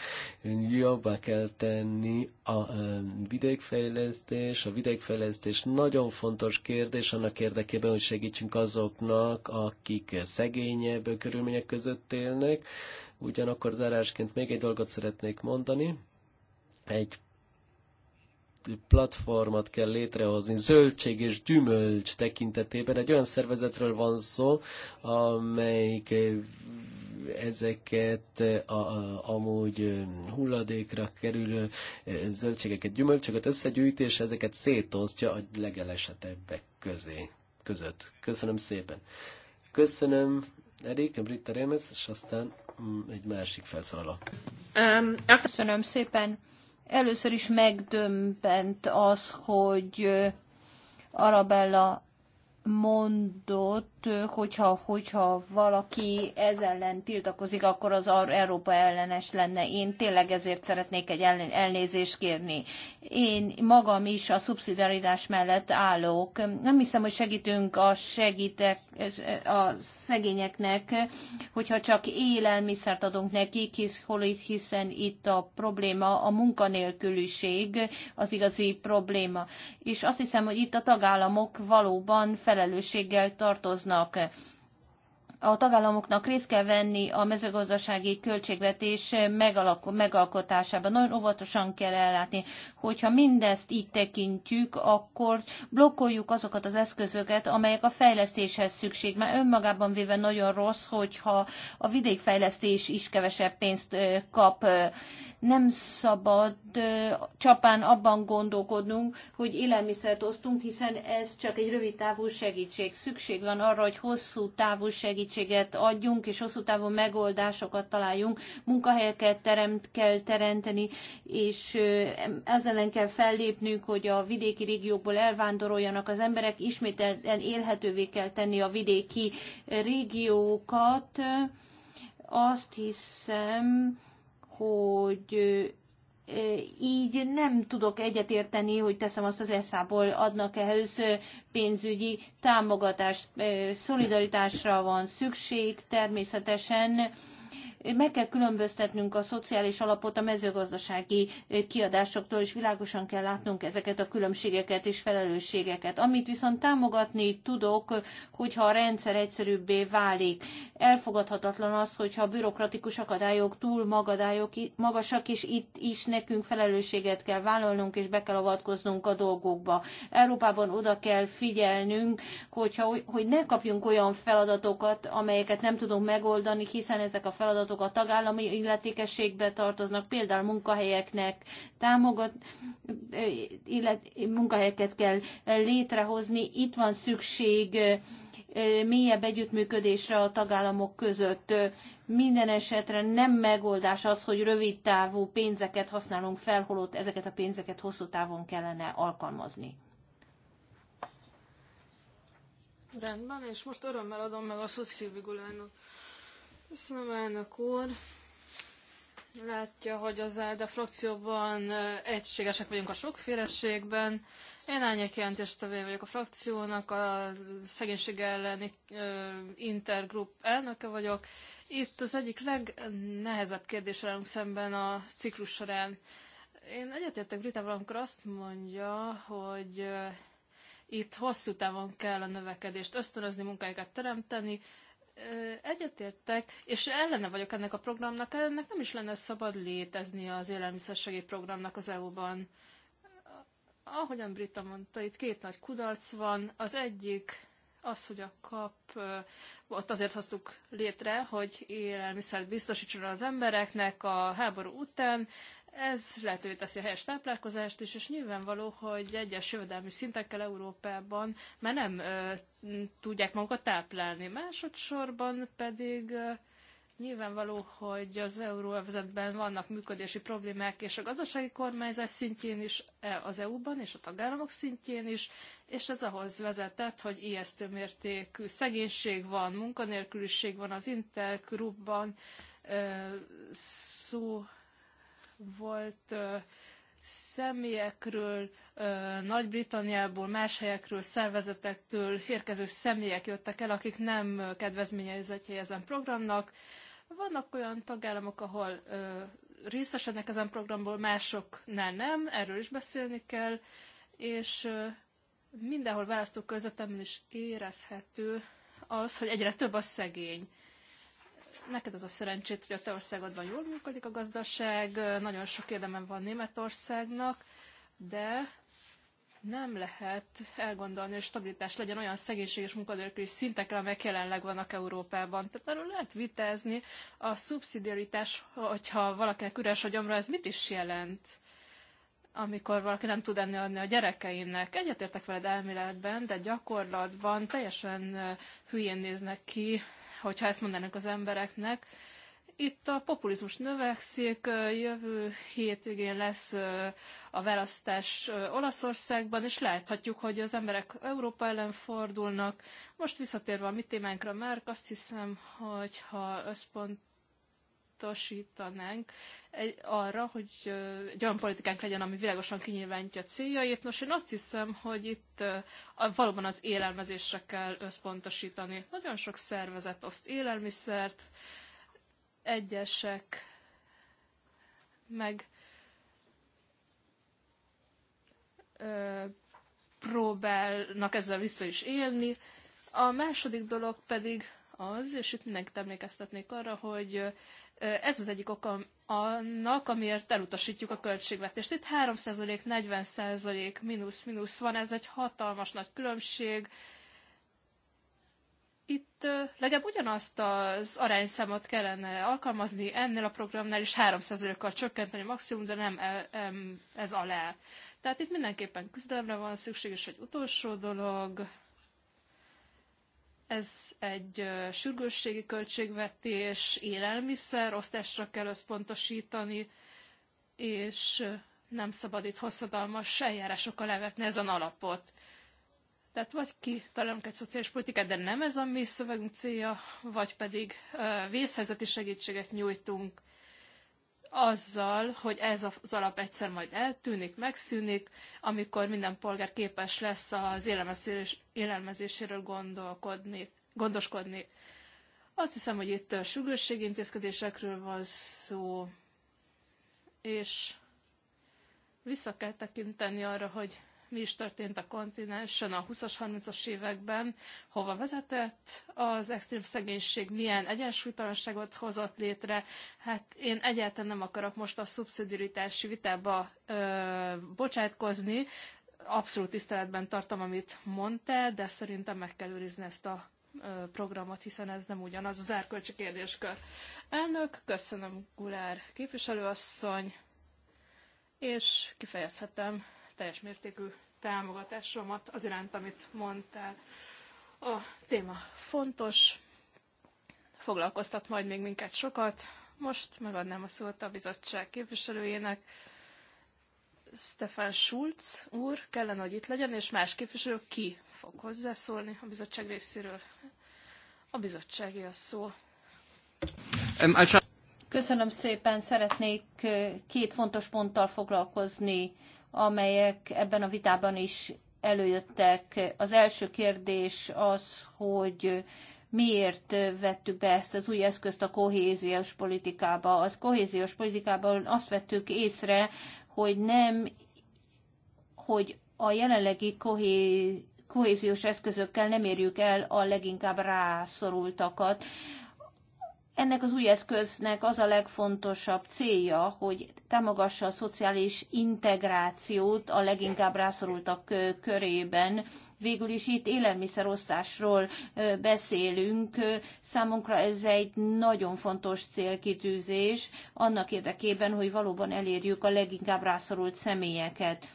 jobban kell tenni a vidékfejlesztés. A vidékfejlesztés nagyon fontos kérdés annak érdekében, hogy segítsünk azoknak, akik szegényebb körülmények között élnek. Ugyanakkor zárásként még egy dolgot szeretnék mondani. Egy platformot kell létrehozni, zöldség és gyümölcs tekintetében. Egy olyan szervezetről van szó, amelyik eh, ezeket eh, a, a, amúgy eh, hulladékra kerülő zöldségeket, gyümölcsöket összegyűjt, és ezeket szétosztja a legelesetebbek közé, között. Köszönöm szépen. Köszönöm, Erik, Britta Rémez, és aztán mm, egy másik felszólaló. Um, azt... Köszönöm szépen. Először is megdömbent az, hogy Arabella mondott, hogyha, hogyha valaki ez ellen tiltakozik, akkor az Európa ellenes lenne. Én tényleg ezért szeretnék egy elnézést kérni. Én magam is a szubszidaridás mellett állok. Nem hiszem, hogy segítünk a, segítek, a szegényeknek, hogyha csak élelmiszert adunk nekik, hiszen itt a probléma a munkanélküliség, az igazi probléma. És azt hiszem, hogy itt a tagállamok valóban fel felelősséggel tartoznak a tagállamoknak részt kell venni a mezőgazdasági költségvetés megalkotásában. Nagyon óvatosan kell ellátni. Hogyha mindezt így tekintjük, akkor blokkoljuk azokat az eszközöket, amelyek a fejlesztéshez szükség. Már önmagában véve nagyon rossz, hogyha a vidékfejlesztés is kevesebb pénzt kap nem szabad csapán abban gondolkodnunk, hogy élelmiszert osztunk, hiszen ez csak egy rövid távú segítség. Szükség van arra, hogy hosszú távú segítség segítséget adjunk, és hosszú távon megoldásokat találjunk, munkahelyeket teremt, kell teremteni, és ezzel ellen kell fellépnünk, hogy a vidéki régiókból elvándoroljanak az emberek, ismételten élhetővé kell tenni a vidéki régiókat. Azt hiszem, hogy így nem tudok egyetérteni, hogy teszem azt az eszából adnak ehhez pénzügyi támogatást. Szolidaritásra van szükség természetesen, meg kell különböztetnünk a szociális alapot a mezőgazdasági kiadásoktól, és világosan kell látnunk ezeket a különbségeket és felelősségeket. Amit viszont támogatni tudok, hogyha a rendszer egyszerűbbé válik. Elfogadhatatlan az, hogyha a bürokratikus akadályok túl magadályok, magasak, és itt is nekünk felelősséget kell vállalnunk, és be kell avatkoznunk a dolgokba. Európában oda kell figyelnünk, hogyha, hogy ne kapjunk olyan feladatokat, amelyeket nem tudunk megoldani, hiszen ezek a feladatok azok a tagállami illetékességbe tartoznak, például munkahelyeknek támogat, eh, illet, munkahelyeket kell létrehozni. Itt van szükség eh, mélyebb együttműködésre a tagállamok között. Minden esetre nem megoldás az, hogy rövid távú pénzeket használunk fel, holott ezeket a pénzeket hosszú távon kellene alkalmazni. Rendben, és most örömmel adom meg a szót Szilvi Köszönöm, elnök úr. Látja, hogy az ELDE frakcióban egységesek vagyunk a sokféleségben. Én árnyék jelentéstevé vagyok a frakciónak, a szegénység elleni intergroup elnöke vagyok. Itt az egyik legnehezebb kérdés állunk szemben a ciklus során. Én egyetértek Britával, amikor azt mondja, hogy itt hosszú távon kell a növekedést ösztönözni, munkáikat teremteni, egyetértek, és ellene vagyok ennek a programnak, ennek nem is lenne szabad létezni az élelmiszerségi programnak az EU-ban. Ahogyan Brita mondta, itt két nagy kudarc van. Az egyik az, hogy a kap, ott azért hoztuk létre, hogy élelmiszert biztosítson az embereknek a háború után, ez lehetővé teszi a helyes táplálkozást is, és nyilvánvaló, hogy egyes jövedelmi szintekkel Európában már nem ö, tudják magukat táplálni. Másodszorban pedig ö, nyilvánvaló, hogy az euróvezetben vannak működési problémák, és a gazdasági kormányzás szintjén is, e, az EU-ban és a tagállamok szintjén is, és ez ahhoz vezetett, hogy ijesztő mértékű szegénység van, munkanélküliség van az intergrupban, szó volt személyekről, Nagy-Britanniából, más helyekről, szervezetektől érkező személyek jöttek el, akik nem kedvezményezettjei ezen programnak. Vannak olyan tagállamok, ahol részesednek ezen programból, másoknál nem, erről is beszélni kell, és mindenhol választókörzetemben is érezhető az, hogy egyre több a szegény neked az a szerencsét, hogy a te országodban jól működik a gazdaság, nagyon sok érdemem van Németországnak, de nem lehet elgondolni, hogy stabilitás legyen olyan szegénység és munkanélküli szintekre, amelyek jelenleg vannak Európában. Tehát erről lehet vitázni. A szubszidiaritás, hogyha valakinek üres a gyomra, ez mit is jelent? amikor valaki nem tud enni adni a gyerekeinek. Egyetértek veled elméletben, de gyakorlatban teljesen hülyén néznek ki hogyha ezt mondanak az embereknek. Itt a populizmus növekszik, jövő hétvégén lesz a választás Olaszországban, és láthatjuk, hogy az emberek Európa ellen fordulnak. Most visszatérve a mi témánkra, már azt hiszem, hogy ha összpont összpontosítanánk egy, arra, hogy egy olyan politikánk legyen, ami világosan kinyilvánítja a céljait. Nos, én azt hiszem, hogy itt valóban az élelmezésre kell összpontosítani. Nagyon sok szervezet oszt élelmiszert, egyesek meg ö, próbálnak ezzel vissza is élni. A második dolog pedig az, és itt mindenkit emlékeztetnék arra, hogy ez az egyik oka annak, amiért elutasítjuk a költségvetést. Itt 3%, 40% mínusz-mínusz van, ez egy hatalmas nagy különbség. Itt legalább ugyanazt az arányszámot kellene alkalmazni ennél a programnál, és 3%-kal csökkenteni maximum, de nem e, ez alá. Tehát itt mindenképpen küzdelemre van szükség, és egy utolsó dolog, ez egy sürgősségi költségvetés, élelmiszer, osztásra kell összpontosítani, és nem szabad itt hosszadalmas eljárásokkal levetni ezen alapot. Tehát vagy ki találunk egy szociális politikát, de nem ez a mi szövegünk célja, vagy pedig vészhelyzeti segítséget nyújtunk azzal, hogy ez az alap egyszer majd eltűnik, megszűnik, amikor minden polgár képes lesz az élelmezés, élelmezéséről gondolkodni, gondoskodni. Azt hiszem, hogy itt a sürgősségintézkedésekről van szó, és vissza kell tekinteni arra, hogy mi is történt a kontinensen a 20-as, 30-as években, hova vezetett az extrém szegénység, milyen egyensúlytalanságot hozott létre. Hát én egyáltalán nem akarok most a szubszidiritási vitába ö, bocsátkozni, abszolút tiszteletben tartom, amit mondtál, de szerintem meg kell őrizni ezt a programot, hiszen ez nem ugyanaz az árkölcsi kérdéskör. Elnök, köszönöm Gulár képviselőasszony, és kifejezhetem teljes mértékű támogatásomat az iránt, amit mondtál. A téma fontos, foglalkoztat majd még minket sokat. Most megadnám a szót a bizottság képviselőjének. Stefan Schulz úr kellene, hogy itt legyen, és más képviselő ki fog hozzászólni a bizottság részéről. A bizottsági a szó. Köszönöm szépen, szeretnék eh, két fontos ponttal foglalkozni amelyek ebben a vitában is előjöttek. Az első kérdés az, hogy miért vettük be ezt az új eszközt a kohéziós politikába. Az kohéziós politikában azt vettük észre, hogy nem, hogy a jelenlegi kohéziós eszközökkel nem érjük el a leginkább rászorultakat ennek az új eszköznek az a legfontosabb célja, hogy támogassa a szociális integrációt a leginkább rászorultak körében. Végül is itt élelmiszerosztásról beszélünk. Számunkra ez egy nagyon fontos célkitűzés annak érdekében, hogy valóban elérjük a leginkább rászorult személyeket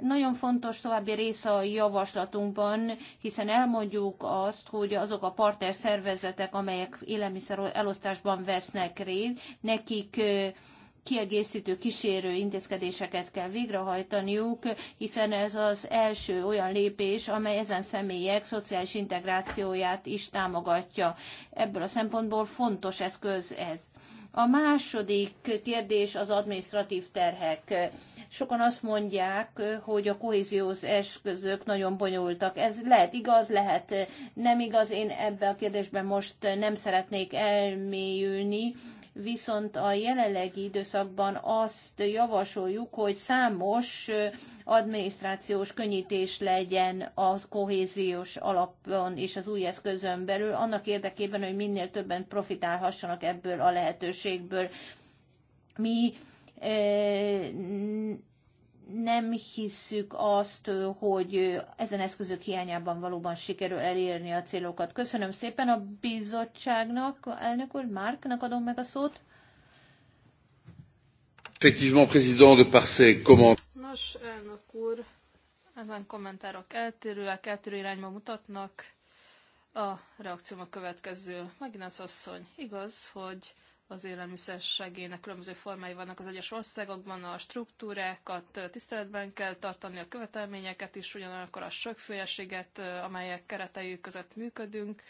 nagyon fontos további része a javaslatunkban, hiszen elmondjuk azt, hogy azok a partner szervezetek, amelyek élelmiszer elosztásban vesznek részt, nekik kiegészítő kísérő intézkedéseket kell végrehajtaniuk, hiszen ez az első olyan lépés, amely ezen személyek szociális integrációját is támogatja. Ebből a szempontból fontos eszköz ez. A második kérdés az administratív terhek Sokan azt mondják, hogy a kohéziós eszközök nagyon bonyolultak. Ez lehet igaz, lehet nem igaz. Én ebben a kérdésben most nem szeretnék elmélyülni, viszont a jelenlegi időszakban azt javasoljuk, hogy számos adminisztrációs könnyítés legyen a kohéziós alapon és az új eszközön belül, annak érdekében, hogy minél többen profitálhassanak ebből a lehetőségből. Mi nem hisszük azt, hogy ezen eszközök hiányában valóban sikerül elérni a célokat. Köszönöm szépen a bizottságnak, elnök úr, Márknak adom meg a szót. Effectivement, président de Parcé, comment... Nos, elnök úr, ezen kommentárok eltérőek, eltérő irányba mutatnak. A reakcióm a következő. Megint az asszony, igaz, hogy az élelmiszer segélynek különböző formái vannak az egyes országokban, a struktúrákat tiszteletben kell tartani, a követelményeket is, ugyanakkor a sokféleséget, amelyek keretei között működünk,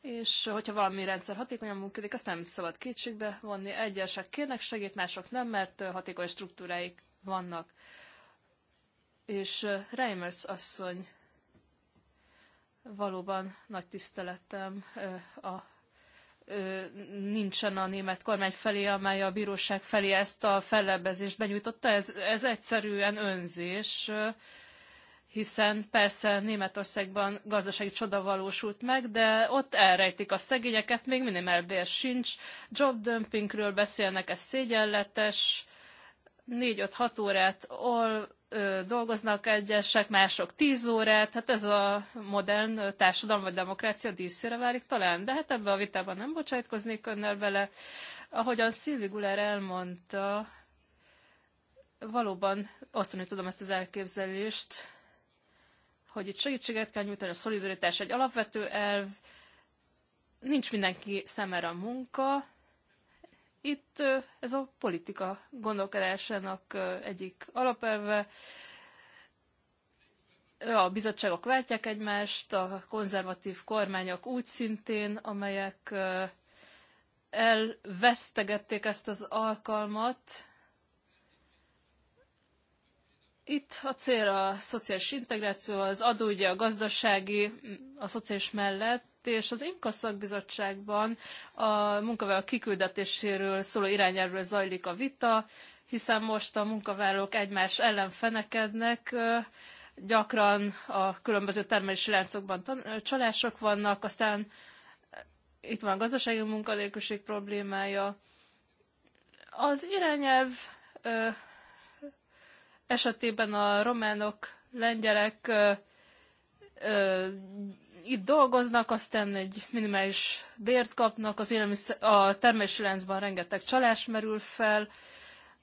és hogyha valami rendszer hatékonyan működik, azt nem szabad kétségbe vonni. Egyesek kérnek segít, mások nem, mert hatékony struktúráik vannak. És Reimers asszony valóban nagy tiszteletem a nincsen a német kormány felé, amely a bíróság felé ezt a fellebbezést benyújtotta. Ez, ez egyszerűen önzés, hiszen persze Németországban gazdasági csoda valósult meg, de ott elrejtik a szegényeket, még minimálbér sincs. Jobdömpingről beszélnek, ez szégyenletes. 4-5-6 órát dolgoznak egyesek, mások tíz órát, hát ez a modern társadalom vagy demokrácia díszére válik talán, de hát ebbe a vitában nem bocsájtkoznék önnel bele. Ahogyan Szilvi Guler elmondta, valóban osztani tudom ezt az elképzelést, hogy itt segítséget kell nyújtani, a szolidaritás egy alapvető elv, nincs mindenki szemére a munka, itt ez a politika gondolkodásának egyik alapelve. A bizottságok váltják egymást, a konzervatív kormányok úgy szintén, amelyek elvesztegették ezt az alkalmat, itt a cél a szociális integráció, az adóügyi, a gazdasági, a szociális mellett, és az IMKA szakbizottságban a munkavállalók kiküldetéséről szóló irányelvről zajlik a vita, hiszen most a munkavállalók egymás ellen fenekednek, gyakran a különböző termelési láncokban csalások vannak, aztán itt van a gazdasági munkanélküliség problémája. Az irányelv esetében a románok, lengyelek itt dolgoznak, aztán egy minimális bért kapnak, az élelmiszer, a termési láncban rengeteg csalás merül fel.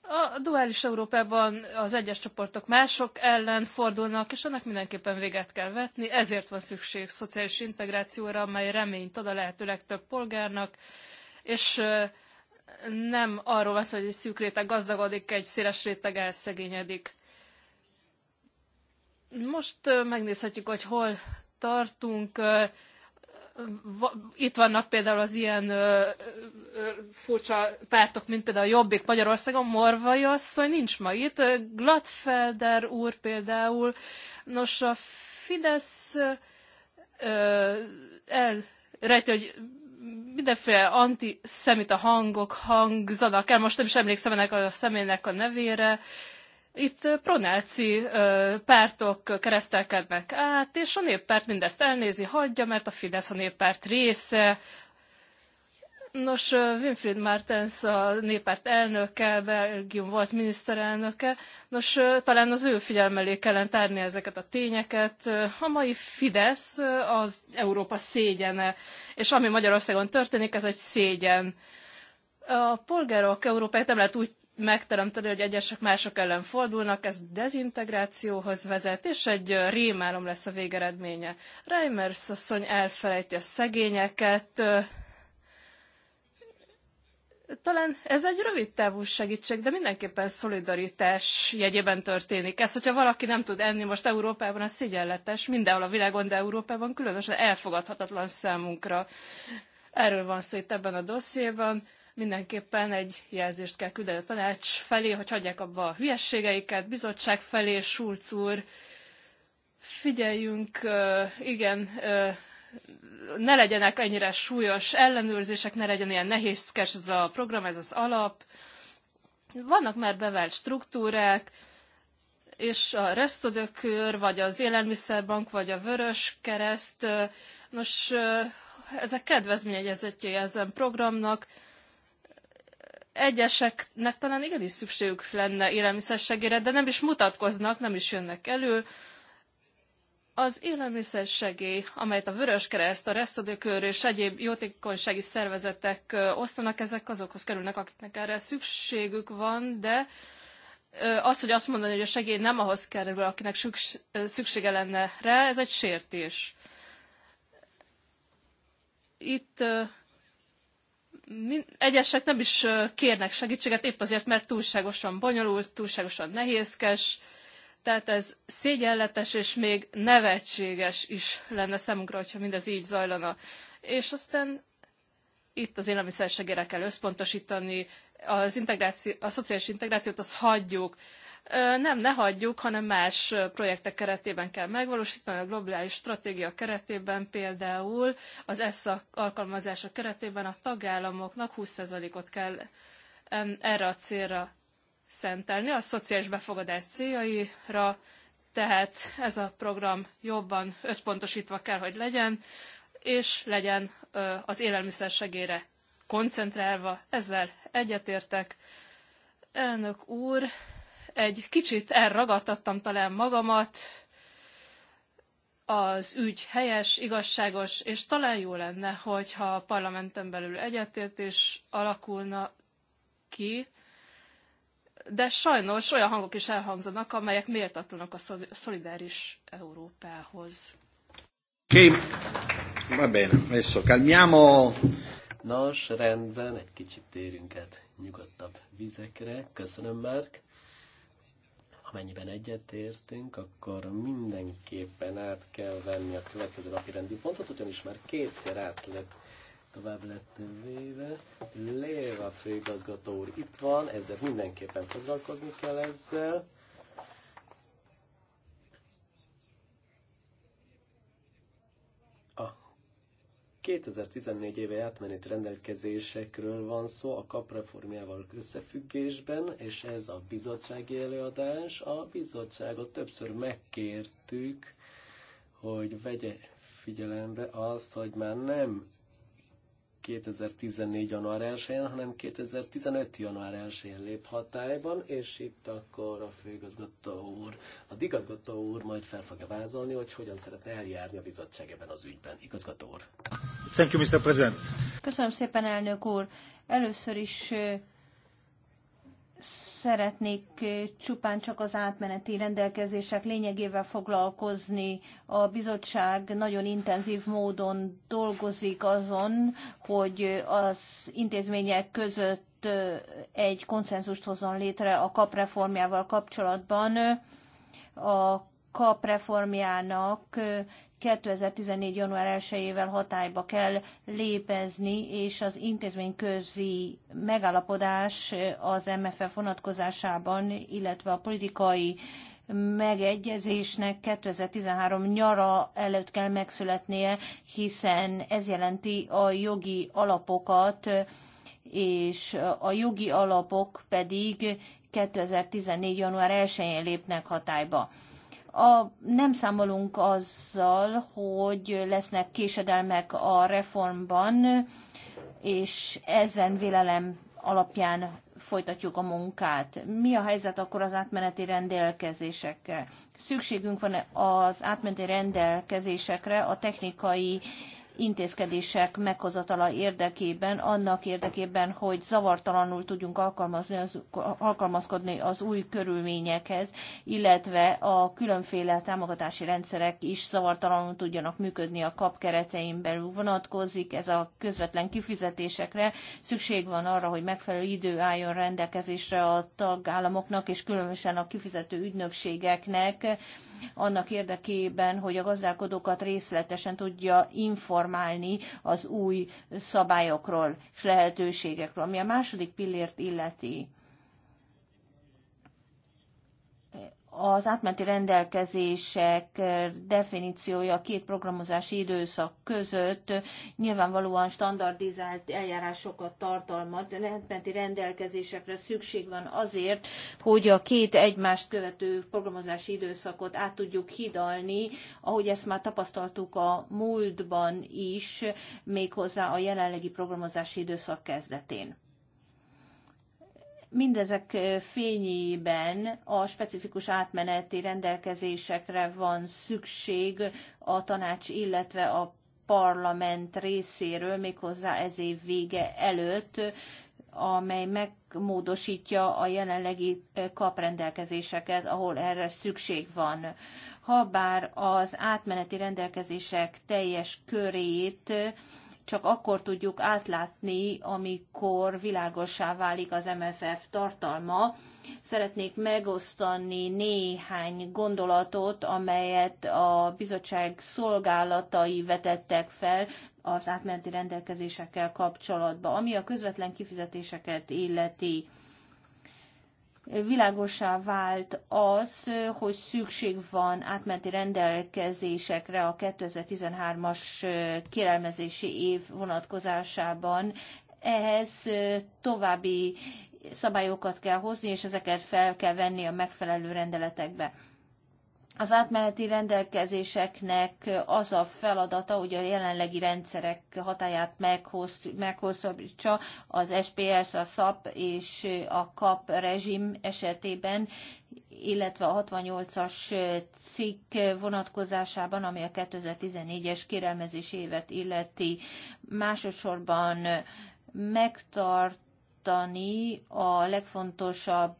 A duális Európában az egyes csoportok mások ellen fordulnak, és annak mindenképpen véget kell vetni, ezért van szükség szociális integrációra, amely reményt ad a lehető legtöbb polgárnak, és nem arról van hogy egy szűk réteg gazdagodik, egy széles réteg elszegényedik. Most megnézhetjük, hogy hol tartunk, itt vannak például az ilyen furcsa pártok, mint például a Jobbik Magyarországon, Morvai asszony nincs ma itt, Gladfelder úr például. Nos, a Fidesz elrejti, hogy mindenféle antiszemita hangok hangzanak el, most nem is emlékszem ennek a személynek a nevére, itt pronelci pártok keresztelkednek át, és a néppárt mindezt elnézi, hagyja, mert a Fidesz a néppárt része, Nos, Winfried Martens a néppárt elnöke, Belgium volt miniszterelnöke. Nos, talán az ő figyelmelé kellene tárni ezeket a tényeket. A mai Fidesz az Európa szégyene, és ami Magyarországon történik, ez egy szégyen. A polgárok Európáját nem lehet úgy megteremteni, hogy egyesek mások ellen fordulnak, ez dezintegrációhoz vezet, és egy rémálom lesz a végeredménye. Reimers asszony elfelejti a szegényeket, talán ez egy rövid távú segítség, de mindenképpen szolidaritás jegyében történik. Ez, hogyha valaki nem tud enni most Európában, az szigyenletes, mindenhol a világon, de Európában különösen elfogadhatatlan számunkra. Erről van szó itt ebben a dossziéban. Mindenképpen egy jelzést kell küldeni a tanács felé, hogy hagyják abba a hülyességeiket, bizottság felé, Schulz úr, figyeljünk, igen, ne legyenek ennyire súlyos ellenőrzések, ne legyen ilyen nehézkes ez a program, ez az alap. Vannak már bevált struktúrák, és a resztodökör, vagy az élelmiszerbank, vagy a vörös kereszt, nos, ezek kedvezményezettjei ezen programnak, Egyeseknek talán igenis szükségük lenne élelmiszersegére, de nem is mutatkoznak, nem is jönnek elő. Az élelmiszersegély, amelyet a Vörös Kereszt, a Resztadőkör és egyéb jótékonysági szervezetek osztanak, ezek azokhoz kerülnek, akiknek erre szükségük van, de az, hogy azt mondani, hogy a segély nem ahhoz kerül, akinek szüksége lenne rá, ez egy sértés. Itt egyesek nem is kérnek segítséget, épp azért, mert túlságosan bonyolult, túlságosan nehézkes, tehát ez szégyenletes és még nevetséges is lenne számunkra, hogyha mindez így zajlana. És aztán itt az élelmiszersegére kell összpontosítani, az integráció, a szociális integrációt azt hagyjuk. Nem, ne hagyjuk, hanem más projektek keretében kell megvalósítani, a globális stratégia keretében például az ESZA alkalmazása keretében a tagállamoknak 20%-ot kell erre a célra szentelni, a szociális befogadás céljaira, tehát ez a program jobban összpontosítva kell, hogy legyen, és legyen az élelmiszer segére koncentrálva. Ezzel egyetértek. Elnök úr, egy kicsit elragadtattam talán magamat, az ügy helyes, igazságos, és talán jó lenne, hogyha a parlamenten belül egyetértés alakulna ki, de sajnos olyan hangok is elhangzanak, amelyek méltatlanak a szolidáris Európához. Oké, okay. va bene, adesso calmiamo. Nos, rendben, egy kicsit térünk át nyugodtabb vizekre. Köszönöm, Márk amennyiben egyetértünk, akkor mindenképpen át kell venni a következő napi rendi pontot, ugyanis már kétszer át lett tovább lett véve. Léva főigazgató úr itt van, ezzel mindenképpen foglalkozni kell ezzel. 2014 éve átmeneti rendelkezésekről van szó a KAP reformjával összefüggésben, és ez a bizottsági előadás. A bizottságot többször megkértük, hogy vegye figyelembe azt, hogy már nem 2014. január 1-én, hanem 2015. január 1-én lép hatályban, és itt akkor a főigazgató úr, a digazgató úr majd fel fogja vázolni, hogy hogyan szeretne eljárni a bizottság ebben az ügyben. Igazgató úr. Thank you, Mr. President. Köszönöm szépen, elnök úr. Először is szeretnék csupán csak az átmeneti rendelkezések lényegével foglalkozni. A bizottság nagyon intenzív módon dolgozik azon, hogy az intézmények között egy konszenzust hozzon létre a kap reformjával kapcsolatban. A kap reformjának 2014. január 1-ével hatályba kell lépezni, és az intézményközi megállapodás az MFF vonatkozásában, illetve a politikai megegyezésnek 2013 nyara előtt kell megszületnie, hiszen ez jelenti a jogi alapokat, és a jogi alapok pedig 2014. január 1-én lépnek hatályba a, nem számolunk azzal, hogy lesznek késedelmek a reformban, és ezen vélelem alapján folytatjuk a munkát. Mi a helyzet akkor az átmeneti rendelkezésekkel? Szükségünk van az átmeneti rendelkezésekre a technikai uh, intézkedések meghozatala érdekében, annak érdekében, hogy zavartalanul tudjunk alkalmazni az, alkalmazkodni az új körülményekhez, illetve a különféle támogatási rendszerek is zavartalanul tudjanak működni a kap keretein belül vonatkozik. Ez a közvetlen kifizetésekre szükség van arra, hogy megfelelő idő álljon rendelkezésre a tagállamoknak, és különösen a kifizető ügynökségeknek, annak érdekében, hogy a gazdálkodókat részletesen tudja informálni informálni az új szabályokról és lehetőségekről. Ami a második pillért illeti, az átmenti rendelkezések definíciója a két programozási időszak között nyilvánvalóan standardizált eljárásokat tartalmaz, de átmenti rendelkezésekre szükség van azért, hogy a két egymást követő programozási időszakot át tudjuk hidalni, ahogy ezt már tapasztaltuk a múltban is, méghozzá a jelenlegi programozási időszak kezdetén. Mindezek fényében a specifikus átmeneti rendelkezésekre van szükség a tanács, illetve a parlament részéről, méghozzá ez év vége előtt, amely megmódosítja a jelenlegi kaprendelkezéseket, ahol erre szükség van. Habár az átmeneti rendelkezések teljes körét csak akkor tudjuk átlátni, amikor világosá válik az MFF tartalma. Szeretnék megosztani néhány gondolatot, amelyet a bizottság szolgálatai vetettek fel az átmeneti rendelkezésekkel kapcsolatban, ami a közvetlen kifizetéseket illeti világosá vált az, hogy szükség van átmenti rendelkezésekre a 2013-as kérelmezési év vonatkozásában. Ehhez további szabályokat kell hozni, és ezeket fel kell venni a megfelelő rendeletekbe. Az átmeneti rendelkezéseknek az a feladata, hogy a jelenlegi rendszerek hatáját meghosszabbítsa az SPS, a SAP és a KAP rezsim esetében, illetve a 68-as cikk vonatkozásában, ami a 2014-es kérelmezés évet illeti. Másodszorban megtartani a legfontosabb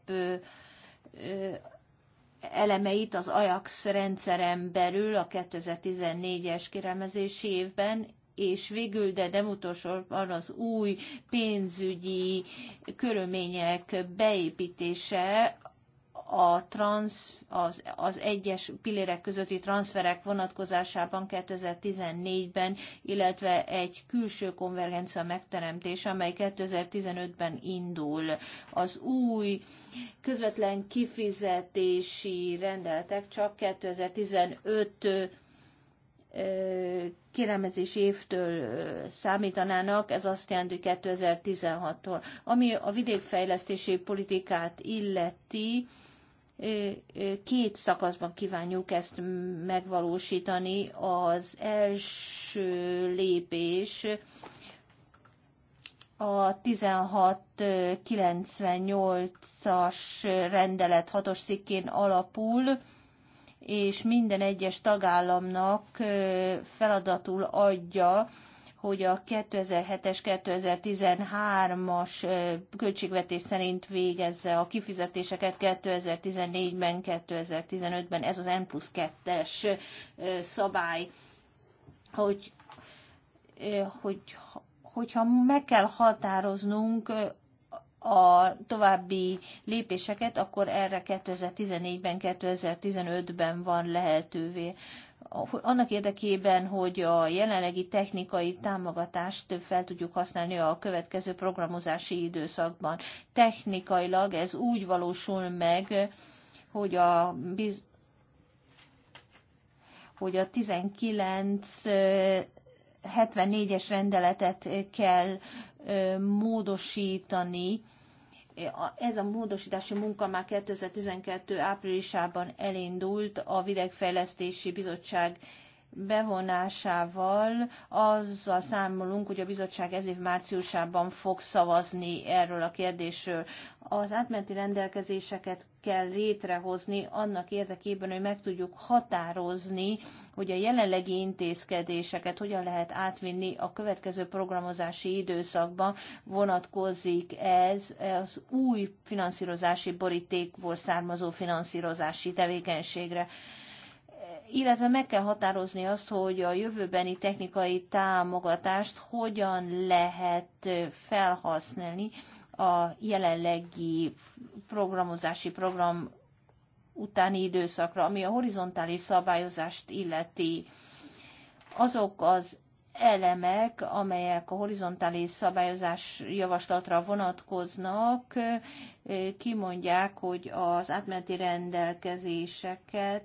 elemeit az Ajax rendszeren belül a 2014-es kiremezési évben, és végül, de nem utolsóban az új pénzügyi körülmények beépítése a trans, az, az egyes pillérek közötti transferek vonatkozásában 2014-ben, illetve egy külső konvergencia megteremtés, amely 2015-ben indul. Az új közvetlen kifizetési rendeletek csak 2015 kérelmezési évtől számítanának, ez azt jelenti 2016-tól. Ami a vidékfejlesztési politikát illeti, két szakaszban kívánjuk ezt megvalósítani. Az első lépés a 1698-as rendelet hatos szikkén alapul, és minden egyes tagállamnak feladatul adja hogy a 2007-es, 2013-as költségvetés szerint végezze a kifizetéseket 2014-ben, 2015-ben. Ez az N plusz 2-es szabály, hogy, hogy, hogyha meg kell határoznunk a további lépéseket, akkor erre 2014-ben, 2015-ben van lehetővé annak érdekében, hogy a jelenlegi technikai támogatást fel tudjuk használni a következő programozási időszakban. Technikailag ez úgy valósul meg, hogy a biz- hogy a 1974 es rendeletet kell módosítani, ez a módosítási munka már 2012. áprilisában elindult a Videgfejlesztési Bizottság bevonásával. Azzal számolunk, hogy a bizottság ez év márciusában fog szavazni erről a kérdésről. Az átmenti rendelkezéseket kell létrehozni annak érdekében, hogy meg tudjuk határozni, hogy a jelenlegi intézkedéseket hogyan lehet átvinni a következő programozási időszakban vonatkozik ez az új finanszírozási borítékból származó finanszírozási tevékenységre illetve meg kell határozni azt, hogy a jövőbeni technikai támogatást hogyan lehet felhasználni a jelenlegi programozási program utáni időszakra, ami a horizontális szabályozást illeti. Azok az elemek, amelyek a horizontális szabályozás javaslatra vonatkoznak, kimondják, hogy az átmeneti rendelkezéseket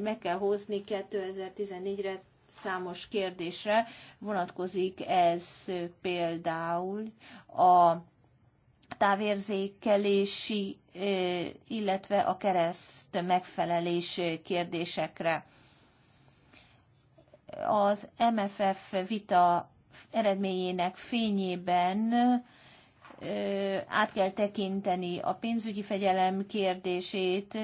meg kell hozni 2014-re számos kérdésre vonatkozik ez például a távérzékelési, illetve a kereszt megfelelés kérdésekre. Az MFF vita eredményének fényében át kell tekinteni a pénzügyi fegyelem kérdését,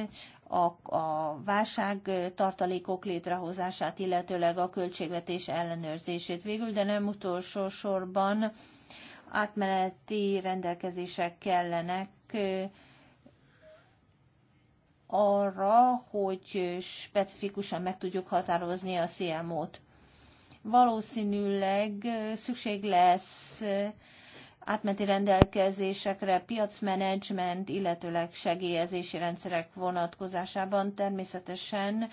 a, a válság tartalékok létrehozását, illetőleg a költségvetés ellenőrzését. Végül, de nem utolsó sorban átmeneti rendelkezések kellenek arra, hogy specifikusan meg tudjuk határozni a CMO-t. Valószínűleg szükség lesz átmeneti rendelkezésekre, piacmenedzsment, illetőleg segélyezési rendszerek vonatkozásában természetesen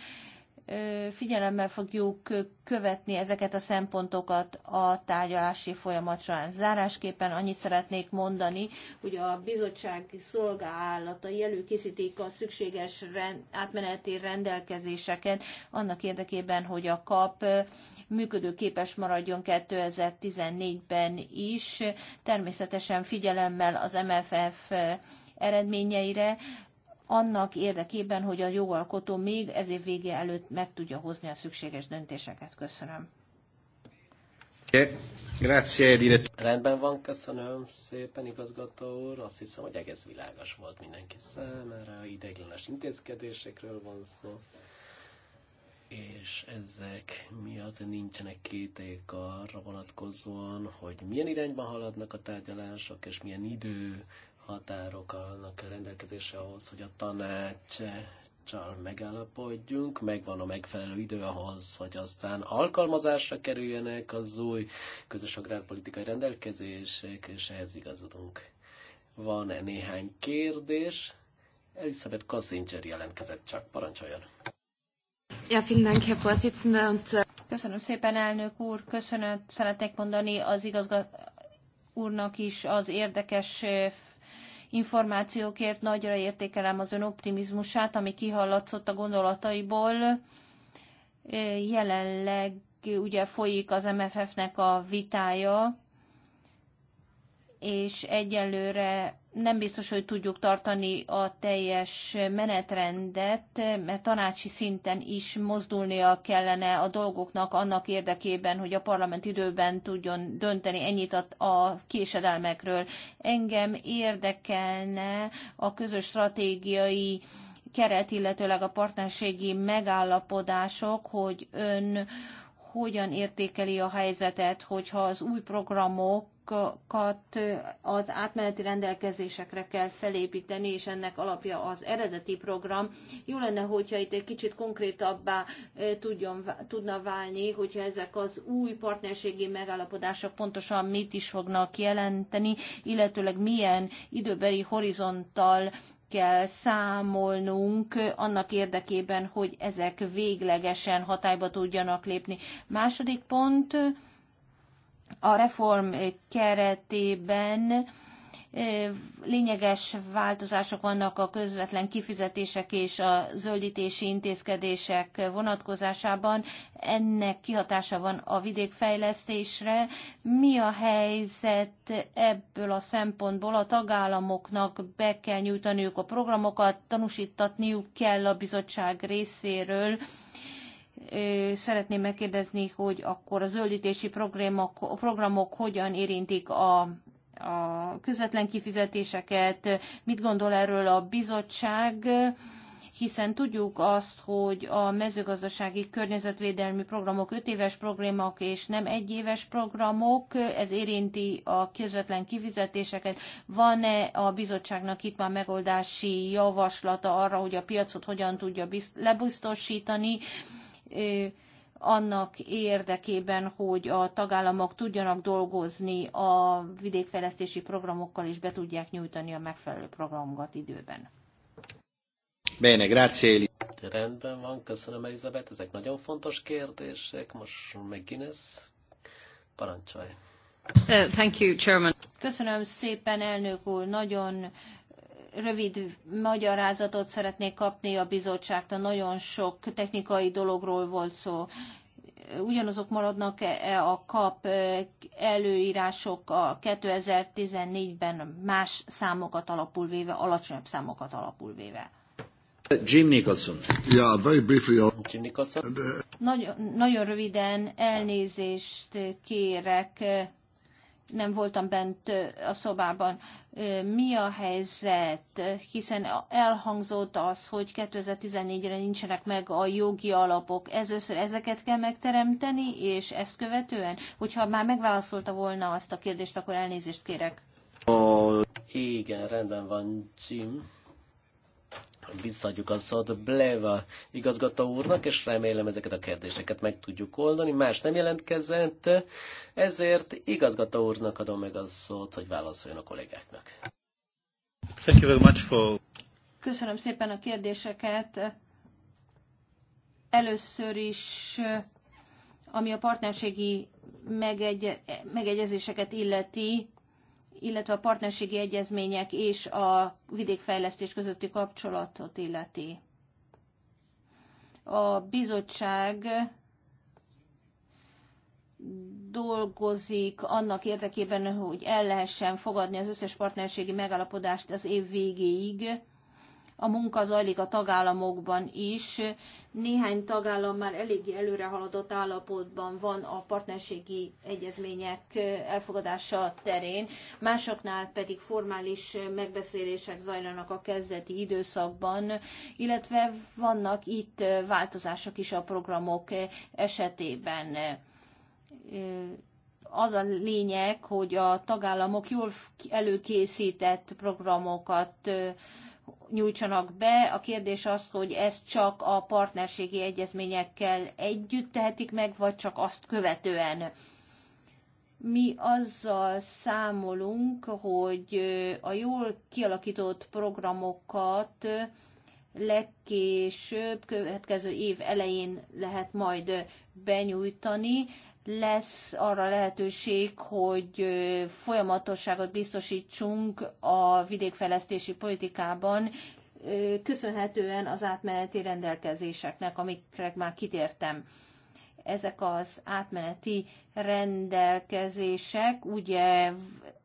figyelemmel fogjuk követni ezeket a szempontokat a tárgyalási folyamat során. Zárásképpen annyit szeretnék mondani, hogy a bizottság szolgálatai előkészítik a szükséges átmeneti rendelkezéseket annak érdekében, hogy a kap működőképes maradjon 2014-ben is, természetesen figyelemmel az MFF eredményeire, annak érdekében, hogy a jogalkotó még ez év vége előtt meg tudja hozni a szükséges döntéseket. Köszönöm. Grazie, Rendben van, köszönöm szépen, igazgató úr. Azt hiszem, hogy egész világos volt mindenki számára. Ideiglenes intézkedésekről van szó és ezek miatt nincsenek kéték arra vonatkozóan, hogy milyen irányban haladnak a tárgyalások, és milyen idő határok állnak a rendelkezésre ahhoz, hogy a tanács csal megállapodjunk, megvan a megfelelő idő ahhoz, hogy aztán alkalmazásra kerüljenek az új közös agrárpolitikai rendelkezések, és ehhez igazodunk. van -e néhány kérdés? Elisabeth Kassinger jelentkezett csak, parancsoljon! Ja, vielen Dank, Herr Vorsitzender. Äh, Köszönöm szépen, elnök úr. Köszönöm, szeretnék mondani az igazgató úrnak is az érdekes információkért. Nagyra értékelem az ön optimizmusát, ami kihallatszott a gondolataiból. Jelenleg ugye folyik az MFF-nek a vitája, és egyelőre nem biztos, hogy tudjuk tartani a teljes menetrendet, mert tanácsi szinten is mozdulnia kellene a dolgoknak annak érdekében, hogy a parlament időben tudjon dönteni ennyit a, a késedelmekről. Engem érdekelne a közös stratégiai keret, illetőleg a partnerségi megállapodások, hogy ön hogyan értékeli a helyzetet, hogyha az új programok az átmeneti rendelkezésekre kell felépíteni, és ennek alapja az eredeti program. Jó lenne, hogyha itt egy kicsit konkrétabbá eh, tudjon, tudna válni, hogyha ezek az új partnerségi megállapodások pontosan mit is fognak jelenteni, illetőleg milyen időbeli horizonttal kell számolnunk annak érdekében, hogy ezek véglegesen hatályba tudjanak lépni. Második pont, a reform keretében lényeges változások vannak a közvetlen kifizetések és a zöldítési intézkedések vonatkozásában. Ennek kihatása van a vidékfejlesztésre. Mi a helyzet ebből a szempontból? A tagállamoknak be kell nyújtaniuk a programokat, tanúsítatniuk kell a bizottság részéről szeretném megkérdezni, hogy akkor a zöldítési programok, programok hogyan érintik a, a közvetlen kifizetéseket, mit gondol erről a bizottság, hiszen tudjuk azt, hogy a mezőgazdasági környezetvédelmi programok öt éves programok és nem egy éves programok, ez érinti a közvetlen kifizetéseket. Van-e a bizottságnak itt már megoldási javaslata arra, hogy a piacot hogyan tudja lebusztosítani, annak érdekében, hogy a tagállamok tudjanak dolgozni a vidékfejlesztési programokkal, és be tudják nyújtani a megfelelő programokat időben. Bene, grazie. Rendben van, köszönöm Elizabeth, ezek nagyon fontos kérdések. Most meg Guinness, parancsolj. Uh, thank you, Chairman. Köszönöm szépen, elnök úr, nagyon rövid magyarázatot szeretnék kapni a bizottságtól. Nagyon sok technikai dologról volt szó. Ugyanazok maradnak -e a kap eh, előírások a 2014-ben más számokat alapul véve, alacsonyabb számokat alapul véve? Jim Nicholson. Yeah, very briefly. Uh, Jim Nicholson. Uh, nagyon, nagyon röviden elnézést kérek, nem voltam bent eh, a szobában mi a helyzet, hiszen elhangzott az, hogy 2014-re nincsenek meg a jogi alapok. Ez össze, ezeket kell megteremteni, és ezt követően, hogyha már megválaszolta volna azt a kérdést, akkor elnézést kérek. Igen, rendben van, Jim visszaadjuk a szót Bleva igazgató úrnak, és remélem ezeket a kérdéseket meg tudjuk oldani. Más nem jelentkezett, ezért igazgató úrnak adom meg a szót, hogy válaszoljon a kollégáknak. Thank you very much for... Köszönöm szépen a kérdéseket. Először is, ami a partnerségi megegye, megegyezéseket illeti, illetve a partnerségi egyezmények és a vidékfejlesztés közötti kapcsolatot illeti. A bizottság dolgozik annak érdekében, hogy el lehessen fogadni az összes partnerségi megállapodást az év végéig, a munka zajlik a tagállamokban is. Néhány tagállam már eléggé előre haladott állapotban van a partnerségi egyezmények elfogadása terén, másoknál pedig formális megbeszélések zajlanak a kezdeti időszakban, illetve vannak itt változások is a programok esetében az a lényeg, hogy a tagállamok jól előkészített programokat nyújtsanak be. A kérdés az, hogy ezt csak a partnerségi egyezményekkel együtt tehetik meg, vagy csak azt követően. Mi azzal számolunk, hogy a jól kialakított programokat legkésőbb, következő év elején lehet majd benyújtani lesz arra lehetőség, hogy folyamatosságot biztosítsunk a vidékfejlesztési politikában, köszönhetően az átmeneti rendelkezéseknek, amikre már kitértem. Ezek az átmeneti rendelkezések ugye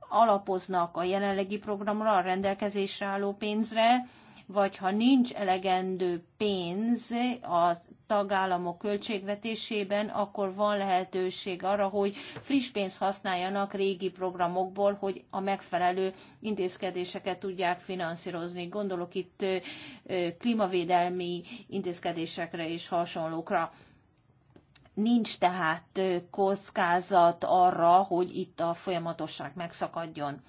alapoznak a jelenlegi programra, a rendelkezésre álló pénzre, vagy ha nincs elegendő pénz az tagállamok költségvetésében, akkor van lehetőség arra, hogy friss pénzt használjanak régi programokból, hogy a megfelelő intézkedéseket tudják finanszírozni. Gondolok itt klímavédelmi intézkedésekre és hasonlókra. Nincs tehát kockázat arra, hogy itt a folyamatosság megszakadjon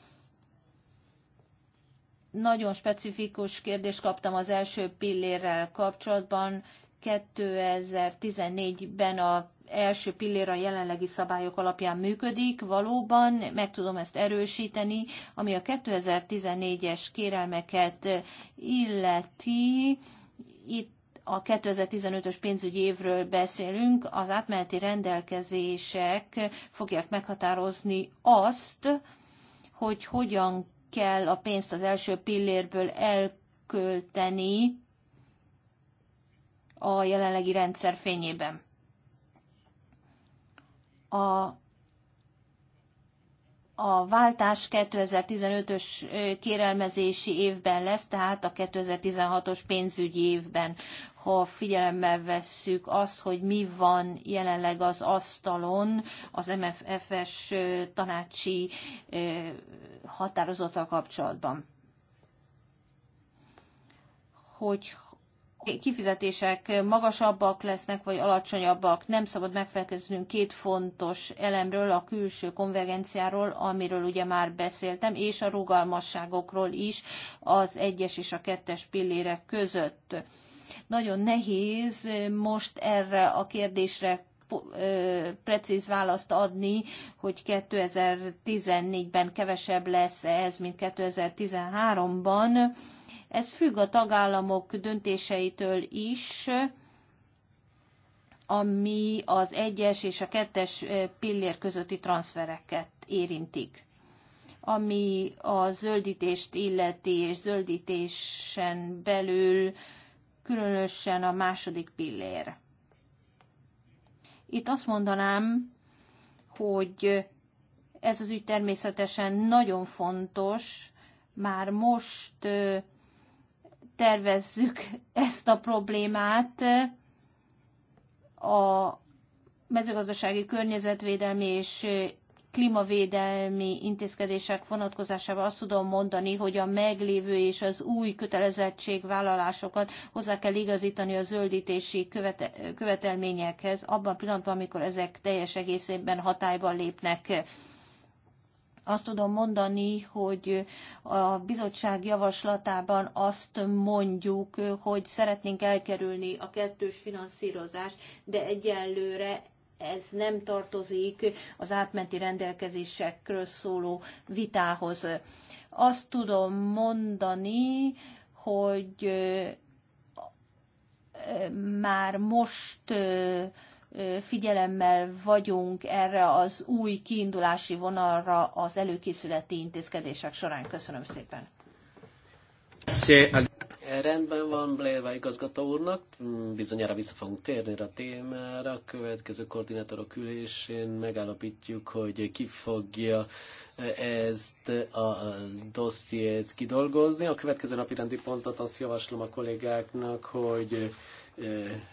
nagyon specifikus kérdést kaptam az első pillérrel kapcsolatban, 2014-ben a első pillér a jelenlegi szabályok alapján működik, valóban meg tudom ezt erősíteni, ami a 2014-es kérelmeket illeti, itt a 2015-ös pénzügyi évről beszélünk, az átmeneti rendelkezések fogják meghatározni azt, hogy hogyan kell a pénzt az első pillérből elkölteni a jelenlegi rendszer fényében. A, a váltás 2015-ös kérelmezési évben lesz, tehát a 2016-os pénzügyi évben, ha figyelembe vesszük azt, hogy mi van jelenleg az asztalon az MFF-es tanácsi határozata kapcsolatban. Hogy kifizetések magasabbak lesznek, vagy alacsonyabbak. Nem szabad megfelelkeznünk két fontos elemről, a külső konvergenciáról, amiről ugye már beszéltem, és a rugalmasságokról is az egyes és a kettes pillérek között. Nagyon nehéz most erre a kérdésre precíz választ adni, hogy 2014-ben kevesebb lesz ez, mint 2013-ban ez függ a tagállamok döntéseitől is, ami az egyes és a kettes pillér közötti transfereket érintik ami a zöldítést illeti, és zöldítésen belül különösen a második pillér. Itt azt mondanám, hogy ez az ügy természetesen nagyon fontos, már most tervezzük ezt a problémát a mezőgazdasági környezetvédelmi és klímavédelmi intézkedések vonatkozásában azt tudom mondani, hogy a meglévő és az új kötelezettségvállalásokat hozzá kell igazítani a zöldítési követelményekhez abban a pillanatban, amikor ezek teljes egészében hatályban lépnek. Azt tudom mondani, hogy a bizottság javaslatában azt mondjuk, hogy szeretnénk elkerülni a kettős finanszírozást, de egyelőre ez nem tartozik az átmenti rendelkezésekről szóló vitához. Azt tudom mondani, hogy már most figyelemmel vagyunk erre az új kiindulási vonalra az előkészületi intézkedések során. Köszönöm szépen. Rendben van Bléva igazgató úrnak, bizonyára vissza fogunk térni a témára. A következő koordinátorok ülésén megállapítjuk, hogy ki fogja ezt a dossziét kidolgozni. A következő napi rendi pontot azt javaslom a kollégáknak, hogy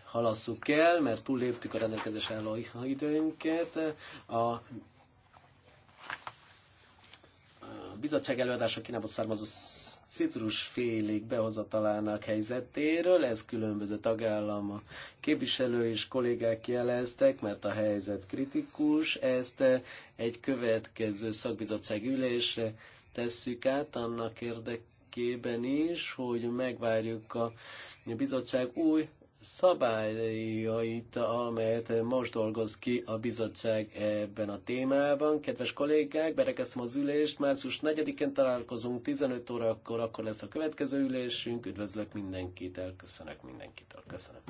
halasszuk el, mert túlléptük a rendelkezés álló időnket. A bizottság előadása Kínából származó citrusfélék behozatalának helyzetéről, ez különböző tagállam képviselő és kollégák jeleztek, mert a helyzet kritikus, ezt egy következő szakbizottság ülésre tesszük át annak érdekében is, hogy megvárjuk a bizottság új szabályait, amelyet most dolgoz ki a bizottság ebben a témában. Kedves kollégák, berekeztem az ülést, március 4-én találkozunk 15 órakor, akkor lesz a következő ülésünk. Üdvözlök mindenkit, elköszönök mindenkitől. Köszönöm.